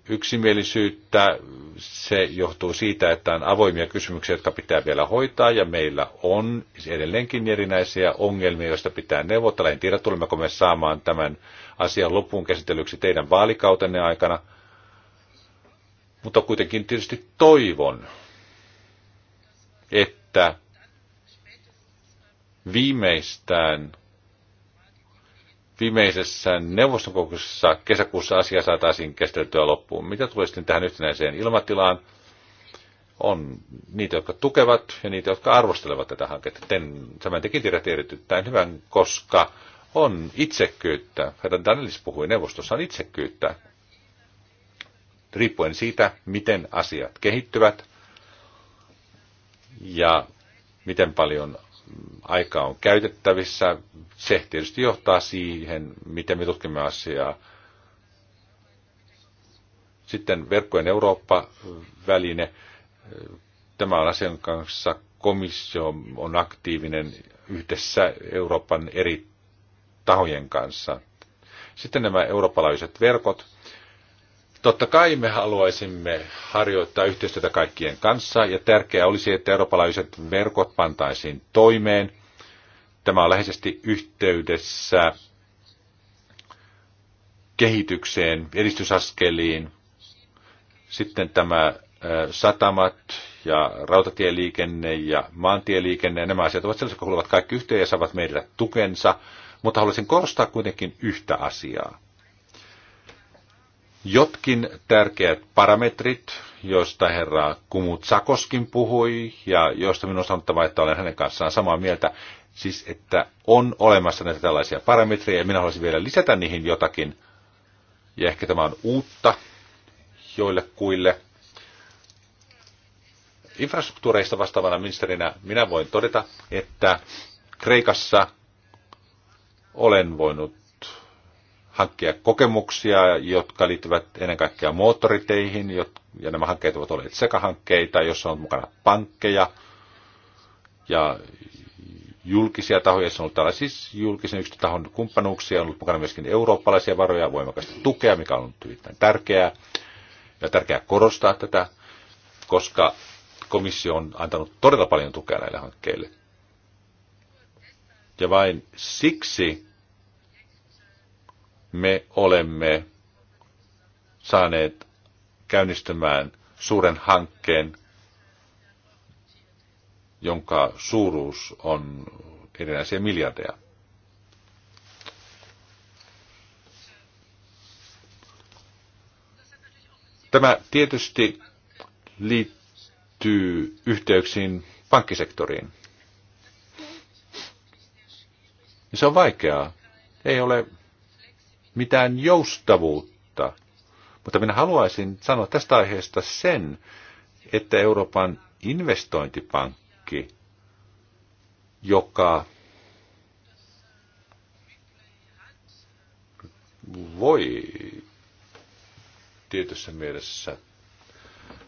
yksimielisyyttä. Se johtuu siitä, että on avoimia kysymyksiä, jotka pitää vielä hoitaa, ja meillä on edelleenkin erinäisiä ongelmia, joista pitää neuvotella. En tiedä, tulemmeko me saamaan tämän asian loppuun käsitellyksi teidän vaalikautenne aikana, mutta kuitenkin tietysti toivon, että viimeistään viimeisessä neuvostokokouksessa kesäkuussa asia saataisiin käsiteltyä loppuun. Mitä tulee sitten tähän yhtenäiseen ilmatilaan? On niitä, jotka tukevat ja niitä, jotka arvostelevat tätä hanketta. Tämän tekin tiedät erityttäin hyvän, koska on itsekkyyttä. Herra Danelis puhui neuvostossa on itsekkyyttä. Riippuen siitä, miten asiat kehittyvät ja miten paljon aikaa on käytettävissä. Se tietysti johtaa siihen, miten me tutkimme asiaa. Sitten verkkojen Eurooppa-väline. Tämä on asian kanssa komissio on aktiivinen yhdessä Euroopan eri tahojen kanssa. Sitten nämä eurooppalaiset verkot. Totta kai me haluaisimme harjoittaa yhteistyötä kaikkien kanssa ja tärkeää olisi, että eurooppalaiset verkot pantaisiin toimeen. Tämä on läheisesti yhteydessä kehitykseen, edistysaskeliin. Sitten tämä satamat ja rautatieliikenne ja maantieliikenne, nämä asiat ovat sellaisia, jotka kuuluvat kaikki yhteen ja saavat meidät tukensa, mutta haluaisin korostaa kuitenkin yhtä asiaa. Jotkin tärkeät parametrit, joista herra Kumut Sakoskin puhui ja joista minun on sanottava, että olen hänen kanssaan samaa mieltä, siis että on olemassa näitä tällaisia parametreja ja minä haluaisin vielä lisätä niihin jotakin. Ja ehkä tämä on uutta kuille. Infrastruktuureista vastaavana ministerinä minä voin todeta, että Kreikassa olen voinut hankkia kokemuksia, jotka liittyvät ennen kaikkea moottoriteihin, ja nämä hankkeet ovat olleet sekahankkeita, joissa on mukana pankkeja ja julkisia tahoja, joissa on ollut tällaisia siis julkisen yksityistahon kumppanuuksia, on ollut mukana myöskin eurooppalaisia varoja, voimakasta tukea, mikä on ollut hyvin tärkeää, ja tärkeää korostaa tätä, koska komissio on antanut todella paljon tukea näille hankkeille. Ja vain siksi me olemme saaneet käynnistämään suuren hankkeen, jonka suuruus on erinäisiä miljardeja. Tämä tietysti liittyy yhteyksiin pankkisektoriin. Se on vaikeaa. Ei ole mitään joustavuutta. Mutta minä haluaisin sanoa tästä aiheesta sen, että Euroopan investointipankki, joka voi tietyssä mielessä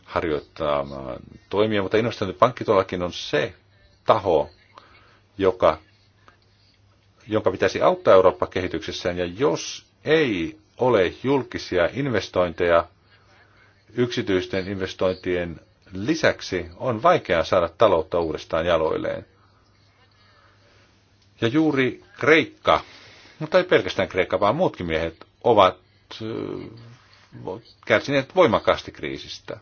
harjoittaa toimia, mutta investointipankki tuollakin on se taho, joka, jonka pitäisi auttaa Eurooppa kehityksessään, ja jos ei ole julkisia investointeja yksityisten investointien lisäksi, on vaikea saada taloutta uudestaan jaloilleen. Ja juuri Kreikka, mutta ei pelkästään Kreikka, vaan muutkin miehet ovat äh, kärsineet voimakkaasti kriisistä.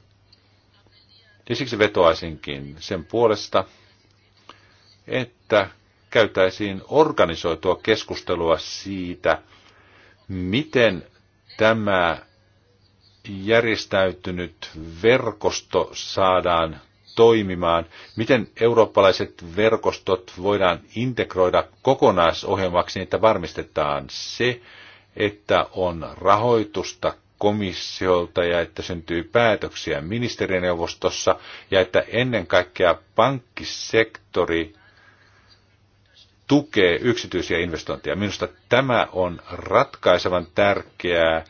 Ja siksi vetoaisinkin sen puolesta, että käytäisiin organisoitua keskustelua siitä, miten tämä järjestäytynyt verkosto saadaan toimimaan, miten eurooppalaiset verkostot voidaan integroida kokonaisohjelmaksi, niin että varmistetaan se, että on rahoitusta komissiolta ja että syntyy päätöksiä ministerineuvostossa ja että ennen kaikkea pankkisektori tukee yksityisiä investointeja. Minusta tämä on ratkaisevan tärkeää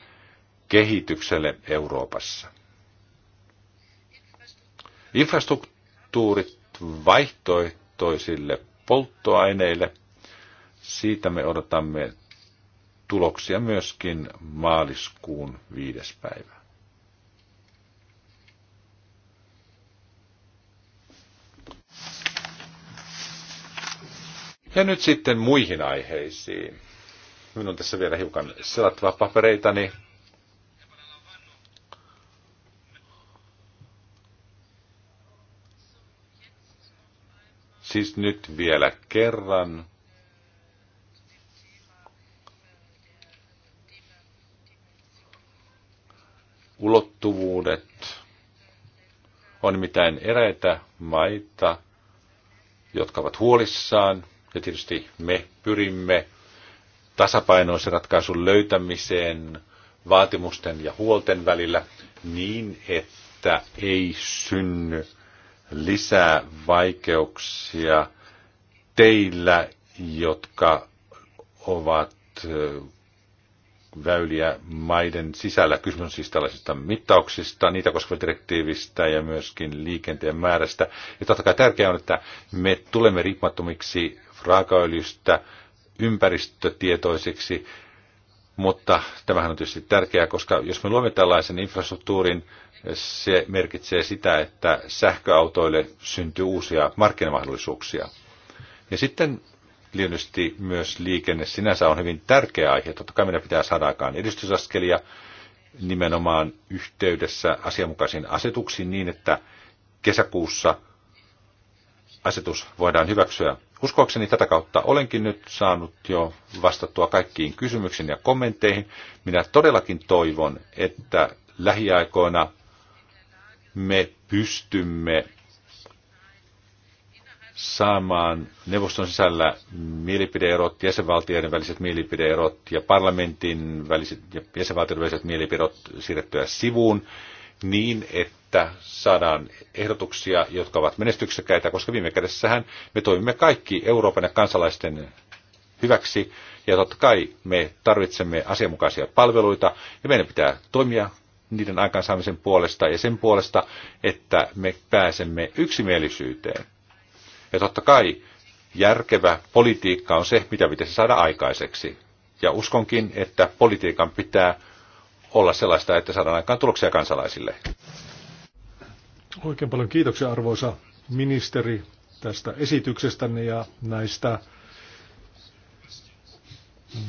kehitykselle Euroopassa. Infrastruktuurit vaihtoehtoisille polttoaineille, siitä me odotamme tuloksia myöskin maaliskuun viides päivä. Ja nyt sitten muihin aiheisiin. Minun on tässä vielä hiukan selattava papereitani. Siis nyt vielä kerran. Ulottuvuudet. On mitään eräitä maita, jotka ovat huolissaan – ja tietysti me pyrimme tasapainoisen ratkaisun löytämiseen vaatimusten ja huolten välillä niin, että ei synny lisää vaikeuksia teillä, jotka ovat väyliä maiden sisällä. Kysymys siis tällaisista mittauksista, niitä koskevista direktiivistä ja myöskin liikenteen määrästä. Ja totta kai tärkeää on, että me tulemme riippumattomiksi raakaöljystä ympäristötietoisiksi, mutta tämähän on tietysti tärkeää, koska jos me luomme tällaisen infrastruktuurin, se merkitsee sitä, että sähköautoille syntyy uusia markkinamahdollisuuksia. Ja sitten liennysti myös liikenne sinänsä on hyvin tärkeä aihe. Totta kai meidän pitää saada aikaan edistysaskelia nimenomaan yhteydessä asianmukaisiin asetuksiin niin, että kesäkuussa asetus voidaan hyväksyä. Uskoakseni tätä kautta olenkin nyt saanut jo vastattua kaikkiin kysymyksiin ja kommentteihin. Minä todellakin toivon, että lähiaikoina me pystymme saamaan neuvoston sisällä mielipideerot, jäsenvaltioiden väliset mielipideerot ja parlamentin väliset ja jäsenvaltioiden väliset mielipideerot siirrettyä sivuun niin, että saadaan ehdotuksia, jotka ovat menestyksekkäitä, koska viime kädessähän me toimimme kaikki Euroopan ja kansalaisten hyväksi. Ja totta kai me tarvitsemme asianmukaisia palveluita ja meidän pitää toimia niiden aikaansaamisen puolesta ja sen puolesta, että me pääsemme yksimielisyyteen. Ja totta kai järkevä politiikka on se, mitä pitäisi saada aikaiseksi. Ja uskonkin, että politiikan pitää olla sellaista, että saadaan aikaan tuloksia kansalaisille. Oikein paljon kiitoksia arvoisa ministeri tästä esityksestänne ja näistä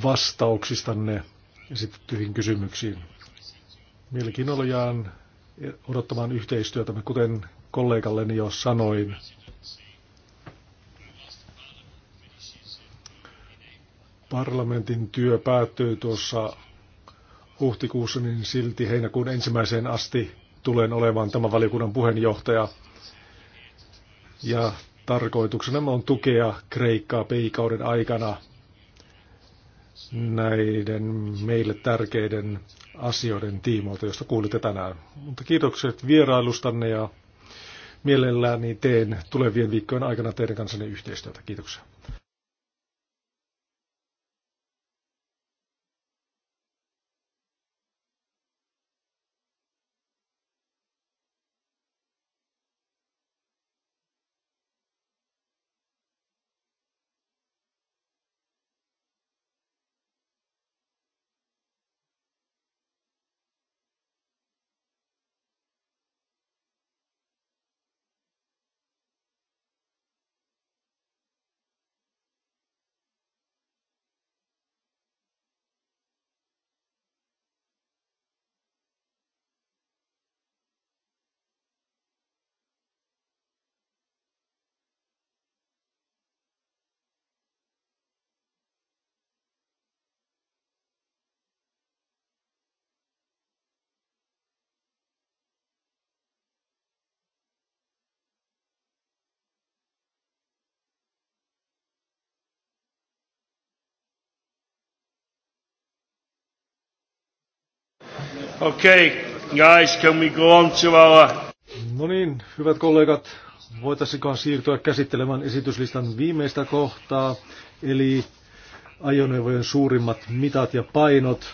vastauksistanne esitettyihin kysymyksiin. Mielenkiinnolla jään odottamaan yhteistyötä, kuten kollegalleni jo sanoin. Parlamentin työ päättyy tuossa huhtikuussa, niin silti heinäkuun ensimmäiseen asti tulen olemaan tämän valiokunnan puheenjohtaja. Ja tarkoituksena on tukea Kreikkaa peikauden aikana näiden meille tärkeiden asioiden tiimoilta, joista kuulitte tänään. Mutta kiitokset vierailustanne ja mielelläni teen tulevien viikkojen aikana teidän kanssanne yhteistyötä. Kiitoksia. Okei, Okay, guys, can we go on to our... No niin, hyvät kollegat, voitaisiinkaan siirtyä käsittelemään esityslistan viimeistä kohtaa, eli ajoneuvojen suurimmat mitat ja painot.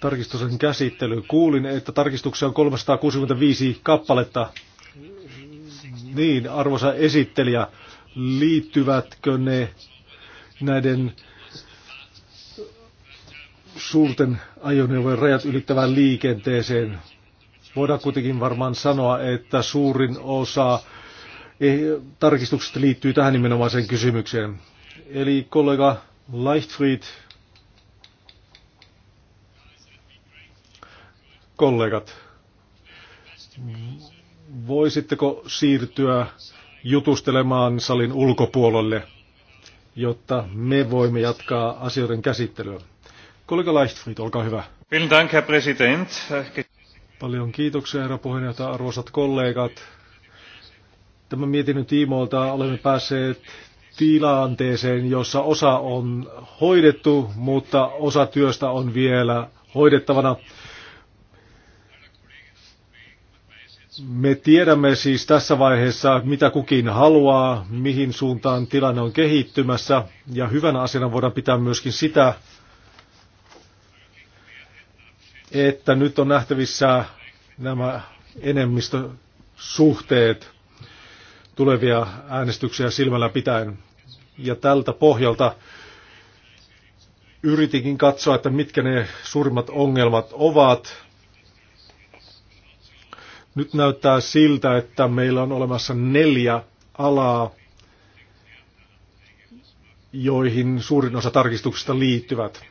Tarkistuksen käsittely. Kuulin, että tarkistuksia on 365 kappaletta. Niin, arvoisa esittelijä, liittyvätkö ne näiden suurten ajoneuvojen rajat ylittävään liikenteeseen. Voidaan kuitenkin varmaan sanoa, että suurin osa eh, tarkistuksista liittyy tähän nimenomaiseen kysymykseen. Eli kollega Leichtfried, kollegat, voisitteko siirtyä jutustelemaan salin ulkopuolelle, jotta me voimme jatkaa asioiden käsittelyä? Kollega Leichtfried, olkaa hyvä. Dank, Herr Paljon kiitoksia, herra puheenjohtaja, arvoisat kollegat. Tämän mietinnön tiimoilta olemme päässeet tilanteeseen, jossa osa on hoidettu, mutta osa työstä on vielä hoidettavana. Me tiedämme siis tässä vaiheessa, mitä kukin haluaa, mihin suuntaan tilanne on kehittymässä, ja hyvänä asiana voidaan pitää myöskin sitä, että nyt on nähtävissä nämä enemmistösuhteet tulevia äänestyksiä silmällä pitäen. Ja tältä pohjalta yritinkin katsoa, että mitkä ne suurimmat ongelmat ovat. Nyt näyttää siltä, että meillä on olemassa neljä alaa, joihin suurin osa tarkistuksista liittyvät.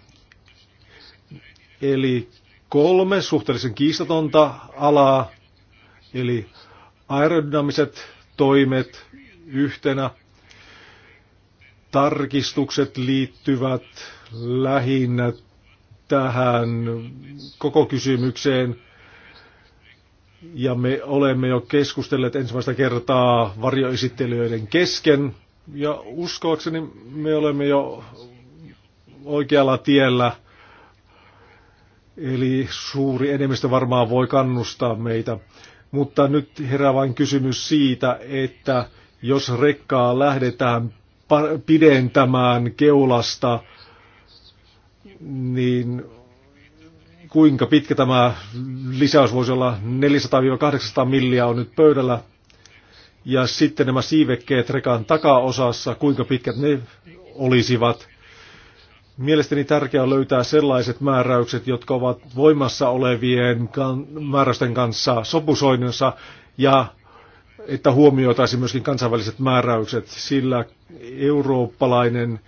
Eli kolme suhteellisen kiistatonta alaa, eli aerodynaamiset toimet yhtenä. Tarkistukset liittyvät lähinnä tähän koko kysymykseen. Ja me olemme jo keskustelleet ensimmäistä kertaa varjoesittelijöiden kesken. Ja uskoakseni me olemme jo oikealla tiellä – Eli suuri enemmistö varmaan voi kannustaa meitä. Mutta nyt herää vain kysymys siitä, että jos rekkaa lähdetään pidentämään keulasta, niin kuinka pitkä tämä lisäys voisi olla? 400-800 milliä on nyt pöydällä. Ja sitten nämä siivekkeet rekan takaosassa, kuinka pitkät ne olisivat? Mielestäni tärkeää löytää sellaiset määräykset, jotka ovat voimassa olevien kan- määräysten kanssa sopusoinnissa ja että huomioitaisiin myöskin kansainväliset määräykset, sillä eurooppalainen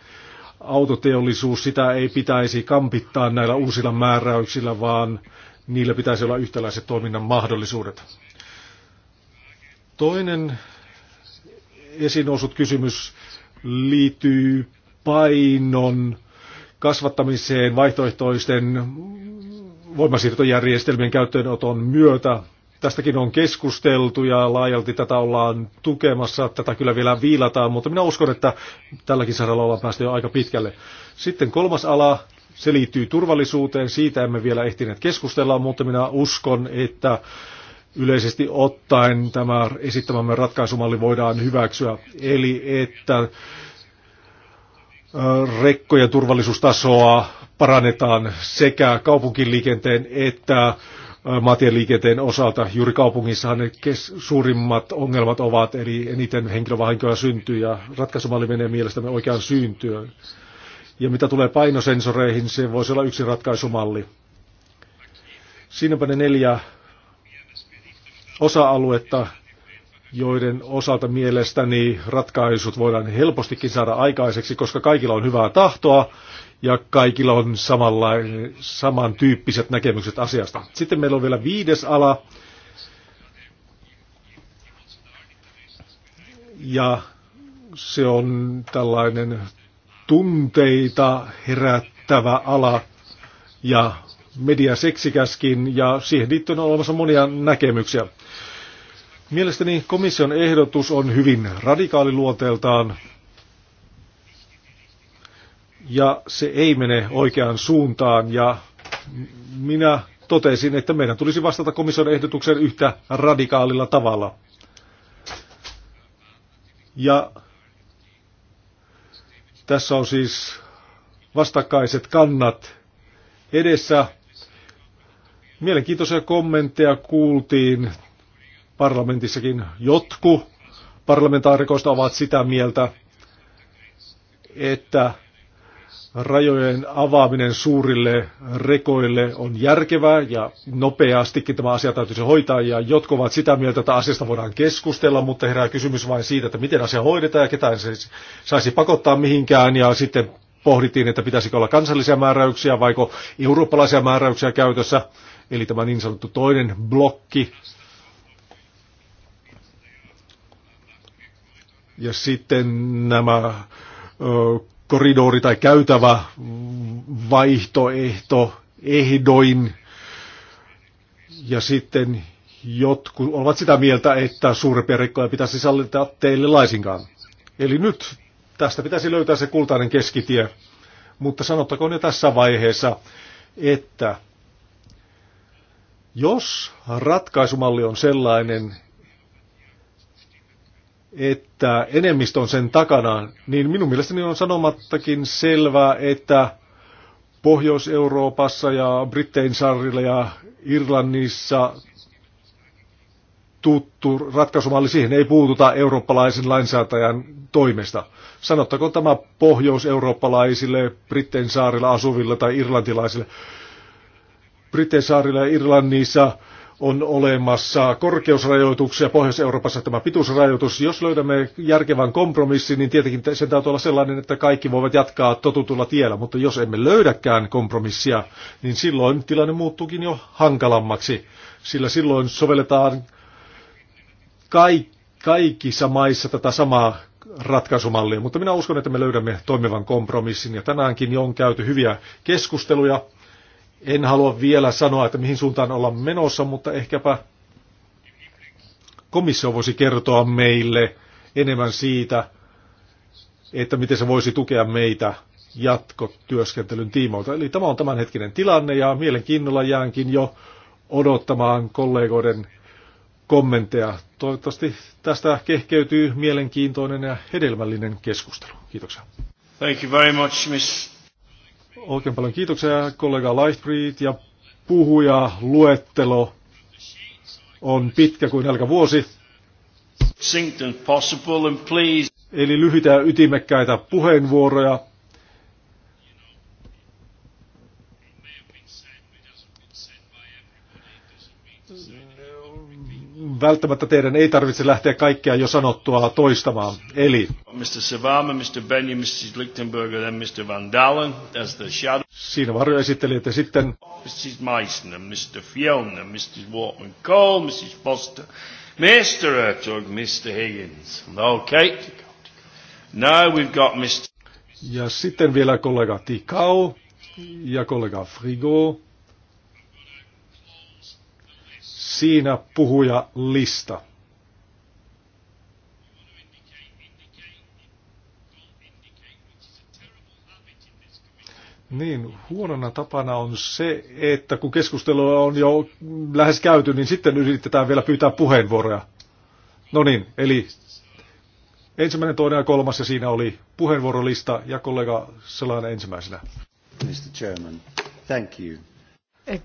autoteollisuus, sitä ei pitäisi kampittaa näillä uusilla määräyksillä, vaan niillä pitäisi olla yhtäläiset toiminnan mahdollisuudet. Toinen esiin noussut kysymys liittyy painon kasvattamiseen vaihtoehtoisten voimasiirtojärjestelmien käyttöönoton myötä. Tästäkin on keskusteltu ja laajalti tätä ollaan tukemassa. Tätä kyllä vielä viilataan, mutta minä uskon, että tälläkin saralla ollaan päästy jo aika pitkälle. Sitten kolmas ala, se liittyy turvallisuuteen. Siitä emme vielä ehtineet keskustella, mutta minä uskon, että yleisesti ottaen tämä esittämämme ratkaisumalli voidaan hyväksyä. Eli että rekkojen turvallisuustasoa parannetaan sekä kaupunkiliikenteen että äh, maatieliikenteen osalta. Juuri kaupungissahan ne kes- suurimmat ongelmat ovat, eli eniten henkilövahinkoja syntyy ja ratkaisumalli menee mielestämme oikeaan syyntyön. Ja mitä tulee painosensoreihin, se voisi olla yksi ratkaisumalli. Siinäpä ne neljä osa-aluetta, joiden osalta mielestäni ratkaisut voidaan helpostikin saada aikaiseksi, koska kaikilla on hyvää tahtoa ja kaikilla on samalla, samantyyppiset näkemykset asiasta. Sitten meillä on vielä viides ala. Ja se on tällainen tunteita herättävä ala ja mediaseksikäskin ja siihen liittyen on olemassa monia näkemyksiä. Mielestäni komission ehdotus on hyvin radikaaliluoteeltaan ja se ei mene oikeaan suuntaan ja minä totesin, että meidän tulisi vastata komission ehdotuksen yhtä radikaalilla tavalla. Ja tässä on siis vastakkaiset kannat edessä. Mielenkiintoisia kommentteja kuultiin parlamentissakin jotku parlamentaarikoista ovat sitä mieltä, että rajojen avaaminen suurille rekoille on järkevää ja nopeastikin tämä asia täytyisi hoitaa. Ja jotkut ovat sitä mieltä, että asiasta voidaan keskustella, mutta herää kysymys vain siitä, että miten asia hoidetaan ja ketään se saisi pakottaa mihinkään. Ja sitten pohdittiin, että pitäisikö olla kansallisia määräyksiä vaiko eurooppalaisia määräyksiä käytössä. Eli tämä niin sanottu toinen blokki Ja sitten nämä koridori tai käytävä vaihtoehto ehdoin. Ja sitten jotkut ovat sitä mieltä, että suurempia rikkoja pitäisi sallita teille laisinkaan. Eli nyt tästä pitäisi löytää se kultainen keskitie. Mutta sanottakoon jo tässä vaiheessa, että jos ratkaisumalli on sellainen, että enemmistö on sen takana, niin minun mielestäni on sanomattakin selvää, että Pohjois-Euroopassa ja Brittein saarilla ja Irlannissa tuttu ratkaisumalli, siihen ei puututa eurooppalaisen lainsäätäjän toimesta. Sanottakoon tämä pohjois-eurooppalaisille, Brittein saarilla asuville tai irlantilaisille. Brittein saarilla ja Irlannissa on olemassa korkeusrajoituksia, Pohjois-Euroopassa tämä pituusrajoitus. Jos löydämme järkevän kompromissin, niin tietenkin sen täytyy olla sellainen, että kaikki voivat jatkaa totutulla tiellä, mutta jos emme löydäkään kompromissia, niin silloin tilanne muuttuukin jo hankalammaksi, sillä silloin sovelletaan kaik- kaikissa maissa tätä samaa ratkaisumallia, mutta minä uskon, että me löydämme toimivan kompromissin ja tänäänkin jo on käyty hyviä keskusteluja en halua vielä sanoa, että mihin suuntaan ollaan menossa, mutta ehkäpä komissio voisi kertoa meille enemmän siitä, että miten se voisi tukea meitä jatkotyöskentelyn tiimoilta. Eli tämä on tämänhetkinen tilanne ja mielenkiinnolla jäänkin jo odottamaan kollegoiden kommentteja. Toivottavasti tästä kehkeytyy mielenkiintoinen ja hedelmällinen keskustelu. Kiitoksia. Thank you very much, Miss Oikein paljon kiitoksia kollega Lightbreed ja puhuja luettelo on pitkä kuin nälkä vuosi. Eli lyhyitä ytimekkäitä puheenvuoroja. välttämättä teidän ei tarvitse lähteä kaikkea jo sanottua toistamaan. Eli Mr. Savama, Mr. Benny, Mrs. Lichtenberger, then Mr. Van Dalen as the shadow. Siinä varjoesittelijät ja sitten Mrs. Meissner, Mr. Fiona, Mr. Walkman Cole, Mrs. Foster, Mr. Ertug, Mr. Higgins. Okay. Now we've got Mr. Ja sitten vielä kollega Tikau ja kollega Frigo. Siinä puhuja lista. Niin, huonona tapana on se, että kun keskustelua on jo lähes käyty, niin sitten yritetään vielä pyytää puheenvuoroja. No niin, eli ensimmäinen, toinen ja kolmas, ja siinä oli puheenvuorolista, ja kollega Selana ensimmäisenä. Mr. Chairman, thank you.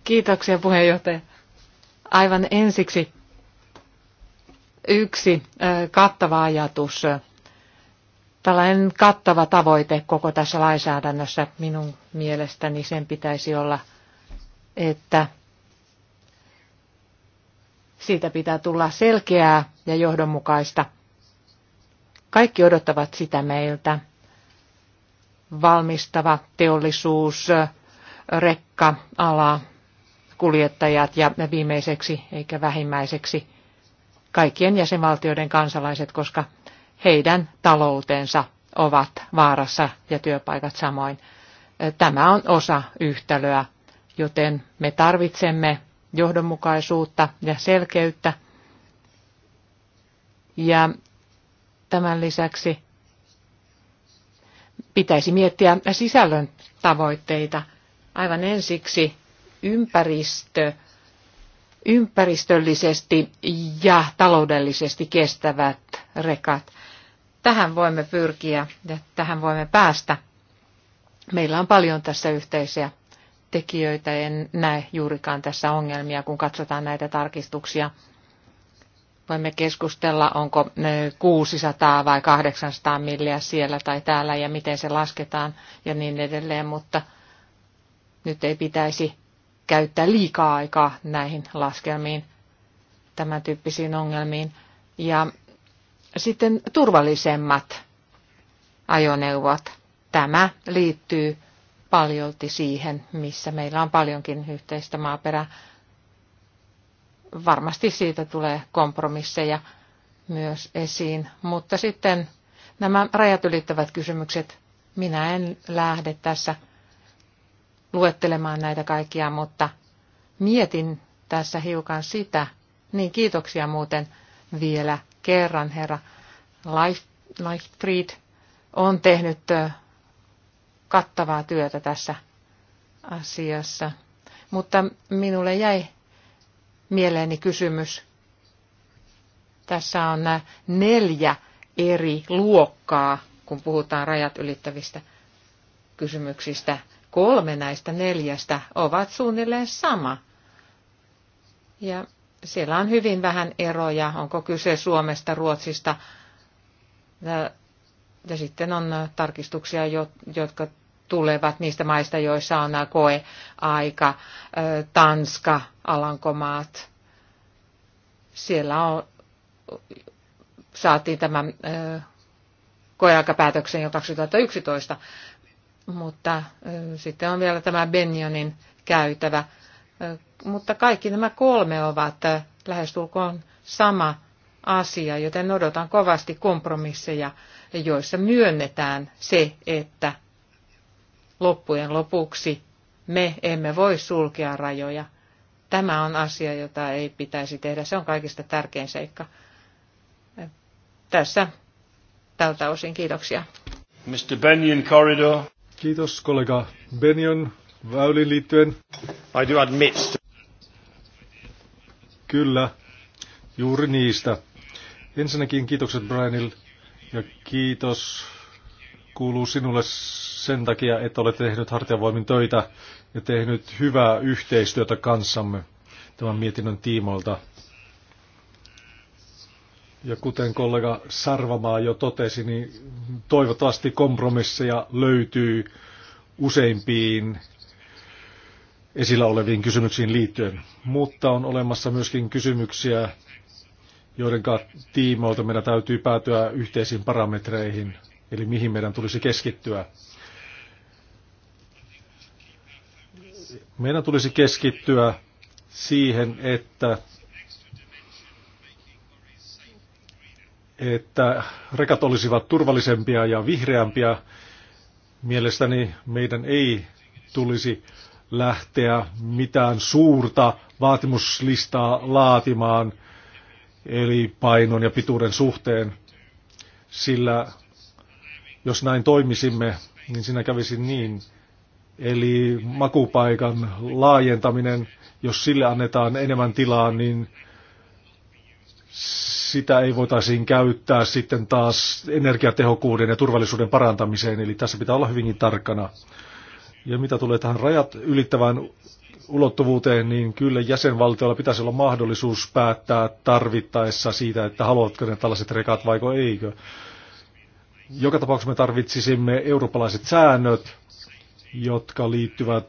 Kiitoksia puheenjohtaja. Aivan ensiksi yksi kattava ajatus, tällainen kattava tavoite koko tässä lainsäädännössä minun mielestäni sen pitäisi olla, että siitä pitää tulla selkeää ja johdonmukaista. Kaikki odottavat sitä meiltä. Valmistava teollisuus, rekka, ala, kuljettajat ja viimeiseksi eikä vähimmäiseksi kaikkien jäsenvaltioiden kansalaiset, koska heidän taloutensa ovat vaarassa ja työpaikat samoin. Tämä on osa yhtälöä, joten me tarvitsemme johdonmukaisuutta ja selkeyttä. Ja tämän lisäksi pitäisi miettiä sisällön tavoitteita. Aivan ensiksi ympäristö, ympäristöllisesti ja taloudellisesti kestävät rekat. Tähän voimme pyrkiä ja tähän voimme päästä. Meillä on paljon tässä yhteisiä tekijöitä. En näe juurikaan tässä ongelmia, kun katsotaan näitä tarkistuksia. Voimme keskustella, onko 600 vai 800 milliä siellä tai täällä ja miten se lasketaan ja niin edelleen, mutta nyt ei pitäisi käyttää liikaa aikaa näihin laskelmiin, tämän tyyppisiin ongelmiin. Ja sitten turvallisemmat ajoneuvot. Tämä liittyy paljolti siihen, missä meillä on paljonkin yhteistä maaperää. Varmasti siitä tulee kompromisseja myös esiin, mutta sitten nämä rajat ylittävät kysymykset. Minä en lähde tässä luettelemaan näitä kaikkia, mutta mietin tässä hiukan sitä. Niin kiitoksia muuten vielä kerran, herra Leichtfried on tehnyt kattavaa työtä tässä asiassa. Mutta minulle jäi mieleeni kysymys. Tässä on nämä neljä eri luokkaa, kun puhutaan rajat ylittävistä kysymyksistä kolme näistä neljästä ovat suunnilleen sama. Ja siellä on hyvin vähän eroja, onko kyse Suomesta, Ruotsista. Ja sitten on tarkistuksia, jotka tulevat niistä maista, joissa on koeaika, Tanska, Alankomaat. Siellä on, saatiin tämä koeaikapäätöksen jo 2011. Mutta sitten on vielä tämä Benjonin käytävä. Mutta kaikki nämä kolme ovat lähestulkoon sama asia, joten odotan kovasti kompromisseja, joissa myönnetään se, että loppujen lopuksi me emme voi sulkea rajoja. Tämä on asia, jota ei pitäisi tehdä. Se on kaikista tärkein seikka. Tässä tältä osin kiitoksia. Mr. Benyon Corridor. Kiitos kollega Benion väyliin liittyen. I do admit. Kyllä, juuri niistä. Ensinnäkin kiitokset Brianil ja kiitos kuuluu sinulle sen takia, että olet tehnyt hartiavoimin töitä ja tehnyt hyvää yhteistyötä kanssamme tämän mietinnön tiimoilta. Ja kuten kollega Sarvamaa jo totesi, niin toivottavasti kompromisseja löytyy useimpiin esillä oleviin kysymyksiin liittyen. Mutta on olemassa myöskin kysymyksiä, joiden tiimoilta meidän täytyy päätyä yhteisiin parametreihin, eli mihin meidän tulisi keskittyä. Meidän tulisi keskittyä siihen, että että rekat olisivat turvallisempia ja vihreämpiä. Mielestäni meidän ei tulisi lähteä mitään suurta vaatimuslistaa laatimaan, eli painon ja pituuden suhteen, sillä jos näin toimisimme, niin siinä kävisi niin. Eli makupaikan laajentaminen, jos sille annetaan enemmän tilaa, niin sitä ei voitaisiin käyttää sitten taas energiatehokkuuden ja turvallisuuden parantamiseen, eli tässä pitää olla hyvinkin tarkkana. Ja mitä tulee tähän rajat ylittävään ulottuvuuteen, niin kyllä jäsenvaltiolla pitäisi olla mahdollisuus päättää tarvittaessa siitä, että haluatko ne tällaiset rekat vai eikö. Joka tapauksessa me tarvitsisimme eurooppalaiset säännöt, jotka liittyvät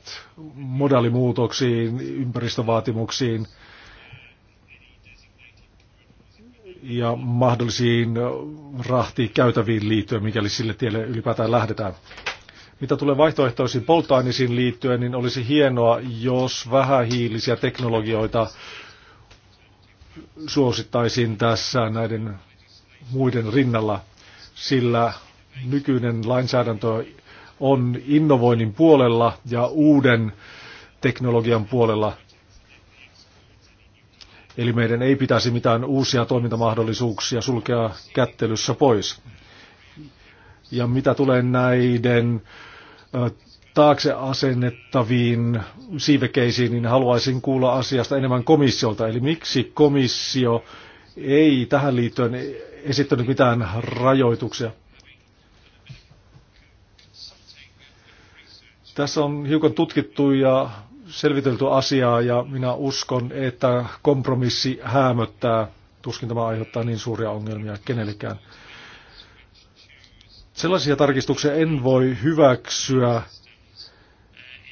modaalimuutoksiin, ympäristövaatimuksiin, ja mahdollisiin käytäviin liittyen, mikäli sille tielle ylipäätään lähdetään. Mitä tulee vaihtoehtoisiin polttoaineisiin liittyen, niin olisi hienoa, jos vähähiilisiä teknologioita suosittaisiin tässä näiden muiden rinnalla, sillä nykyinen lainsäädäntö on innovoinnin puolella ja uuden teknologian puolella. Eli meidän ei pitäisi mitään uusia toimintamahdollisuuksia sulkea kättelyssä pois. Ja mitä tulee näiden taakse asennettaviin siivekeisiin, niin haluaisin kuulla asiasta enemmän komissiolta. Eli miksi komissio ei tähän liittyen esittänyt mitään rajoituksia? Tässä on hiukan tutkittu ja selvitelty asiaa ja minä uskon, että kompromissi hämöttää. Tuskin tämä aiheuttaa niin suuria ongelmia kenellekään. Sellaisia tarkistuksia en voi hyväksyä,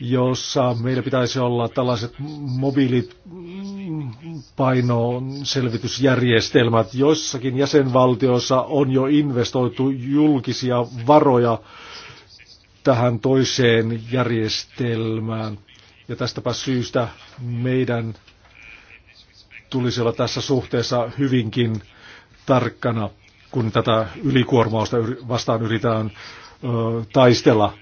jossa meillä pitäisi olla tällaiset mobiilit selvitysjärjestelmät, Joissakin jäsenvaltioissa on jo investoitu julkisia varoja tähän toiseen järjestelmään. Ja tästäpä syystä meidän tulisi olla tässä suhteessa hyvinkin tarkkana, kun tätä ylikuormausta vastaan yritetään ö, taistella.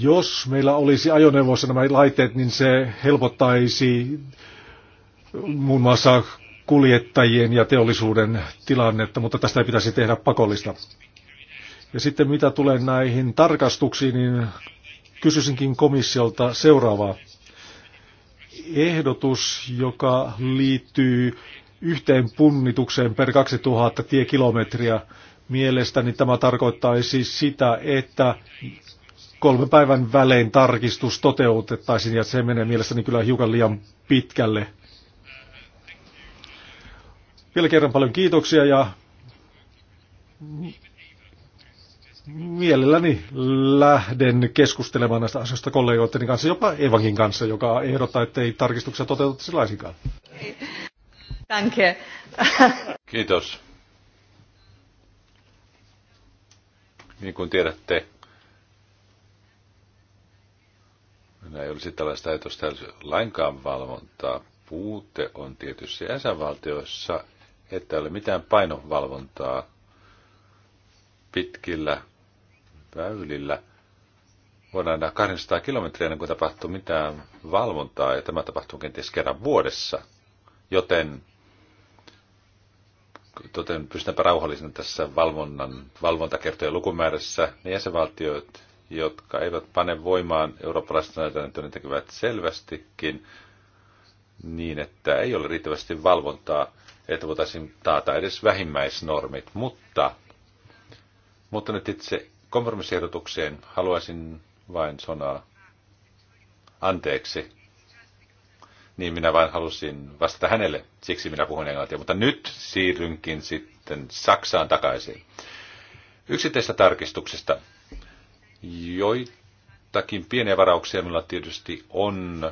Jos meillä olisi ajoneuvoissa nämä laitteet, niin se helpottaisi muun muassa kuljettajien ja teollisuuden tilannetta, mutta tästä ei pitäisi tehdä pakollista. Ja sitten mitä tulee näihin tarkastuksiin, niin kysyisinkin komissiolta seuraavaa. Ehdotus, joka liittyy yhteen punnitukseen per 2000 tiekilometriä, mielestäni tämä tarkoittaisi sitä, että kolmen päivän välein tarkistus toteutettaisiin, ja se menee mielestäni kyllä hiukan liian pitkälle. Vielä kerran paljon kiitoksia ja mielelläni lähden keskustelemaan näistä asioista kollegoitteni kanssa, jopa Evankin kanssa, joka ehdottaa, että ei tarkistuksia toteutettaisi laisinkaan. Danke. Kiitos. Niin kuin tiedätte, minä ei olisi tällaista ajatusta lainkaan valvontaa. Puute on tietysti jäsenvaltioissa, että ei ole mitään painovalvontaa pitkillä väylillä voidaan nähdä 200 kilometriä ennen kuin tapahtuu mitään valvontaa, ja tämä tapahtuu kenties kerran vuodessa. Joten, joten pystytäänpä rauhallisena tässä valvonnan, valvontakertojen lukumäärässä. Ne jäsenvaltiot, jotka eivät pane voimaan eurooppalaista lainsäädäntöä, ne tekevät selvästikin niin, että ei ole riittävästi valvontaa, että voitaisiin taata edes vähimmäisnormit, mutta, mutta nyt itse kompromissiehdotukseen haluaisin vain sanoa anteeksi. Niin minä vain halusin vastata hänelle, siksi minä puhun englantia. Mutta nyt siirrynkin sitten Saksaan takaisin. Yksittäistä tarkistuksista. Joitakin pieniä varauksia minulla tietysti on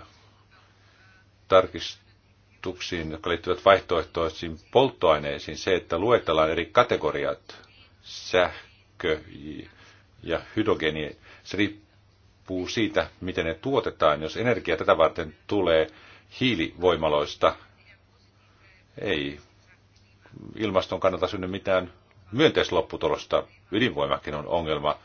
tarkistuksiin, jotka liittyvät vaihtoehtoisiin polttoaineisiin. Se, että luetellaan eri kategoriat, sähkö, ja hydrogeeni, se riippuu siitä, miten ne tuotetaan. Jos energia tätä varten tulee hiilivoimaloista, ei ilmaston kannalta synny mitään myönteislopputulosta. Ydinvoimakin on ongelma,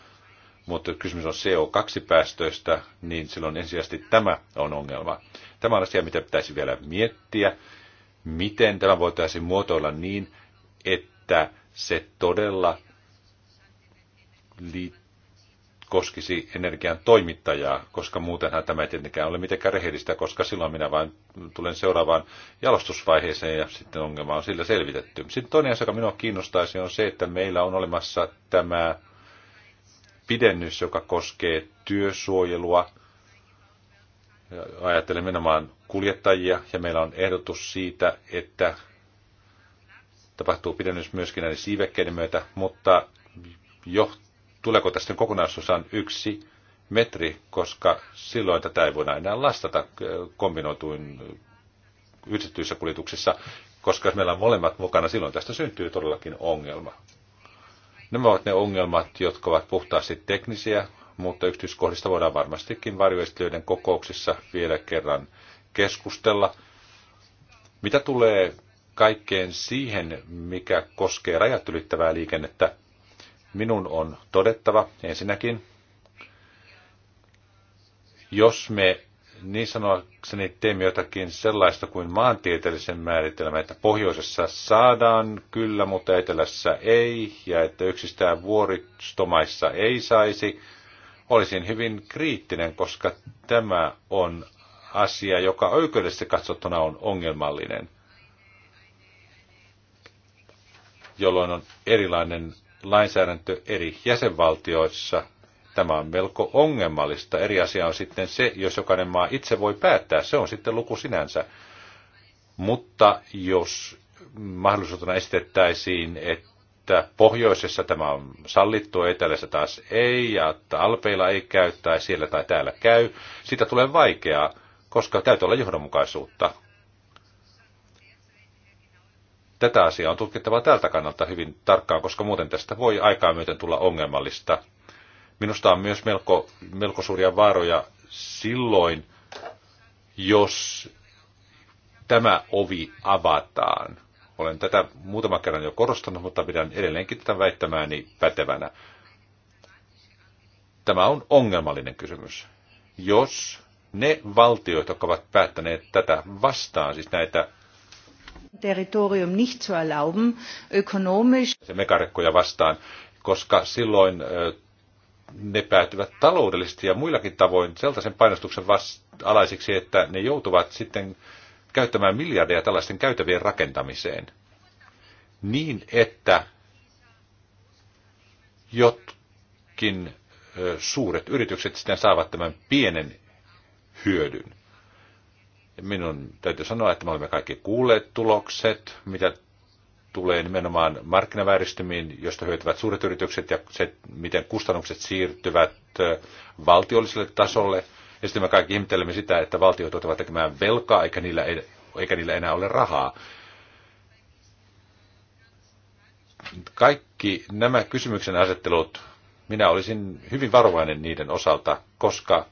mutta kysymys on CO2-päästöistä, niin silloin ensisijaisesti tämä on ongelma. Tämä on asia, mitä pitäisi vielä miettiä, miten tämä voitaisiin muotoilla niin, että se todella liittyy koskisi energian toimittajaa, koska muutenhan tämä ei tietenkään ole mitenkään rehellistä, koska silloin minä vain tulen seuraavaan jalostusvaiheeseen ja sitten ongelma on sillä selvitetty. Sitten toinen asia, joka minua kiinnostaisi, on se, että meillä on olemassa tämä pidennys, joka koskee työsuojelua. Ajattelen nimenomaan kuljettajia ja meillä on ehdotus siitä, että tapahtuu pidennys myöskin näiden siivekkeiden myötä, mutta johtaa tuleeko tästä kokonaisuusan yksi metri, koska silloin tätä ei voida enää lastata äh, kombinoituin yksityisessä kuljetuksessa, koska jos meillä on molemmat mukana, silloin tästä syntyy todellakin ongelma. Nämä ovat ne ongelmat, jotka ovat puhtaasti teknisiä, mutta yksityiskohdista voidaan varmastikin varjoistelijoiden kokouksissa vielä kerran keskustella. Mitä tulee kaikkeen siihen, mikä koskee rajat ylittävää liikennettä, minun on todettava ensinnäkin, jos me niin sanoakseni teemme jotakin sellaista kuin maantieteellisen määritelmän, että pohjoisessa saadaan kyllä, mutta etelässä ei, ja että yksistään vuoristomaissa ei saisi, olisin hyvin kriittinen, koska tämä on asia, joka oikeudessa katsottuna on ongelmallinen, jolloin on erilainen lainsäädäntö eri jäsenvaltioissa. Tämä on melko ongelmallista. Eri asia on sitten se, jos jokainen maa itse voi päättää. Se on sitten luku sinänsä. Mutta jos mahdollisuutena esitettäisiin, että pohjoisessa tämä on sallittu, etelässä taas ei, ja että alpeilla ei käy tai siellä tai täällä käy, siitä tulee vaikeaa, koska täytyy olla johdonmukaisuutta tätä asiaa on tutkittava tältä kannalta hyvin tarkkaan, koska muuten tästä voi aikaa myöten tulla ongelmallista. Minusta on myös melko, melko suuria vaaroja silloin, jos tämä ovi avataan. Olen tätä muutaman kerran jo korostanut, mutta pidän edelleenkin tätä väittämääni pätevänä. Tämä on ongelmallinen kysymys. Jos ne valtiot, jotka ovat päättäneet tätä vastaan, siis näitä territorium nicht zu erlauben, ökonomisch. Megarekkoja vastaan, koska silloin ne päätyvät taloudellisesti ja muillakin tavoin sellaisen painostuksen alaisiksi, että ne joutuvat sitten käyttämään miljardeja tällaisten käytävien rakentamiseen. Niin, että jotkin suuret yritykset sitten saavat tämän pienen hyödyn. Minun täytyy sanoa, että me olemme kaikki kuulleet tulokset, mitä tulee nimenomaan markkinavääristymiin, josta hyötyvät suuret yritykset ja se, miten kustannukset siirtyvät äh, valtiolliselle tasolle. Ja sitten me kaikki ihmettelemme sitä, että valtiot ottavat tekemään velkaa, eikä niillä, eikä niillä enää ole rahaa. Kaikki nämä kysymyksen asettelut, minä olisin hyvin varovainen niiden osalta, koska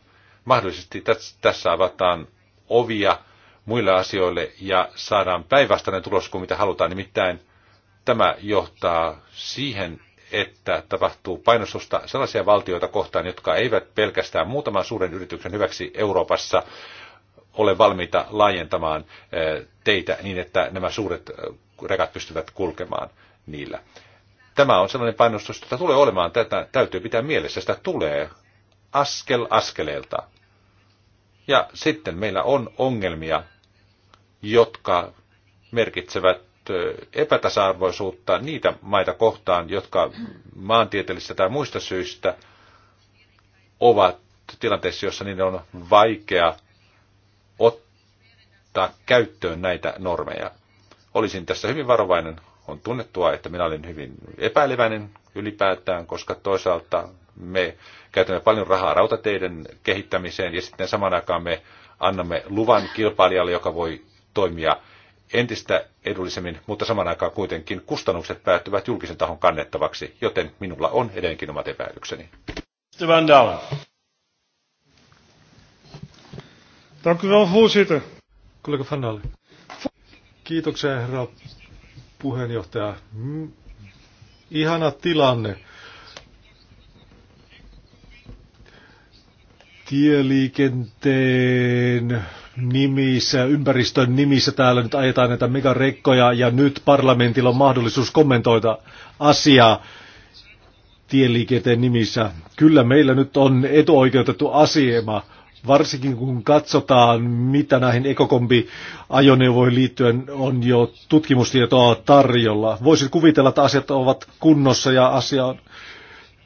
mahdollisesti tässä avataan ovia muille asioille ja saadaan päinvastainen tulos kuin mitä halutaan. Nimittäin tämä johtaa siihen, että tapahtuu painostusta sellaisia valtioita kohtaan, jotka eivät pelkästään muutaman suuren yrityksen hyväksi Euroopassa ole valmiita laajentamaan eh, teitä niin, että nämä suuret eh, rekat pystyvät kulkemaan niillä. Tämä on sellainen painostus, jota tulee olemaan, tätä täytyy pitää mielessä, sitä tulee askel askeleelta. Ja sitten meillä on ongelmia, jotka merkitsevät epätasa-arvoisuutta niitä maita kohtaan, jotka maantieteellisistä tai muista syistä ovat tilanteessa, jossa niiden on vaikea ottaa käyttöön näitä normeja. Olisin tässä hyvin varovainen. On tunnettua, että minä olin hyvin epäileväinen ylipäätään, koska toisaalta me käytämme paljon rahaa rautateiden kehittämiseen ja sitten saman aikaan me annamme luvan kilpailijalle, joka voi toimia entistä edullisemmin, mutta saman aikaan kuitenkin kustannukset päättyvät julkisen tahon kannettavaksi, joten minulla on edelleenkin omat epäilykseni. Van Dalen. Dank u wel, voorzitter. Collega Van Dalen. Kiitoksia, herra puheenjohtaja. Ihana tilanne. tieliikenteen nimissä, ympäristön nimissä täällä nyt ajetaan näitä megarekkoja ja nyt parlamentilla on mahdollisuus kommentoida asiaa tieliikenteen nimissä. Kyllä meillä nyt on etuoikeutettu asema, varsinkin kun katsotaan, mitä näihin ekokombi-ajoneuvoihin liittyen on jo tutkimustietoa tarjolla. Voisit kuvitella, että asiat ovat kunnossa ja asia on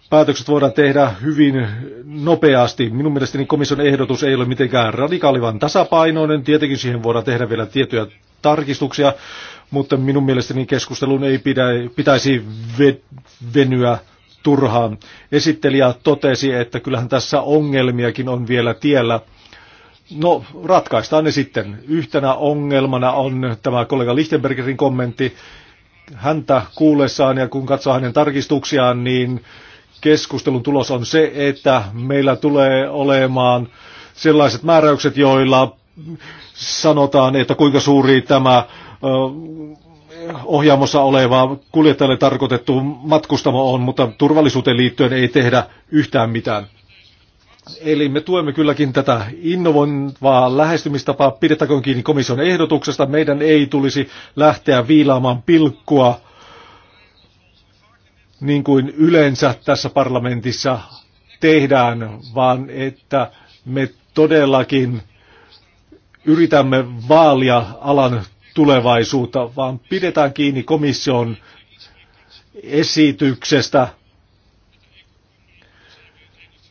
päätökset voidaan tehdä hyvin nopeasti. Minun mielestäni komission ehdotus ei ole mitenkään radikaali, vaan tasapainoinen. Tietenkin siihen voidaan tehdä vielä tiettyjä tarkistuksia, mutta minun mielestäni keskustelun ei pidä, pitäisi venyä turhaan. Esittelijä totesi, että kyllähän tässä ongelmiakin on vielä tiellä. No, ratkaistaan ne sitten. Yhtenä ongelmana on tämä kollega Lichtenbergerin kommentti. Häntä kuullessaan ja kun katsoo hänen tarkistuksiaan, niin keskustelun tulos on se, että meillä tulee olemaan sellaiset määräykset, joilla sanotaan, että kuinka suuri tämä ohjaamossa oleva kuljettajalle tarkoitettu matkustamo on, mutta turvallisuuteen liittyen ei tehdä yhtään mitään. Eli me tuemme kylläkin tätä innovoivaa lähestymistapaa, pidettäköön kiinni komission ehdotuksesta. Meidän ei tulisi lähteä viilaamaan pilkkua niin kuin yleensä tässä parlamentissa tehdään, vaan että me todellakin yritämme vaalia alan tulevaisuutta, vaan pidetään kiinni komission esityksestä.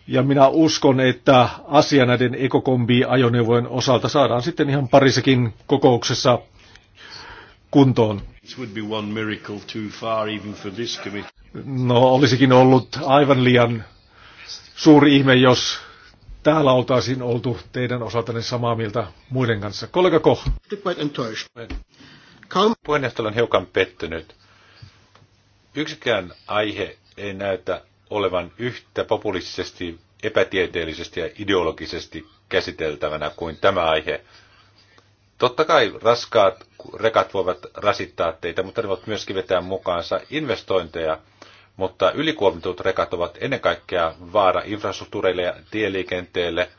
Ja minä uskon, että asia näiden ekokombi-ajoneuvojen osalta saadaan sitten ihan parissakin kokouksessa kuntoon. No olisikin ollut aivan liian suuri ihme, jos täällä oltaisiin oltu teidän osaltanne samaa mieltä muiden kanssa. Kollega Koch. Puheenjohtaja on hiukan pettynyt. Yksikään aihe ei näytä olevan yhtä populistisesti, epätieteellisesti ja ideologisesti käsiteltävänä kuin tämä aihe. Totta kai raskaat rekat voivat rasittaa teitä, mutta ne voivat myöskin vetää mukaansa investointeja, mutta ylikuormitut rekat ovat ennen kaikkea vaara infrastruktuureille ja tieliikenteelle.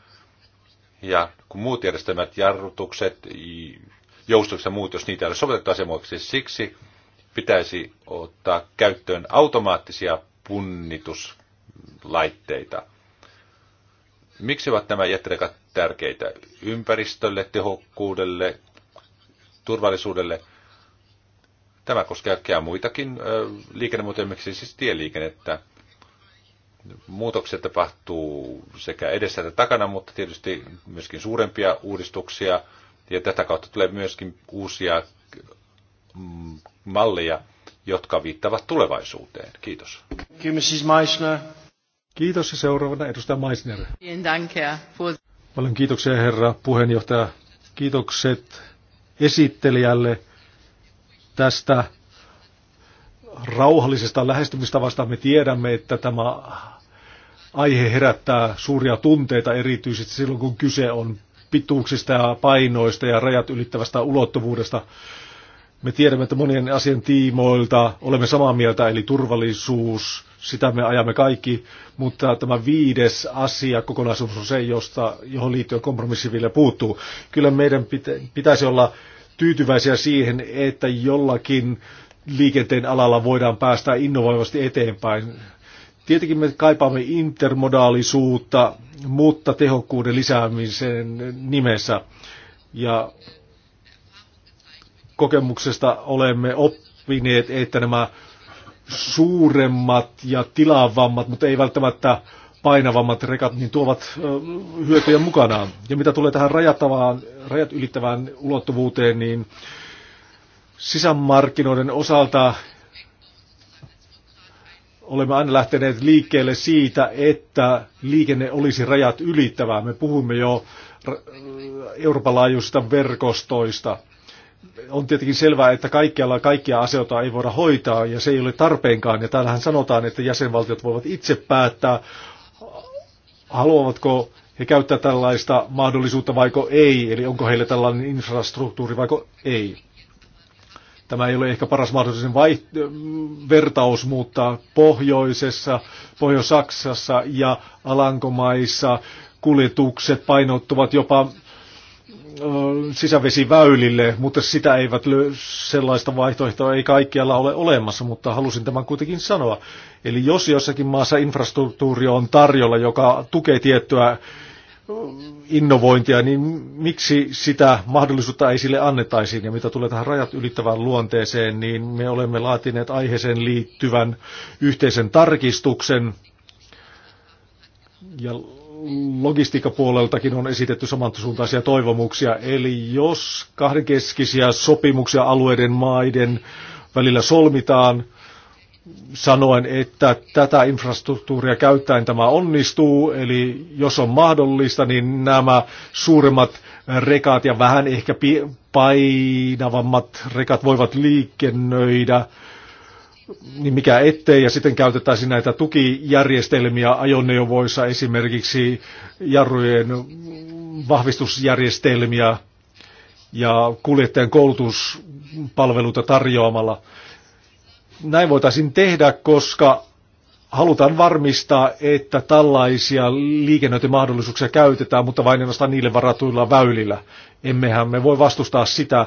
Ja kun muut järjestelmät, jarrutukset, joustukset ja muut, jos niitä ei ole sovitettu asemoiksi, niin siksi pitäisi ottaa käyttöön automaattisia punnituslaitteita. Miksi ovat nämä jättirekat tärkeitä ympäristölle, tehokkuudelle, turvallisuudelle. Tämä koskee kaikkea muitakin liikennemuotoja, miksi siis tieliikennettä. Muutokset tapahtuu sekä edessä että takana, mutta tietysti myöskin suurempia uudistuksia. Ja tätä kautta tulee myöskin uusia mm, malleja, jotka viittavat tulevaisuuteen. Kiitos. Kiitos, Meissner. Kiitos ja seuraavana edustaja Meissner. Paljon kiitoksia herra puheenjohtaja. Kiitokset esittelijälle tästä rauhallisesta lähestymistavasta. Me tiedämme, että tämä aihe herättää suuria tunteita erityisesti silloin, kun kyse on pituuksista ja painoista ja rajat ylittävästä ulottuvuudesta. Me tiedämme, että monien asian tiimoilta olemme samaa mieltä, eli turvallisuus, sitä me ajamme kaikki, mutta tämä viides asia kokonaisuus on se, josta, johon liittyen kompromissi vielä puuttuu. Kyllä meidän pitäisi olla tyytyväisiä siihen, että jollakin liikenteen alalla voidaan päästä innovoivasti eteenpäin. Tietenkin me kaipaamme intermodaalisuutta, mutta tehokkuuden lisäämisen nimessä. Ja kokemuksesta olemme oppineet, että nämä suuremmat ja tilavammat, mutta ei välttämättä painavammat rekat, niin tuovat hyötyjä mukanaan. Ja mitä tulee tähän rajattavaan, rajat ylittävään ulottuvuuteen, niin sisämarkkinoiden osalta olemme aina lähteneet liikkeelle siitä, että liikenne olisi rajat ylittävää. Me puhumme jo Euroopan laajuisista verkostoista on tietenkin selvää, että kaikkialla kaikkia asioita ei voida hoitaa ja se ei ole tarpeenkaan. Ja täällähän sanotaan, että jäsenvaltiot voivat itse päättää, haluavatko he käyttää tällaista mahdollisuutta vaiko ei, eli onko heillä tällainen infrastruktuuri vaiko ei. Tämä ei ole ehkä paras mahdollisen vaiht- vertaus, mutta pohjoisessa, Pohjois-Saksassa ja Alankomaissa kuljetukset painottuvat jopa sisävesiväylille, mutta sitä eivät löy, sellaista vaihtoehtoa ei kaikkialla ole olemassa, mutta halusin tämän kuitenkin sanoa. Eli jos jossakin maassa infrastruktuuri on tarjolla, joka tukee tiettyä innovointia, niin miksi sitä mahdollisuutta ei sille annettaisiin? Ja mitä tulee tähän rajat ylittävään luonteeseen, niin me olemme laatineet aiheeseen liittyvän yhteisen tarkistuksen ja logistiikkapuoleltakin on esitetty samansuuntaisia toivomuksia. Eli jos kahdenkeskisiä sopimuksia alueiden maiden välillä solmitaan, sanoen, että tätä infrastruktuuria käyttäen tämä onnistuu, eli jos on mahdollista, niin nämä suuremmat rekat ja vähän ehkä painavammat rekat voivat liikennöidä niin mikä ettei, ja sitten käytettäisiin näitä tukijärjestelmiä ajoneuvoissa, esimerkiksi jarrujen vahvistusjärjestelmiä ja kuljettajan koulutuspalveluita tarjoamalla. Näin voitaisiin tehdä, koska halutaan varmistaa, että tällaisia liikennöintimahdollisuuksia käytetään, mutta vain ainoastaan niille varatuilla väylillä. Emmehän me voi vastustaa sitä,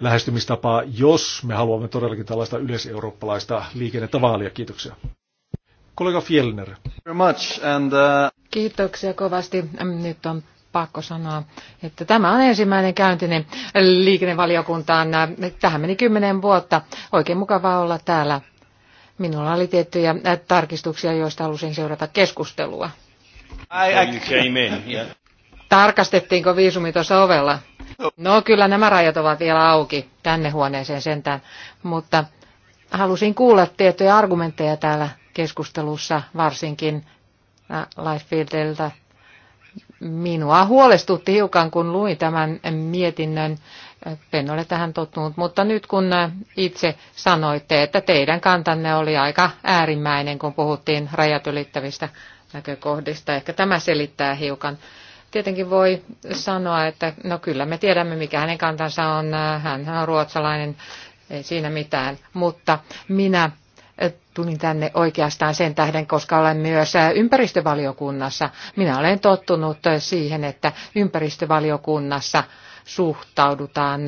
lähestymistapaa, jos me haluamme todellakin tällaista yleiseurooppalaista liikennettä vaalia. Kiitoksia. Kollega Fjellner. Uh, Kiitoksia kovasti. Nyt on pakko sanoa, että tämä on ensimmäinen käyntini liikennevaliokuntaan. Tähän meni kymmenen vuotta. Oikein mukavaa olla täällä. Minulla oli tiettyjä tarkistuksia, joista halusin seurata keskustelua. I, I... Tarkastettiinko viisumi tuossa ovella? No kyllä nämä rajat ovat vielä auki tänne huoneeseen sentään, mutta halusin kuulla tiettyjä argumentteja täällä keskustelussa, varsinkin äh, Lifefieldiltä. Minua huolestutti hiukan, kun luin tämän mietinnön. En ole tähän tottunut, mutta nyt kun äh, itse sanoitte, että teidän kantanne oli aika äärimmäinen, kun puhuttiin rajat ylittävistä näkökohdista, ehkä tämä selittää hiukan Tietenkin voi sanoa, että no kyllä me tiedämme, mikä hänen kantansa on, hän on ruotsalainen, ei siinä mitään, mutta minä e, tulin tänne oikeastaan sen tähden, koska olen myös e, ympäristövaliokunnassa. Minä olen tottunut e, siihen, että ympäristövaliokunnassa suhtaudutaan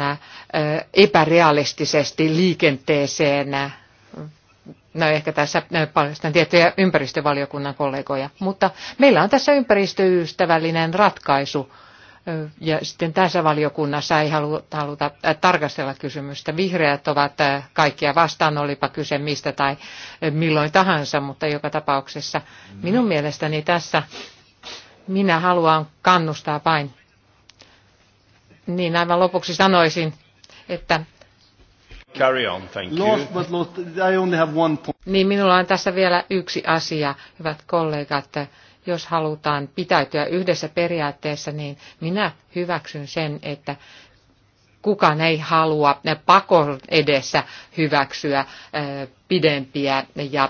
epärealistisesti liikenteeseen no ehkä tässä no, paljastan tiettyjä ympäristövaliokunnan kollegoja, mutta meillä on tässä ympäristöystävällinen ratkaisu. Ja sitten tässä valiokunnassa ei haluta, haluta äh, tarkastella kysymystä. Vihreät ovat äh, kaikkia vastaan, olipa kyse mistä tai äh, milloin tahansa, mutta joka tapauksessa minun mielestäni tässä minä haluan kannustaa vain. Niin aivan lopuksi sanoisin, että Carry on, thank you. but lost, I only have one point. Niin, minulla on tässä vielä yksi asia, hyvät kollegat. Jos halutaan pitäytyä yhdessä periaatteessa, niin minä hyväksyn sen, että kukaan ei halua pakon edessä hyväksyä pidempiä ja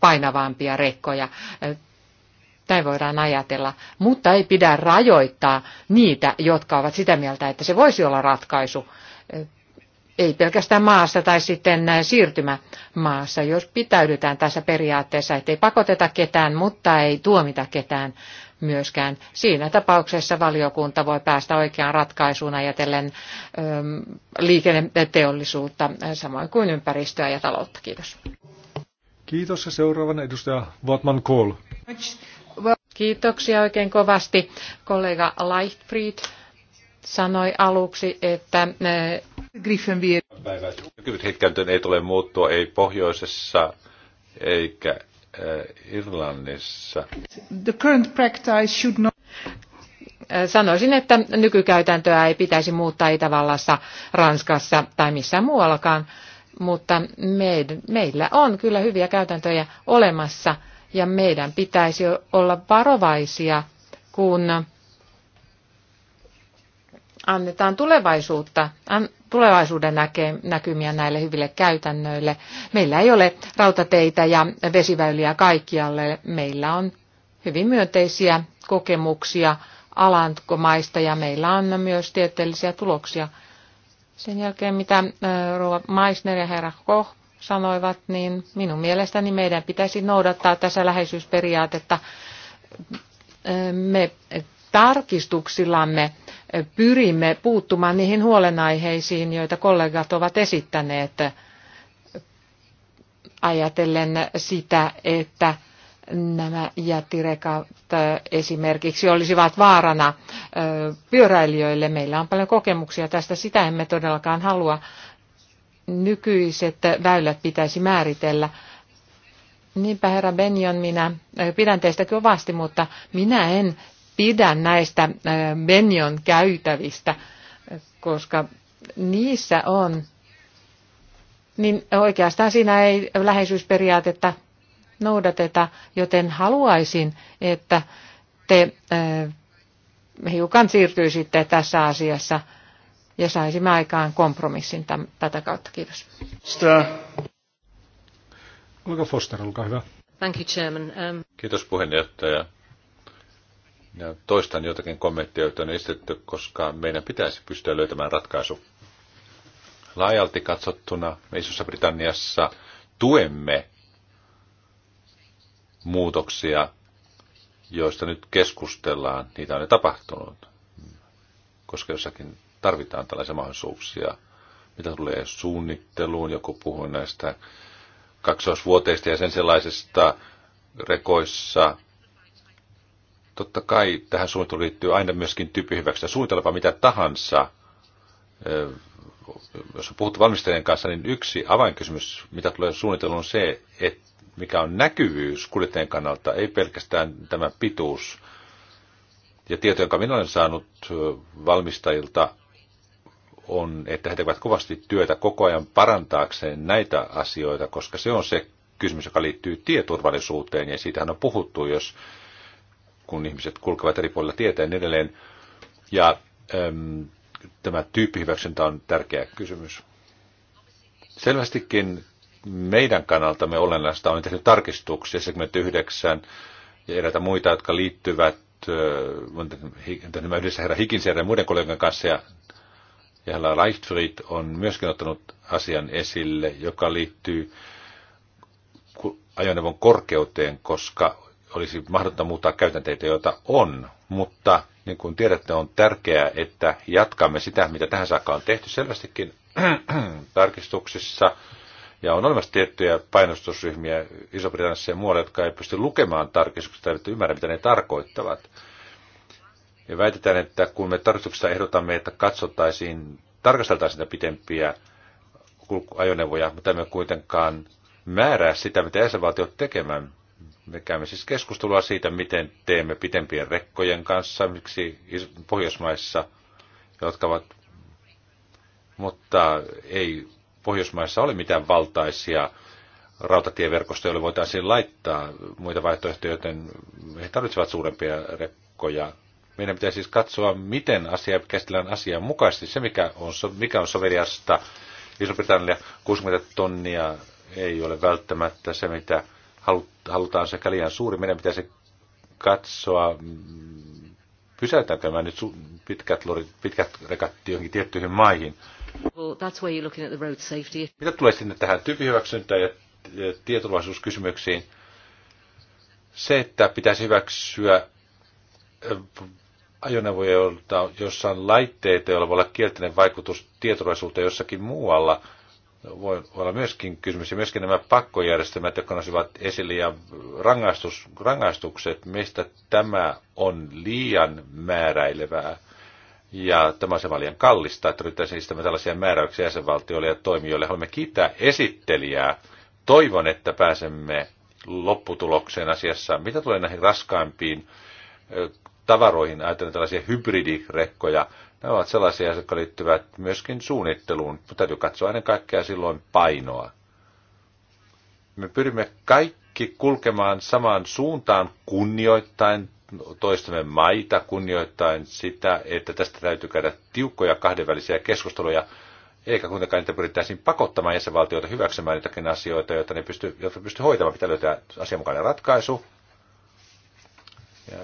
painavampia rekkoja. Näin voidaan ajatella, mutta ei pidä rajoittaa niitä, jotka ovat sitä mieltä, että se voisi olla ratkaisu ei pelkästään maassa tai sitten siirtymämaassa, jos pitäydytään tässä periaatteessa, ettei pakoteta ketään, mutta ei tuomita ketään myöskään. Siinä tapauksessa valiokunta voi päästä oikeaan ratkaisuun ajatellen ö, liikenneteollisuutta, samoin kuin ympäristöä ja taloutta. Kiitos. Kiitos ja seuraavana edustaja Vatman Kohl. Kiitoksia oikein kovasti. Kollega Leichtfried sanoi aluksi, että Griffenvier. Kyvyt hitkäytön ei tule muuttua, ei pohjoisessa eikä äh, Irlannissa. The current practice should not... Äh, sanoisin, että nykykäytäntöä ei pitäisi muuttaa Itävallassa, Ranskassa tai missään muuallakaan, mutta me, meillä on kyllä hyviä käytäntöjä olemassa ja meidän pitäisi olla varovaisia, kun annetaan tulevaisuutta, an, tulevaisuuden näke, näkymiä näille hyville käytännöille. Meillä ei ole rautateitä ja vesiväyliä kaikkialle. Meillä on hyvin myönteisiä kokemuksia alankomaista ja meillä on myös tieteellisiä tuloksia. Sen jälkeen, mitä Rova Meissner ja herra Koch sanoivat, niin minun mielestäni meidän pitäisi noudattaa tässä läheisyysperiaatetta. Me tarkistuksillamme pyrimme puuttumaan niihin huolenaiheisiin, joita kollegat ovat esittäneet ajatellen sitä, että nämä jättirekat esimerkiksi olisivat vaarana pyöräilijöille. Meillä on paljon kokemuksia tästä, sitä emme todellakaan halua. Nykyiset väylät pitäisi määritellä. Niinpä herra Benjon, minä pidän teistä kovasti, mutta minä en pidä näistä Benjon käytävistä, koska niissä on, niin oikeastaan siinä ei läheisyysperiaatetta noudateta, joten haluaisin, että te hiukan siirtyisitte tässä asiassa ja saisimme aikaan kompromissin tämän, tätä kautta. Kiitos. Olkaa Foster, olkaa hyvä. Thank you, Chairman. Um... Kiitos puheenjohtaja. Ja toistan jotakin kommenttia, joita on esitetty, koska meidän pitäisi pystyä löytämään ratkaisu. Laajalti katsottuna me Isossa Britanniassa tuemme muutoksia, joista nyt keskustellaan. Niitä on jo tapahtunut, koska jossakin tarvitaan tällaisia mahdollisuuksia. Mitä tulee suunnitteluun, joku puhuu näistä kaksoisvuoteista ja sen sellaisista rekoissa – Totta kai tähän suunnitteluun liittyy aina myöskin tyyppihyväksytä suunnitelma mitä tahansa. Jos on puhuttu valmistajien kanssa, niin yksi avainkysymys, mitä tulee suunnitteluun, on se, että mikä on näkyvyys kuljettajien kannalta, ei pelkästään tämä pituus. Ja tieto, jonka minä olen saanut valmistajilta, on, että he tekevät kovasti työtä koko ajan parantaakseen näitä asioita, koska se on se kysymys, joka liittyy tieturvallisuuteen, ja siitähän on puhuttu, jos kun ihmiset kulkevat eri puolilla tieteen niin edelleen. Ja äm, tämä tyyppihyväksyntä on tärkeä kysymys. Selvästikin meidän kannaltamme olennaista on tehnyt tarkistuksia 79 ja eräitä muita, jotka liittyvät nämä yhdessä herra Higginsen ja muiden kollegan kanssa ja, ja herra Leichtfried on myöskin ottanut asian esille, joka liittyy ajoneuvon korkeuteen, koska olisi mahdotonta muuttaa käytänteitä, joita on, mutta niin kuin tiedätte, on tärkeää, että jatkamme sitä, mitä tähän saakka on tehty selvästikin tarkistuksissa. Ja on olemassa tiettyjä painostusryhmiä Iso-Britanniassa ja muualla, jotka ei pysty lukemaan tarkistuksista tai ymmärrä, mitä ne tarkoittavat. Ja väitetään, että kun me tarkistuksessa ehdotamme, että katsottaisiin, tarkasteltaisiin sitä pitempiä ajoneuvoja, mutta emme kuitenkaan määrää sitä, mitä jäsenvaltiot tekemään me käymme siis keskustelua siitä, miten teemme pitempien rekkojen kanssa, miksi Pohjoismaissa, jotka ovat, mutta ei Pohjoismaissa ole mitään valtaisia rautatieverkostoja, joille voitaisiin laittaa muita vaihtoehtoja, joten he tarvitsevat suurempia rekkoja. Meidän pitää siis katsoa, miten asia käsitellään asian mukaisesti. Se, mikä on, mikä on soveliasta Iso-Britannia, 60 tonnia ei ole välttämättä se, mitä halutaan sekä liian suuri, meidän pitäisi katsoa, mm, pysäytäänkö mä nyt pitkät, lorit, pitkät rekat johonkin tiettyihin maihin. Well, that's where you're looking at the road safety. Mitä tulee sinne tähän tyyppihyväksyntään ja tietoturvallisuuskysymyksiin? Se, että pitäisi hyväksyä ajoneuvoja, joissa on laitteita, joilla voi olla kielteinen vaikutus tietoturvallisuuteen jossakin muualla – voi olla myöskin kysymys. Ja myöskin nämä pakkojärjestelmät, jotka nousivat esille, ja rangaistus, rangaistukset, mistä tämä on liian määräilevää. Ja tämä on liian kallista, että ryhtäisiin istämään tällaisia määräyksiä jäsenvaltioille ja toimijoille. Haluamme kiittää esittelijää. Toivon, että pääsemme lopputulokseen asiassa. Mitä tulee näihin raskaampiin tavaroihin, ajatellen tällaisia hybridirekkoja, ne ovat sellaisia, jotka liittyvät myöskin suunnitteluun, mutta täytyy katsoa ennen kaikkea silloin painoa. Me pyrimme kaikki kulkemaan samaan suuntaan kunnioittain toistamme maita, kunnioittain sitä, että tästä täytyy käydä tiukkoja kahdenvälisiä keskusteluja, eikä kuitenkaan niitä pyrittäisiin pakottamaan jäsenvaltioita hyväksymään niitäkin asioita, joita ne pysty, jotka pysty hoitamaan. Pitää löytää asianmukainen ratkaisu. Ja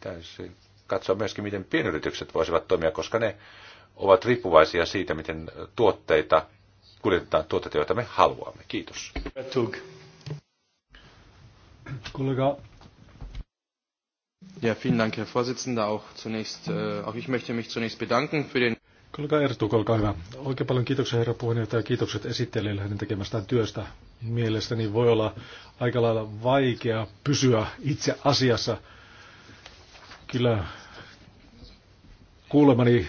täysin katsoa myöskin, miten pienyritykset voisivat toimia, koska ne ovat riippuvaisia siitä, miten tuotteita kuljetetaan tuotteita, joita me haluamme. Kiitos. Kollega. Ja, vielen Dank, Herr Vorsitzender. Auch zunächst, äh, auch ich möchte mich zunächst bedanken für den Kollega Ertuk, olkaa hyvä. Oikein paljon kiitoksia herra puheenjohtaja ja kiitokset esittelijälle hänen tekemästään työstä. Mielestäni voi olla aika lailla vaikea pysyä itse asiassa, Kyllä kuulemani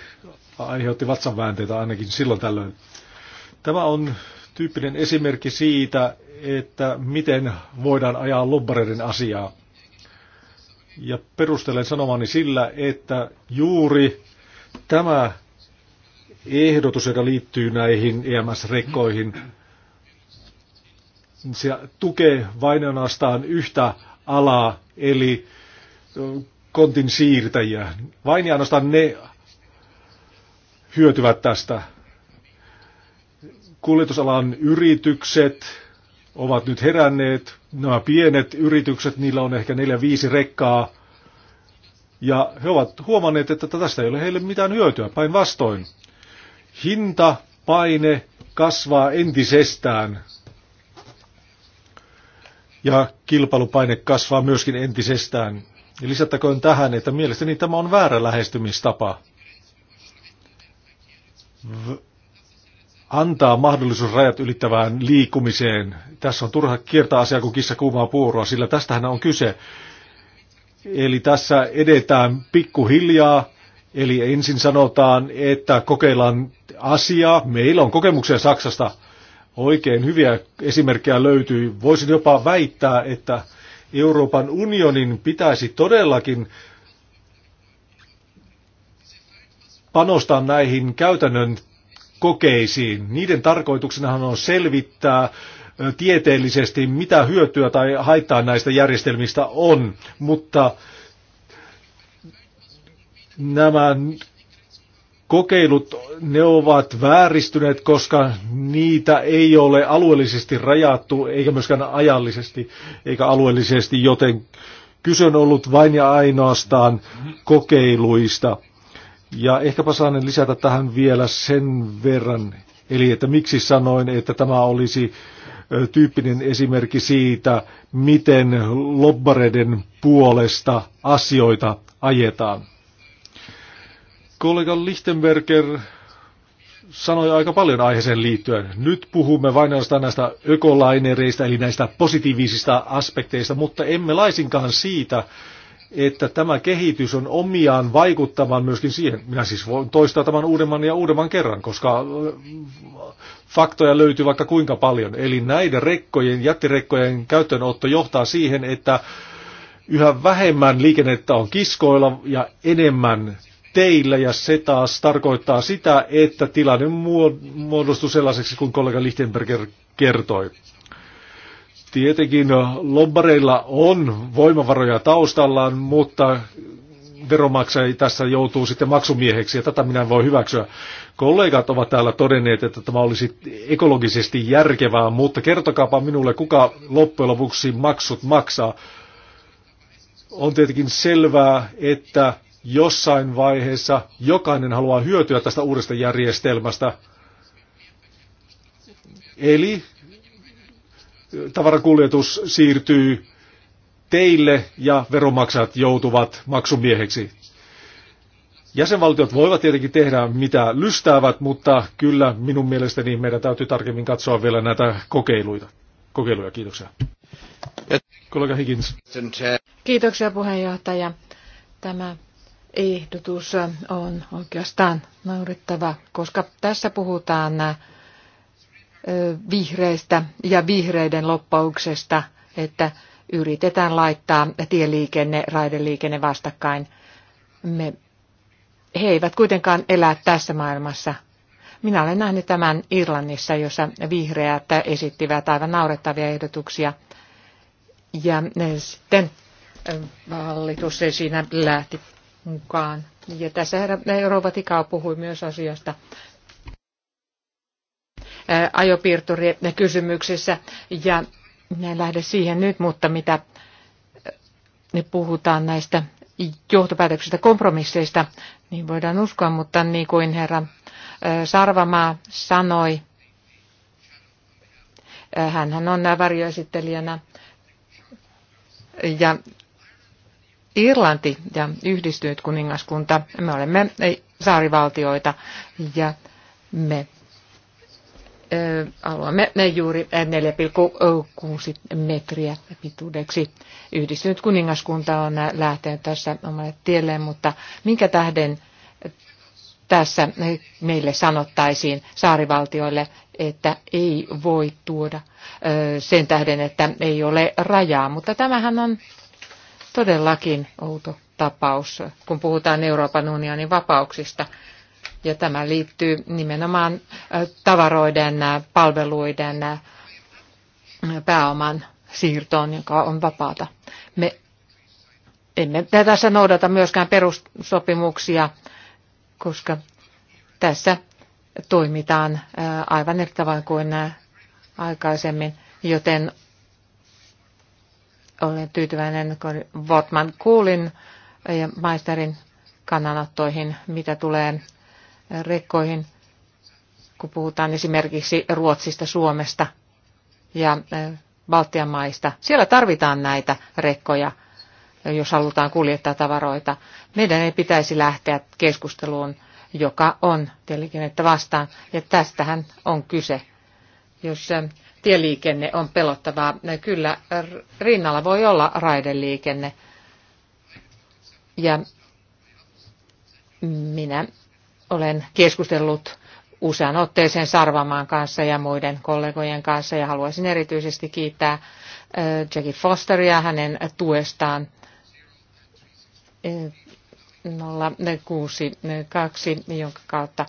aiheutti vatsanväänteitä ainakin silloin tällöin. Tämä on tyyppinen esimerkki siitä, että miten voidaan ajaa lobbareiden asiaa. Ja perustelen sanomani sillä, että juuri tämä ehdotus, joka liittyy näihin EMS-rekkoihin, se tukee vain yhtä alaa, eli kontin siirtäjiä. Vain ja ainoastaan ne hyötyvät tästä. Kuljetusalan yritykset ovat nyt heränneet. Nämä pienet yritykset, niillä on ehkä 4-5 rekkaa. Ja he ovat huomanneet, että tästä ei ole heille mitään hyötyä. Päinvastoin. Hinta, paine kasvaa entisestään. Ja kilpailupaine kasvaa myöskin entisestään. Niin lisättäköön tähän, että mielestäni tämä on väärä lähestymistapa. antaa mahdollisuus rajat ylittävään liikkumiseen. Tässä on turha kiertää asiaa kuin kissa kuumaa puuroa, sillä tästähän on kyse. Eli tässä edetään pikkuhiljaa, eli ensin sanotaan, että kokeillaan asiaa. Meillä on kokemuksia Saksasta. Oikein hyviä esimerkkejä löytyy. Voisin jopa väittää, että Euroopan unionin pitäisi todellakin panostaa näihin käytännön kokeisiin. Niiden tarkoituksenahan on selvittää tieteellisesti, mitä hyötyä tai haittaa näistä järjestelmistä on, mutta nämä kokeilut, ne ovat vääristyneet, koska niitä ei ole alueellisesti rajattu, eikä myöskään ajallisesti, eikä alueellisesti, joten kyse on ollut vain ja ainoastaan kokeiluista. Ja ehkäpä saan lisätä tähän vielä sen verran, eli että miksi sanoin, että tämä olisi tyyppinen esimerkki siitä, miten lobbareiden puolesta asioita ajetaan. Kollega Lichtenberger sanoi aika paljon aiheeseen liittyen. Nyt puhumme vain ainoastaan näistä ökolainereista, eli näistä positiivisista aspekteista, mutta emme laisinkaan siitä, että tämä kehitys on omiaan vaikuttamaan myöskin siihen. Minä siis voin toistaa tämän uudemman ja uudemman kerran, koska äh, faktoja löytyy vaikka kuinka paljon. Eli näiden rekkojen, jättirekkojen käyttöönotto johtaa siihen, että yhä vähemmän liikennettä on kiskoilla ja enemmän teillä ja se taas tarkoittaa sitä, että tilanne muodostui sellaiseksi kuin kollega Lichtenberger kertoi. Tietenkin lobbareilla on voimavaroja taustallaan, mutta veromaksaja tässä joutuu sitten maksumieheksi ja tätä minä en voi hyväksyä. Kollegat ovat täällä todenneet, että tämä olisi ekologisesti järkevää, mutta kertokaapa minulle, kuka loppujen lopuksi maksut maksaa. On tietenkin selvää, että jossain vaiheessa jokainen haluaa hyötyä tästä uudesta järjestelmästä. Eli tavarakuljetus siirtyy teille ja veromaksajat joutuvat maksumieheksi. Jäsenvaltiot voivat tietenkin tehdä mitä lystäävät, mutta kyllä minun mielestäni meidän täytyy tarkemmin katsoa vielä näitä kokeiluita. kokeiluja. Kiitoksia. Kollega Higgins. Kiitoksia puheenjohtaja. Tämä ehdotus on oikeastaan naurettava, koska tässä puhutaan vihreistä ja vihreiden loppauksesta, että yritetään laittaa tieliikenne, raideliikenne vastakkain. Me, he eivät kuitenkaan elä tässä maailmassa. Minä olen nähnyt tämän Irlannissa, jossa vihreät esittivät aivan naurettavia ehdotuksia. Ja sitten hallitus ei siinä lähti mukaan. Ja tässä herra Rouva puhui myös asiasta ajopiirturien kysymyksissä ja en lähde siihen nyt, mutta mitä ne puhutaan näistä johtopäätöksistä kompromisseista, niin voidaan uskoa, mutta niin kuin herra Sarvamaa sanoi, hän on varjoesittelijänä ja Irlanti ja yhdistynyt kuningaskunta, me olemme saarivaltioita ja me haluamme juuri 4,6 metriä pituudeksi. Yhdistynyt kuningaskunta on lähtenyt tässä omalle tielleen, mutta minkä tähden tässä meille sanottaisiin saarivaltioille, että ei voi tuoda sen tähden, että ei ole rajaa. Mutta tämähän on todellakin outo tapaus, kun puhutaan Euroopan unionin vapauksista. Ja tämä liittyy nimenomaan tavaroiden, palveluiden, pääoman siirtoon, joka on vapaata. Me emme tässä noudata myöskään perussopimuksia, koska tässä toimitaan aivan eri tavalla kuin aikaisemmin, joten olen tyytyväinen Votman Kuulin ja maisterin kannanottoihin, mitä tulee rekkoihin, kun puhutaan esimerkiksi Ruotsista, Suomesta ja e, Baltian maista. Siellä tarvitaan näitä rekkoja, jos halutaan kuljettaa tavaroita. Meidän ei pitäisi lähteä keskusteluun, joka on tietenkin, että vastaan. Ja tästähän on kyse. Jos e, tieliikenne on pelottavaa. Kyllä rinnalla voi olla raideliikenne. Ja minä olen keskustellut usean otteeseen Sarvamaan kanssa ja muiden kollegojen kanssa ja haluaisin erityisesti kiittää Jackie Fosteria hänen tuestaan 062, jonka kautta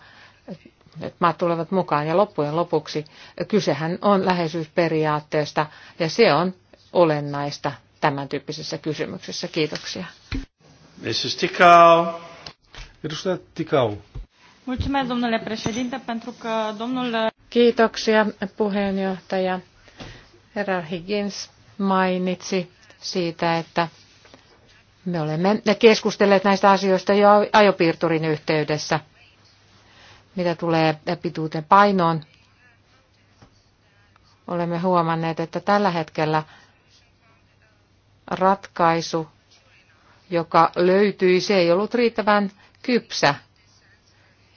että maat tulevat mukaan. Ja loppujen lopuksi kysehän on läheisyysperiaatteesta ja se on olennaista tämän tyyppisessä kysymyksessä. Kiitoksia. Mrs. Tikau. Edustaja Tikau. Kiitoksia, puheenjohtaja. Herra Higgins mainitsi siitä, että me olemme keskustelleet näistä asioista jo ajopiirturin yhteydessä – mitä tulee pituuteen painoon, olemme huomanneet, että tällä hetkellä ratkaisu, joka löytyi, se ei ollut riittävän kypsä.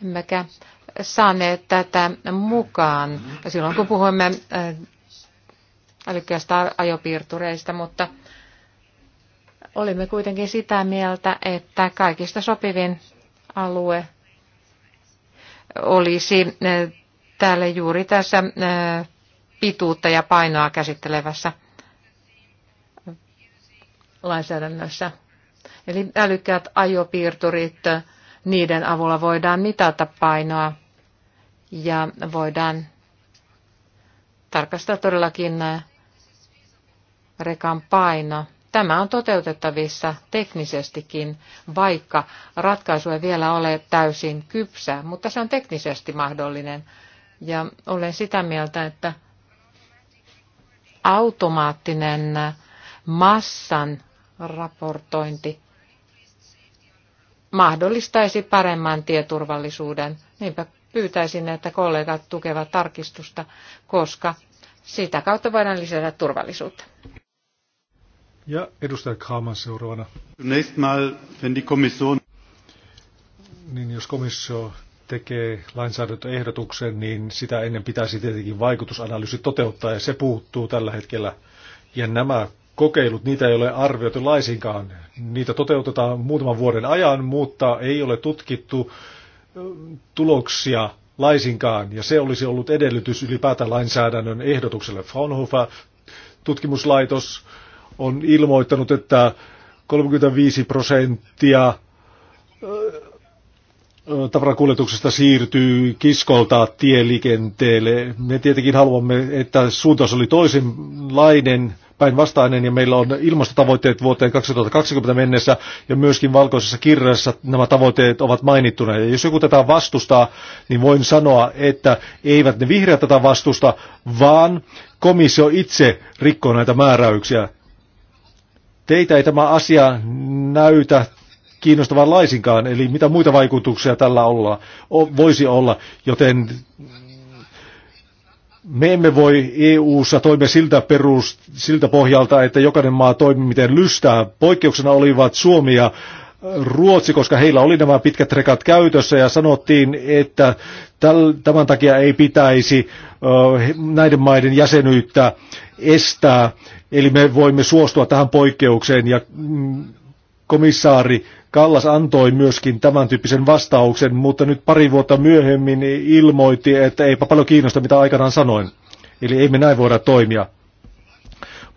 Emmekä saaneet tätä mukaan silloin, kun puhuimme äh, älykkäistä ajopiirtureista, mutta olimme kuitenkin sitä mieltä, että kaikista sopivin alue olisi eh, täällä juuri tässä eh, pituutta ja painoa käsittelevässä lainsäädännössä. Eli älykkäät ajopiirturit, niiden avulla voidaan mitata painoa ja voidaan tarkastaa todellakin eh, rekan paino. Tämä on toteutettavissa teknisestikin, vaikka ratkaisu ei vielä ole täysin kypsä, mutta se on teknisesti mahdollinen. Ja olen sitä mieltä, että automaattinen massan raportointi mahdollistaisi paremman tieturvallisuuden. Niinpä pyytäisin, että kollegat tukevat tarkistusta, koska sitä kautta voidaan lisätä turvallisuutta. Ja edustaja Kaaman seuraavana. Niin jos komissio tekee lainsäädäntöehdotuksen, niin sitä ennen pitäisi tietenkin vaikutusanalyysi toteuttaa ja se puuttuu tällä hetkellä. Ja nämä kokeilut, niitä ei ole arvioitu laisinkaan. Niitä toteutetaan muutaman vuoden ajan, mutta ei ole tutkittu tuloksia laisinkaan, ja se olisi ollut edellytys ylipäätään lainsäädännön ehdotukselle. Fraunhofer tutkimuslaitos on ilmoittanut, että 35 prosenttia tavarakuljetuksesta siirtyy kiskolta tieliikenteelle. Me tietenkin haluamme, että suuntaus oli toisenlainen, päinvastainen, ja meillä on ilmastotavoitteet vuoteen 2020 mennessä, ja myöskin valkoisessa kirjassa nämä tavoitteet ovat mainittuna. Ja jos joku tätä vastustaa, niin voin sanoa, että eivät ne vihreät tätä vastusta, vaan komissio itse rikkoo näitä määräyksiä. Teitä ei tämä asia näytä kiinnostavan laisinkaan, eli mitä muita vaikutuksia tällä olla, voisi olla, joten me emme voi EU-ssa toimia siltä, perust siltä pohjalta, että jokainen maa toimii miten lystää. Poikkeuksena olivat Suomi ja Ruotsi, koska heillä oli nämä pitkät rekat käytössä ja sanottiin, että tämän takia ei pitäisi näiden maiden jäsenyyttä estää. Eli me voimme suostua tähän poikkeukseen ja mm, komissaari Kallas antoi myöskin tämän tyyppisen vastauksen, mutta nyt pari vuotta myöhemmin ilmoitti, että eipä paljon kiinnosta, mitä aikanaan sanoin. Eli ei me näin voida toimia.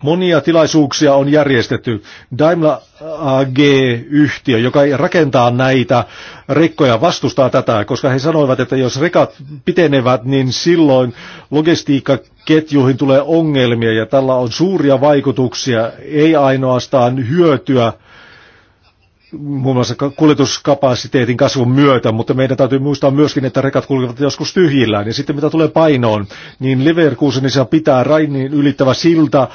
Monia tilaisuuksia on järjestetty. Daimler AG-yhtiö, joka rakentaa näitä rekkoja, vastustaa tätä, koska he sanoivat, että jos rekat pitenevät, niin silloin logistiikkaketjuihin tulee ongelmia ja tällä on suuria vaikutuksia, ei ainoastaan hyötyä muun muassa kuljetuskapasiteetin kasvun myötä, mutta meidän täytyy muistaa myöskin, että rekat kulkevat joskus tyhjillään. Ja sitten mitä tulee painoon, niin Leverkusenissa pitää Rainin ylittävä silta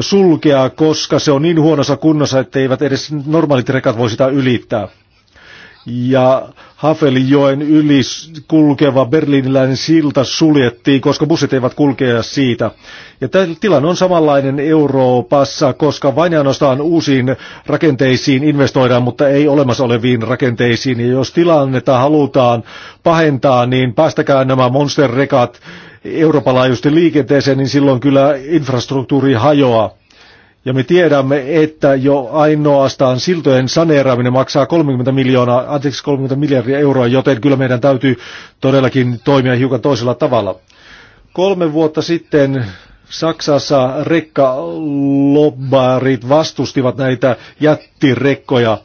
sulkea, koska se on niin huonossa kunnossa, että eivät edes normaalit rekat voi sitä ylittää ja Hafelijoen yli kulkeva berliiniläinen silta suljettiin, koska bussit eivät kulkea siitä. Ja tämä tilanne on samanlainen Euroopassa, koska vain ainoastaan uusiin rakenteisiin investoidaan, mutta ei olemassa oleviin rakenteisiin. Ja jos tilannetta halutaan pahentaa, niin päästäkää nämä monsterrekat Euroopan laajuisesti liikenteeseen, niin silloin kyllä infrastruktuuri hajoaa. Ja me tiedämme, että jo ainoastaan siltojen saneeraaminen maksaa 30 miljoonaa, anteeksi 30 miljardia euroa, joten kyllä meidän täytyy todellakin toimia hiukan toisella tavalla. Kolme vuotta sitten Saksassa rekkalobbarit vastustivat näitä jättirekkoja.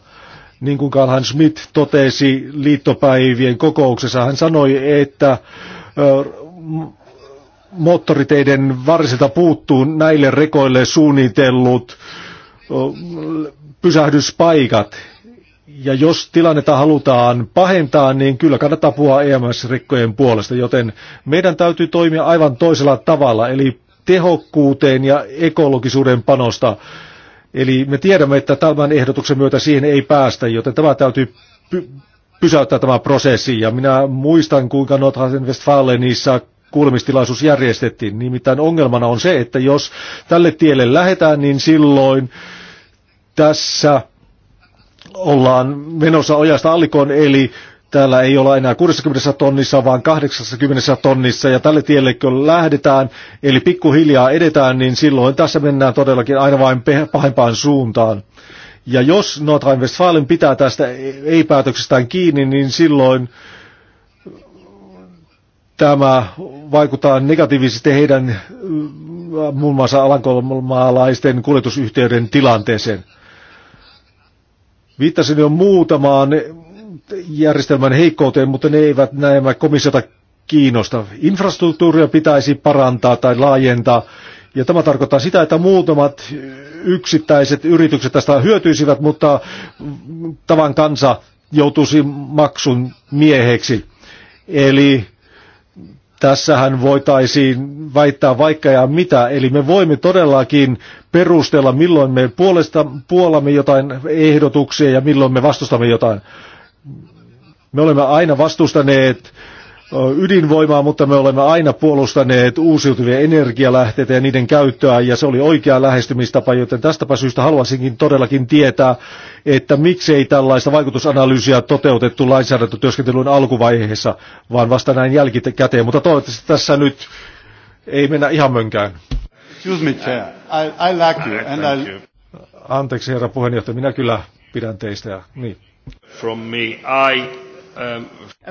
Niin kuin Karl-Heinz Schmidt totesi liittopäivien kokouksessa, hän sanoi, että moottoriteiden varsilta puuttuu näille rekoille suunnitellut pysähdyspaikat. Ja jos tilannetta halutaan pahentaa, niin kyllä kannattaa puhua EMS-rekkojen puolesta, joten meidän täytyy toimia aivan toisella tavalla, eli tehokkuuteen ja ekologisuuden panosta. Eli me tiedämme, että tämän ehdotuksen myötä siihen ei päästä, joten tämä täytyy py- pysäyttää tämä prosessi. Ja minä muistan, kuinka Nothasen Westfalenissa kuulemistilaisuus järjestettiin. Nimittäin ongelmana on se, että jos tälle tielle lähdetään, niin silloin tässä ollaan menossa ojasta allikoon, eli täällä ei olla enää 60 tonnissa, vaan 80 tonnissa, ja tälle tielle kun lähdetään, eli pikkuhiljaa edetään, niin silloin tässä mennään todellakin aina vain pahempaan suuntaan. Ja jos Nordrhein-Westfalen pitää tästä e-, ei-päätöksestään kiinni, niin silloin tämä vaikuttaa negatiivisesti heidän äh, muun muassa alankolmaalaisten kuljetusyhteyden tilanteeseen. Viittasin jo muutamaan järjestelmän heikkouteen, mutta ne eivät näemä komissiota kiinnosta. Infrastruktuuria pitäisi parantaa tai laajentaa, ja tämä tarkoittaa sitä, että muutamat yksittäiset yritykset tästä hyötyisivät, mutta tavan kansa joutuisi maksun mieheksi. Eli Tässähän voitaisiin väittää vaikka ja mitä, eli me voimme todellakin perustella, milloin me puolesta, puolamme jotain ehdotuksia ja milloin me vastustamme jotain. Me olemme aina vastustaneet äh, ydinvoimaa, mutta me olemme aina puolustaneet uusiutuvia energialähteitä ja niiden käyttöä, ja se oli oikea lähestymistapa, joten tästäpä syystä haluaisinkin todellakin tietää, että miksei tällaista vaikutusanalyysiä toteutettu lainsäädäntötyöskentelyn alkuvaiheessa, vaan vasta näin jälkikäteen, mutta toivottavasti tässä nyt ei mennä ihan mönkään. Excuse me, chair. I, I like you, and I... Anteeksi, herra puheenjohtaja, minä kyllä pidän teistä. Ja, niin. From me, I Ähm,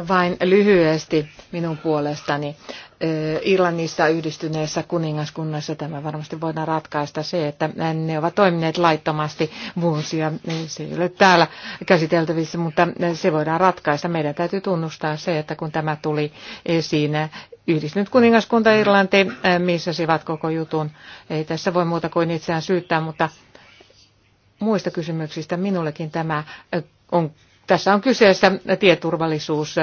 Vain lyhyesti minun puolestani. Äh, Irlannissa yhdistyneessä kuningaskunnassa tämä varmasti voidaan ratkaista se, että ne ovat toimineet laittomasti vuosia. Se ei ole täällä käsiteltävissä, mutta se voidaan ratkaista. Meidän täytyy tunnustaa se, että kun tämä tuli esiin, Yhdistynyt kuningaskunta Irlanti äh, missasivat koko jutun. Ei tässä voi muuta kuin itseään syyttää, mutta muista kysymyksistä minullekin tämä äh, on tässä on kyseessä tieturvallisuus.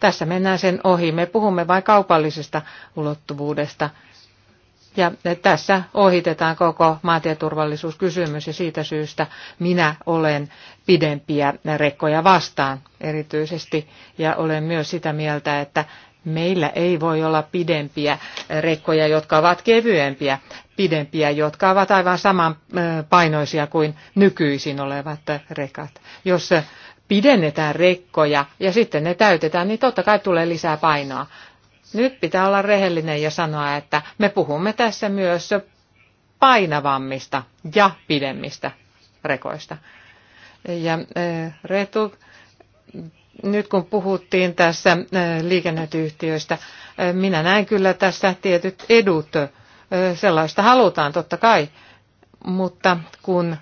Tässä mennään sen ohi. Me puhumme vain kaupallisesta ulottuvuudesta. Ja tässä ohitetaan koko maantieturvallisuuskysymys ja siitä syystä minä olen pidempiä rekkoja vastaan erityisesti. Ja olen myös sitä mieltä, että meillä ei voi olla pidempiä rekkoja, jotka ovat kevyempiä, pidempiä, jotka ovat aivan saman painoisia kuin nykyisin olevat rekat. Jos pidennetään rekkoja ja sitten ne täytetään, niin totta kai tulee lisää painoa. Nyt pitää olla rehellinen ja sanoa, että me puhumme tässä myös painavammista ja pidemmistä rekoista. Ja e, Reetu, nyt kun puhuttiin tässä e, liikennetyhtiöistä, e, minä näen kyllä tässä tietyt edut. Sellaista halutaan totta kai, mutta kun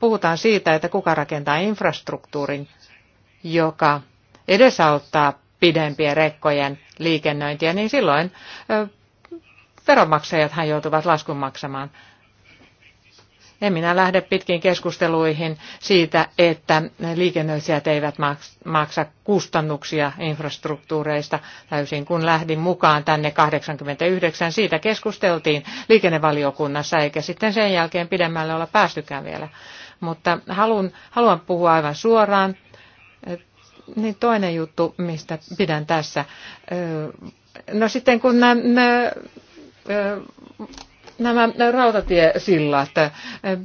puhutaan siitä, että kuka rakentaa infrastruktuurin, joka edesauttaa pidempien rekkojen liikennöintiä, niin silloin veronmaksajathan joutuvat laskun maksamaan. En minä lähde pitkin keskusteluihin siitä, että liikennöitsijät eivät maksa kustannuksia infrastruktuureista täysin. Kun lähdin mukaan tänne 89, siitä keskusteltiin liikennevaliokunnassa, eikä sitten sen jälkeen pidemmälle olla päästykään vielä. Mutta haluan, haluan puhua aivan suoraan. Niin toinen juttu, mistä pidän tässä. No sitten kun nämä nämä rautatiesillat,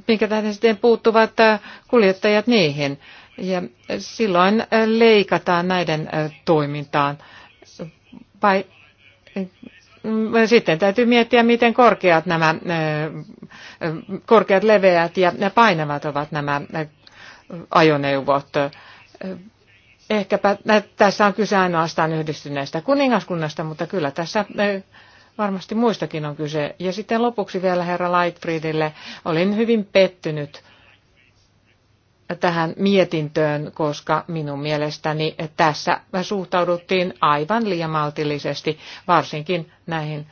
minkä tähden sitten puuttuvat kuljettajat niihin. Ja silloin leikataan näiden toimintaan. Vai sitten täytyy miettiä, miten korkeat nämä korkeat leveät ja painavat ovat nämä ajoneuvot. Ehkäpä tässä on kyse ainoastaan yhdistyneestä kuningaskunnasta, mutta kyllä tässä Varmasti muistakin on kyse. Ja sitten lopuksi vielä herra Lightfriedille. Olin hyvin pettynyt tähän mietintöön, koska minun mielestäni tässä suhtauduttiin aivan liian maltillisesti, varsinkin näihin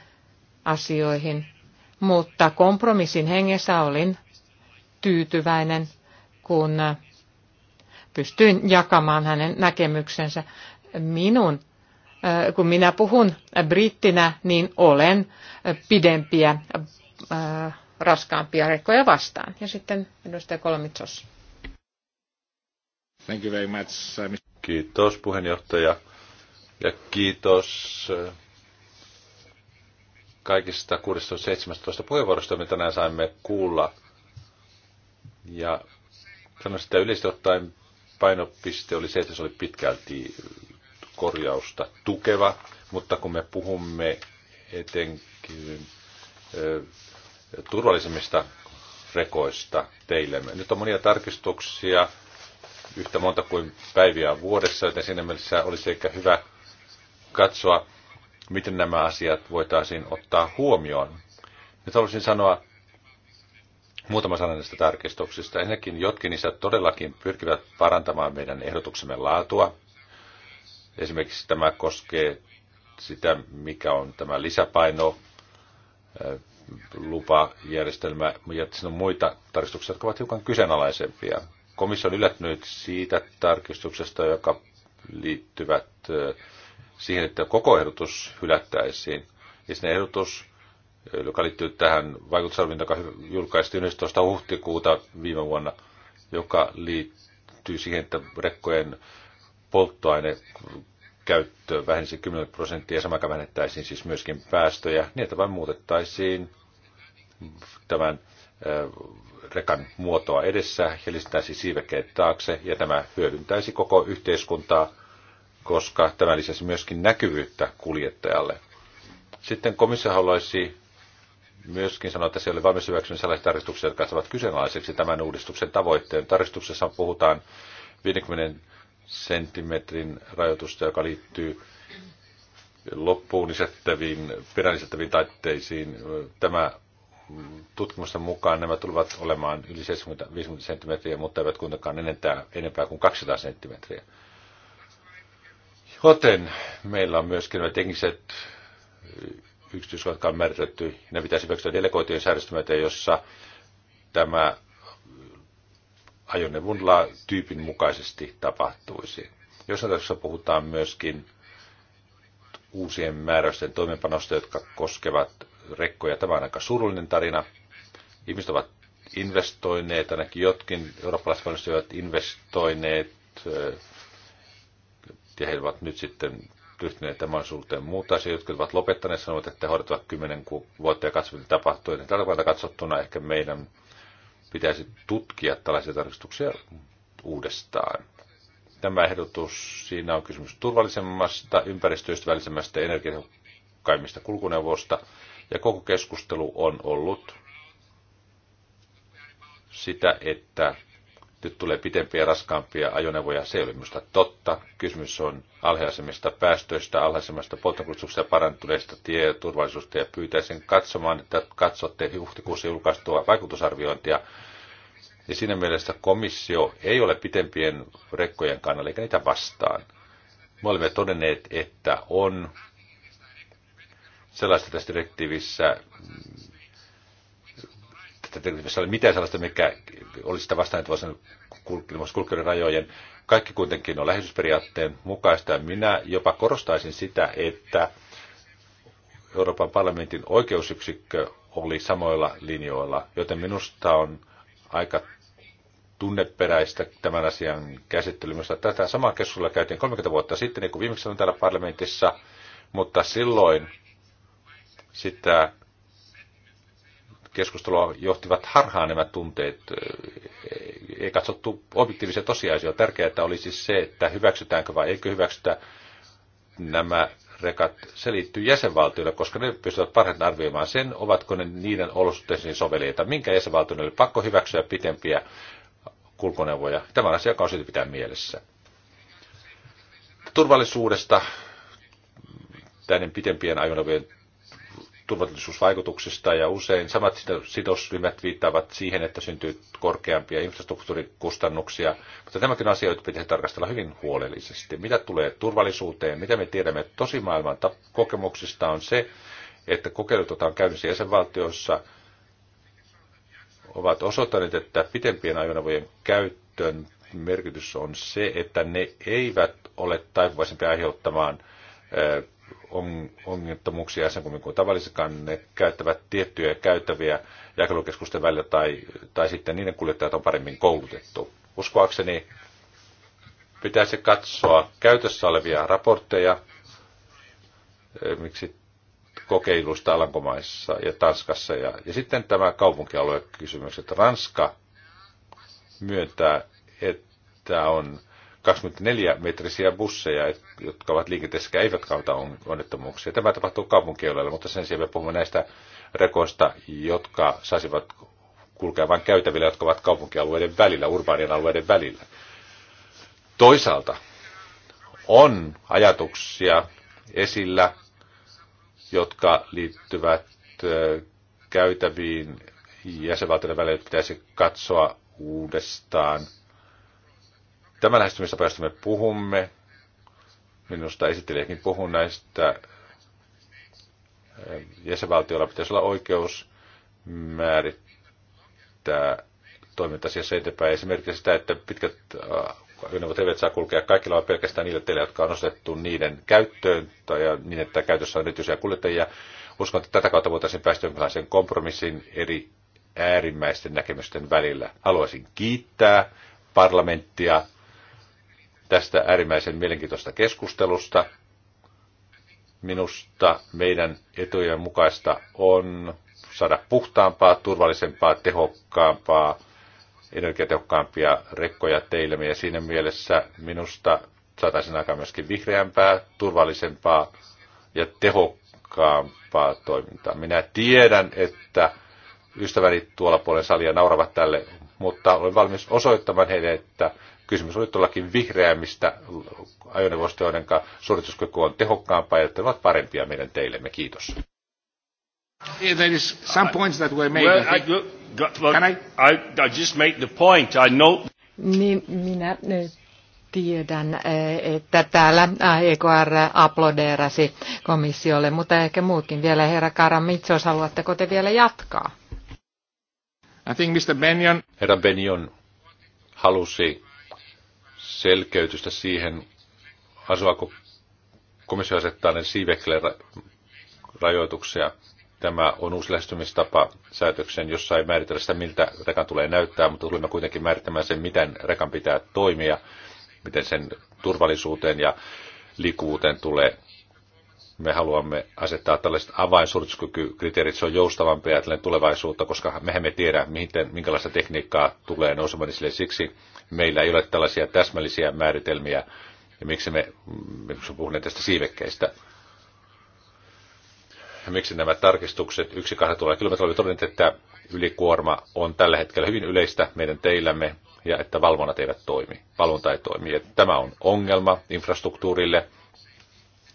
asioihin. Mutta kompromissin hengessä olin tyytyväinen, kun pystyin jakamaan hänen näkemyksensä. Minun Äh, kun minä puhun brittinä, niin olen pidempiä, äh, raskaampia rekkoja vastaan. Ja sitten edustaja Kolmitsos. Thank you very much. Uh, kiitos puheenjohtaja ja kiitos äh, kaikista 16 puheenvuorosta, mitä tänään saimme kuulla. Ja sanoisin, että yleisesti ottaen painopiste oli se, että se oli pitkälti korjausta tukeva, mutta kun me puhumme etenkin ö, turvallisemmista rekoista teille, Nyt on monia tarkistuksia, yhtä monta kuin päiviä vuodessa, joten siinä mielessä olisi ehkä hyvä katsoa, miten nämä asiat voitaisiin ottaa huomioon. Nyt haluaisin sanoa muutama sana näistä tarkistuksista. Ensinnäkin jotkin niistä todellakin pyrkivät parantamaan meidän ehdotuksemme laatua. Esimerkiksi tämä koskee sitä, mikä on tämä lisäpaino eh, lupajärjestelmä, ja siinä on muita tarkistuksia, jotka ovat hiukan kyseenalaisempia. Komissio on yllättynyt siitä tarkistuksesta, joka liittyvät eh, siihen, että koko ehdotus hylättäisiin. Ja sinne ehdotus, eh, joka liittyy tähän vaikutusarvintaan joka julkaistiin 11. huhtikuuta viime vuonna, joka liittyy siihen, että rekkojen polttoaine käyttö vähenisi 10 prosenttia ja samaan vähennettäisiin siis myöskin päästöjä, niin että vain muutettaisiin tämän rekan muotoa edessä ja lisättäisiin siivekkeet taakse ja tämä hyödyntäisi koko yhteiskuntaa, koska tämä lisäisi myöskin näkyvyyttä kuljettajalle. Sitten komissio haluaisi myöskin sanoa, että se oli valmis hyväksymään sellaisia tarkistuksia, jotka saavat kyseenalaiseksi tämän uudistuksen tavoitteen. Tarkistuksessa puhutaan 50 senttimetrin rajoitusta, joka liittyy loppuun lisättäviin, perään lisättäviin taitteisiin. Tämä tutkimusten mukaan nämä tulevat olemaan yli 70, 50 senttimetriä, mutta eivät kuitenkaan enempää, enempää kuin 200 senttimetriä. Joten meillä on myöskin nämä tekniset yksityiskohdat on määritetty, ne pitäisi hyväksyä delegoitujen säädöstömätä, jossa tämä ajoneuvon tyypin mukaisesti tapahtuisi. Jossain tässä puhutaan myöskin uusien määräysten toimeenpanosta, jotka koskevat rekkoja. Tämä on aika surullinen tarina. Ihmiset ovat investoineet, ainakin jotkin eurooppalaiset valmistajat ovat investoineet, eh, ja he ovat nyt sitten ryhtyneet tämän suhteen muuta asiaa, jotka ovat lopettaneet, sanovat, että he hoidattavat kymmenen vuotta ja katsovat, mitä tapahtuu. Tällä katsottuna ehkä meidän pitäisi tutkia tällaisia tarkistuksia uudestaan. Tämä ehdotus, siinä on kysymys turvallisemmasta, ympäristöystävällisemmästä, energiatehokkaimmista kulkuneuvosta. ja koko keskustelu on ollut sitä, että nyt tulee pitempiä ja raskaampia ajoneuvoja, se ei ole minusta totta. Kysymys on alhaisemmista päästöistä, alhaisemmasta polttokulutuksesta parantuneesta tieturvallisuudesta ja pyytäisin katsomaan, että katsotte huhtikuussa julkaistua vaikutusarviointia. Ja siinä mielessä komissio ei ole pitempien rekkojen kannalla eikä niitä vastaan. Me olemme todenneet, että on sellaista tässä direktiivissä, että ei ole mitään sellaista, mikä olisi sitä vastaan, että voisi kulkijoiden rajojen. Kaikki kuitenkin on läheisyysperiaatteen mukaista ja minä jopa korostaisin sitä, että Euroopan parlamentin oikeusyksikkö oli samoilla linjoilla, joten minusta on aika tunneperäistä tämän asian Minusta Tätä samaa keskustelua käytiin 30 vuotta sitten, niin kuin viimeksi on täällä parlamentissa, mutta silloin sitä keskustelua johtivat harhaan nämä tunteet. Ei katsottu objektiivisia tosiasioita. Tärkeää olisi siis se, että hyväksytäänkö vai eikö hyväksytä nämä rekat. Se liittyy jäsenvaltioille, koska ne pystyvät parhaiten arvioimaan sen, ovatko ne niiden olosuhteisiin sovelijoita, minkä jäsenvaltioille oli pakko hyväksyä pitempiä kulkuneuvoja. Tämä on asia, joka on syytä pitää mielessä. Turvallisuudesta näiden pitempien ajoneuvojen turvallisuusvaikutuksista ja usein samat sidosryhmät viittaavat siihen, että syntyy korkeampia infrastruktuurikustannuksia, mutta tämäkin asioita pitäisi tarkastella hyvin huolellisesti. Mitä tulee turvallisuuteen, mitä me tiedämme tosi maailman kokemuksista on se, että kokeilut, joita on käynnissä jäsenvaltioissa, ovat osoittaneet, että pitempien ajoneuvojen käyttöön merkitys on se, että ne eivät ole taipuvaisempia aiheuttamaan on, ongettomuuksia jäsenkummin kuin tavallisikaan. Ne käyttävät tiettyjä käytäviä jakelukeskusten välillä tai, tai sitten niiden kuljettajat on paremmin koulutettu. Uskoakseni pitäisi katsoa käytössä olevia raportteja, eh, miksi kokeilusta Alankomaissa ja Tanskassa. Ja, ja sitten tämä kaupunkialuekysymys, että Ranska myöntää, että on 24-metrisiä busseja, jotka ovat liikenteessä eivät kautta onnettomuuksia. Tämä tapahtuu kaupunkialueella, mutta sen sijaan me puhumme näistä rekoista, jotka saisivat kulkea vain käytävillä, jotka ovat kaupunkialueiden välillä, urbaanien alueiden välillä. Toisaalta on ajatuksia esillä, jotka liittyvät käytäviin jäsenvaltioiden välillä, pitäisi katsoa uudestaan – Tämä lähestymistapa, josta me puhumme, minusta esittelijäkin puhun näistä, jäsenvaltiolla pitäisi olla oikeus määrittää toimintasiassa eteenpäin. Esimerkiksi sitä, että pitkät ajoneuvot äh, eivät saa kulkea kaikilla, vaan pelkästään niille teille, jotka on ostettu niiden käyttöön tai niin, että käytössä on erityisiä kuljettajia. Uskon, että tätä kautta voitaisiin päästä jonkinlaiseen kompromissin eri äärimmäisten näkemysten välillä. Haluaisin kiittää parlamenttia tästä äärimmäisen mielenkiintoista keskustelusta. Minusta meidän etujen mukaista on saada puhtaampaa, turvallisempaa, tehokkaampaa, energiatehokkaampia rekkoja teille. Ja siinä mielessä minusta saataisiin aikaan myöskin vihreämpää, turvallisempaa ja tehokkaampaa toimintaa. Minä tiedän, että ystäväni tuolla puolen salia nauravat tälle, mutta olen valmis osoittamaan heille, että Kysymys oli todellakin vihreämmistä ajoneuvoista, joiden suorituskyky on tehokkaampaa ja jotka ovat parempia meidän teillemme. Kiitos. there is some points that were made. Well, I, Can I? I, I just make the point. I know. Niin minä eh, tiedän, eh, että täällä EKR eh, e aplodeerasi komissiolle, mutta ehkä muutkin vielä. Herra Karamitsos, haluatteko te vielä jatkaa? I think Mr. Benion... Herra Benyon halusi selkeytystä siihen, asuako komissio asettaa ne Sivekler rajoituksia. Tämä on uusi lähestymistapa säätöksen, jossa ei määritellä sitä, miltä rekan tulee näyttää, mutta tulemme kuitenkin määrittämään sen, miten rekan pitää toimia, miten sen turvallisuuteen ja likuuteen tulee me haluamme asettaa tällaiset avainsuorituskykykriteerit, se on joustavampi ajatellen tulevaisuutta, koska mehän me tiedä, miten, minkälaista tekniikkaa tulee nousemaan esille. Siksi meillä ei ole tällaisia täsmällisiä määritelmiä, ja miksi me, miksi puhuneet tästä siivekkeistä. Ja miksi nämä tarkistukset 1 2 kilometriä oli todennut, että ylikuorma on tällä hetkellä hyvin yleistä meidän teillämme ja että valvonnat eivät toimi, valvonta ei toimi. Ja tämä on ongelma infrastruktuurille,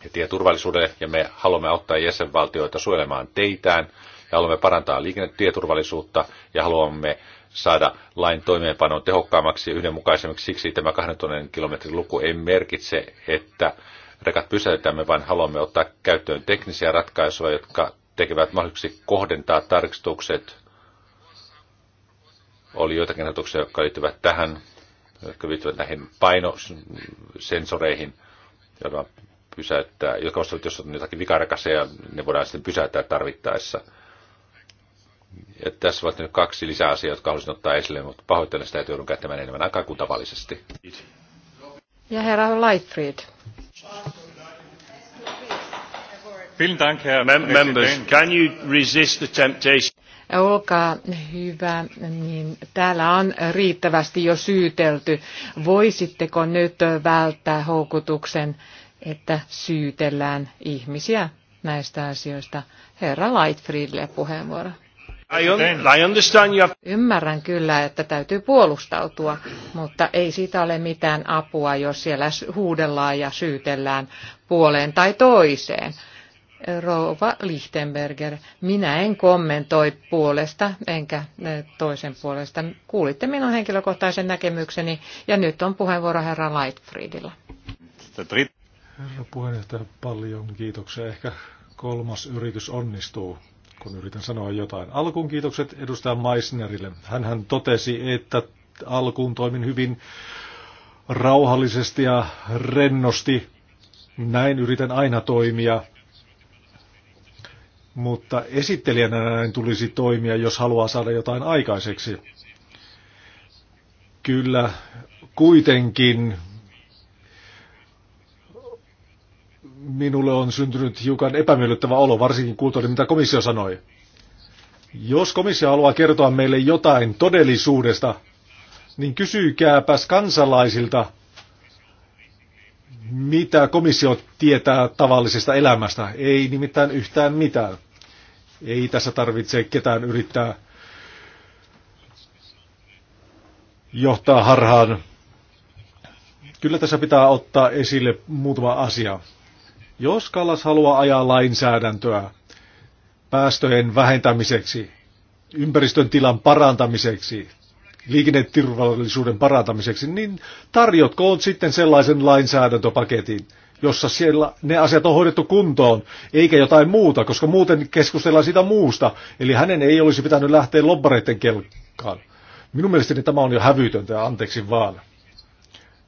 ja tieturvallisuudelle, ja me haluamme auttaa jäsenvaltioita suojelemaan teitään, ja haluamme parantaa liikennetieturvallisuutta, ja haluamme saada lain toimeenpanon tehokkaammaksi ja yhdenmukaisemmaksi. Siksi tämä 2000 kilometrin luku ei merkitse, että rekat pysäytämme, vaan haluamme ottaa käyttöön teknisiä ratkaisuja, jotka tekevät mahdolliseksi kohdentaa tarkistukset. Oli joitakin ajatuksia, jotka liittyvät tähän, jotka liittyvät näihin painosensoreihin, joilla pysäyttää, jotka on jos on jotakin vikarekaseja, ne voidaan sitten pysäyttää tarvittaessa. Ja tässä on nyt kaksi asiaa, jotka haluaisin ottaa esille, mutta pahoittelen sitä, että joudun käyttämään enemmän aikaa kuin tavallisesti. Ja herra Lightfried. Members, can you resist the temptation? Olkaa hyvä, niin täällä on riittävästi jo syytelty. Voisitteko nyt välttää houkutuksen että syytellään ihmisiä näistä asioista. Herra Lightfriedille puheenvuoro. I understand you Ymmärrän kyllä, että täytyy puolustautua, mutta ei siitä ole mitään apua, jos siellä huudellaan ja syytellään puoleen tai toiseen. Rova Lichtenberger, minä en kommentoi puolesta enkä eh, toisen puolesta. Kuulitte minun henkilökohtaisen näkemykseni ja nyt on puheenvuoro herra Lightfriedilla. Herra puheenjohtaja, paljon kiitoksia. Ehkä kolmas yritys onnistuu, kun yritän sanoa jotain. Alkuun kiitokset edustaja Meissnerille. hän totesi, että alkuun toimin hyvin rauhallisesti ja rennosti. Näin yritän aina toimia. Mutta esittelijänä näin tulisi toimia, jos haluaa saada jotain aikaiseksi. Kyllä, kuitenkin minulle on syntynyt hiukan epämiellyttävä olo, varsinkin kuultuani mitä komissio sanoi. Jos komissio haluaa kertoa meille jotain todellisuudesta, niin kysykääpäs kansalaisilta, mitä komissio tietää tavallisesta elämästä. Ei nimittäin yhtään mitään. Ei tässä tarvitse ketään yrittää johtaa harhaan. Kyllä tässä pitää ottaa esille muutama asia. Jos Kallas haluaa ajaa lainsäädäntöä päästöjen vähentämiseksi, ympäristön tilan parantamiseksi, liikenneturvallisuuden parantamiseksi, niin tarjotkoon sitten sellaisen lainsäädäntöpaketin, jossa siellä ne asiat on hoidettu kuntoon, eikä jotain muuta, koska muuten keskustellaan sitä muusta. Eli hänen ei olisi pitänyt lähteä lobbareiden kelkkaan. Minun mielestäni tämä on jo hävytöntä, anteeksi vaan.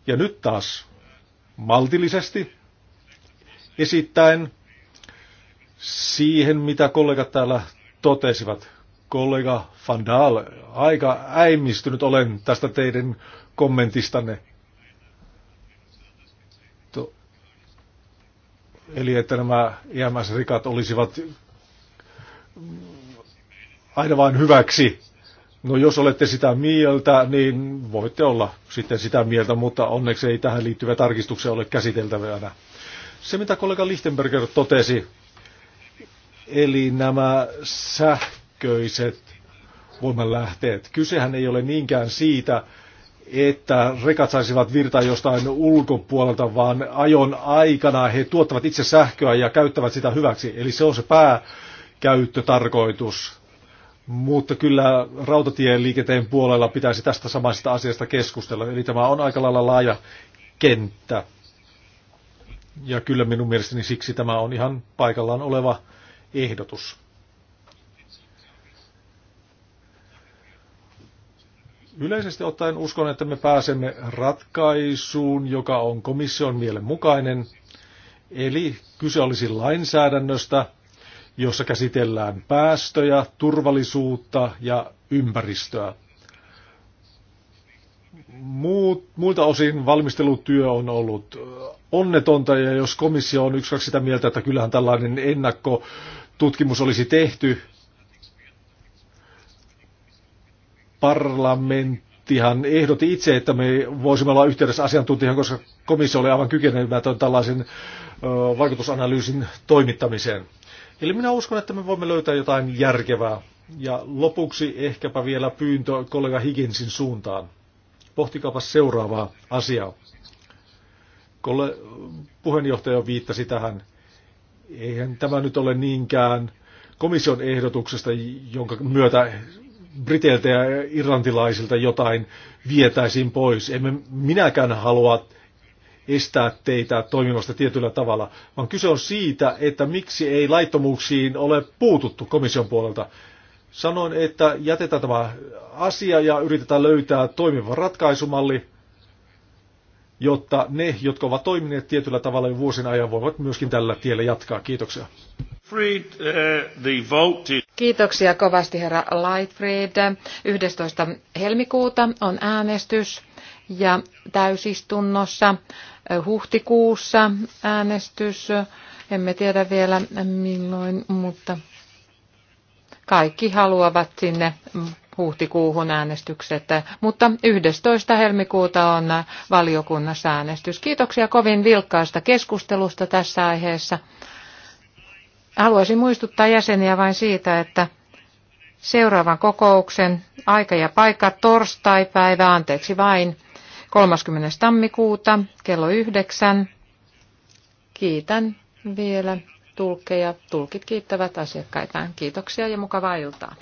Ja nyt taas maltillisesti esittäen siihen, mitä kollegat täällä totesivat. Kollega Van Dahl, aika äimistynyt olen tästä teidän kommentistanne. To, eli että nämä IMS-rikat e olisivat aina vain hyväksi. No jos olette sitä mieltä, niin voitte olla sitten sitä mieltä, mutta onneksi ei tähän liittyvä tarkistuksia ole käsiteltävänä se, mitä kollega Lichtenberger totesi, eli nämä sähköiset voimalähteet. Kysehän ei ole niinkään siitä, että rekat saisivat virtaa jostain ulkopuolelta, vaan ajon aikana he tuottavat itse sähköä ja käyttävät sitä hyväksi. Eli se on se pääkäyttötarkoitus. Mutta kyllä liikenteen puolella pitäisi tästä samasta asiasta keskustella. Eli tämä on aika lailla laaja kenttä. Ja kyllä minun mielestäni siksi tämä on ihan paikallaan oleva ehdotus. Yleisesti ottaen uskon, että me pääsemme ratkaisuun, joka on komission mielen mukainen. Eli kyse olisi lainsäädännöstä, jossa käsitellään päästöjä, turvallisuutta ja ympäristöä muut, muilta osin valmistelutyö on ollut onnetonta ja jos komissio on yksi sitä mieltä, että kyllähän tällainen ennakkotutkimus olisi tehty, parlamenttihan ehdotti itse, että me voisimme olla yhteydessä asiantuntijan, koska komissio oli aivan kykenemätön tällaisen vaikutusanalyysin toimittamiseen. Eli minä uskon, että me voimme löytää jotain järkevää. Ja lopuksi ehkäpä vielä pyyntö kollega Higginsin suuntaan. Pohtikaapa seuraavaa asiaa. Kolle puheenjohtaja viittasi tähän. Eihän tämä nyt ole niinkään komission ehdotuksesta, jonka myötä Briteiltä ja irlantilaisilta jotain vietäisiin pois. Emme minäkään halua estää teitä toimimasta tietyllä tavalla, vaan kyse on siitä, että miksi ei laittomuuksiin ole puututtu komission puolelta. Sanoin, että jätetään tämä asia ja yritetään löytää toimiva ratkaisumalli, jotta ne, jotka ovat toimineet tietyllä tavalla jo vuosien ajan, voivat myöskin tällä tiellä jatkaa. Kiitoksia. Uh, Kiitoksia kovasti herra Lightfried. 11. helmikuuta on äänestys ja täysistunnossa uh, huhtikuussa äänestys. Emme tiedä vielä milloin, mutta kaikki haluavat sinne huhtikuuhun äänestykset, mutta 11. helmikuuta on valiokunnassa äänestys. Kiitoksia kovin vilkkaasta keskustelusta tässä aiheessa. Haluaisin muistuttaa jäseniä vain siitä, että seuraavan kokouksen aika ja paikka torstai päivä, anteeksi vain, 30. tammikuuta kello 9. Kiitän vielä tulkkeja. Tulkit kiittävät asiakkaitaan. Kiitoksia ja mukavaa iltaa.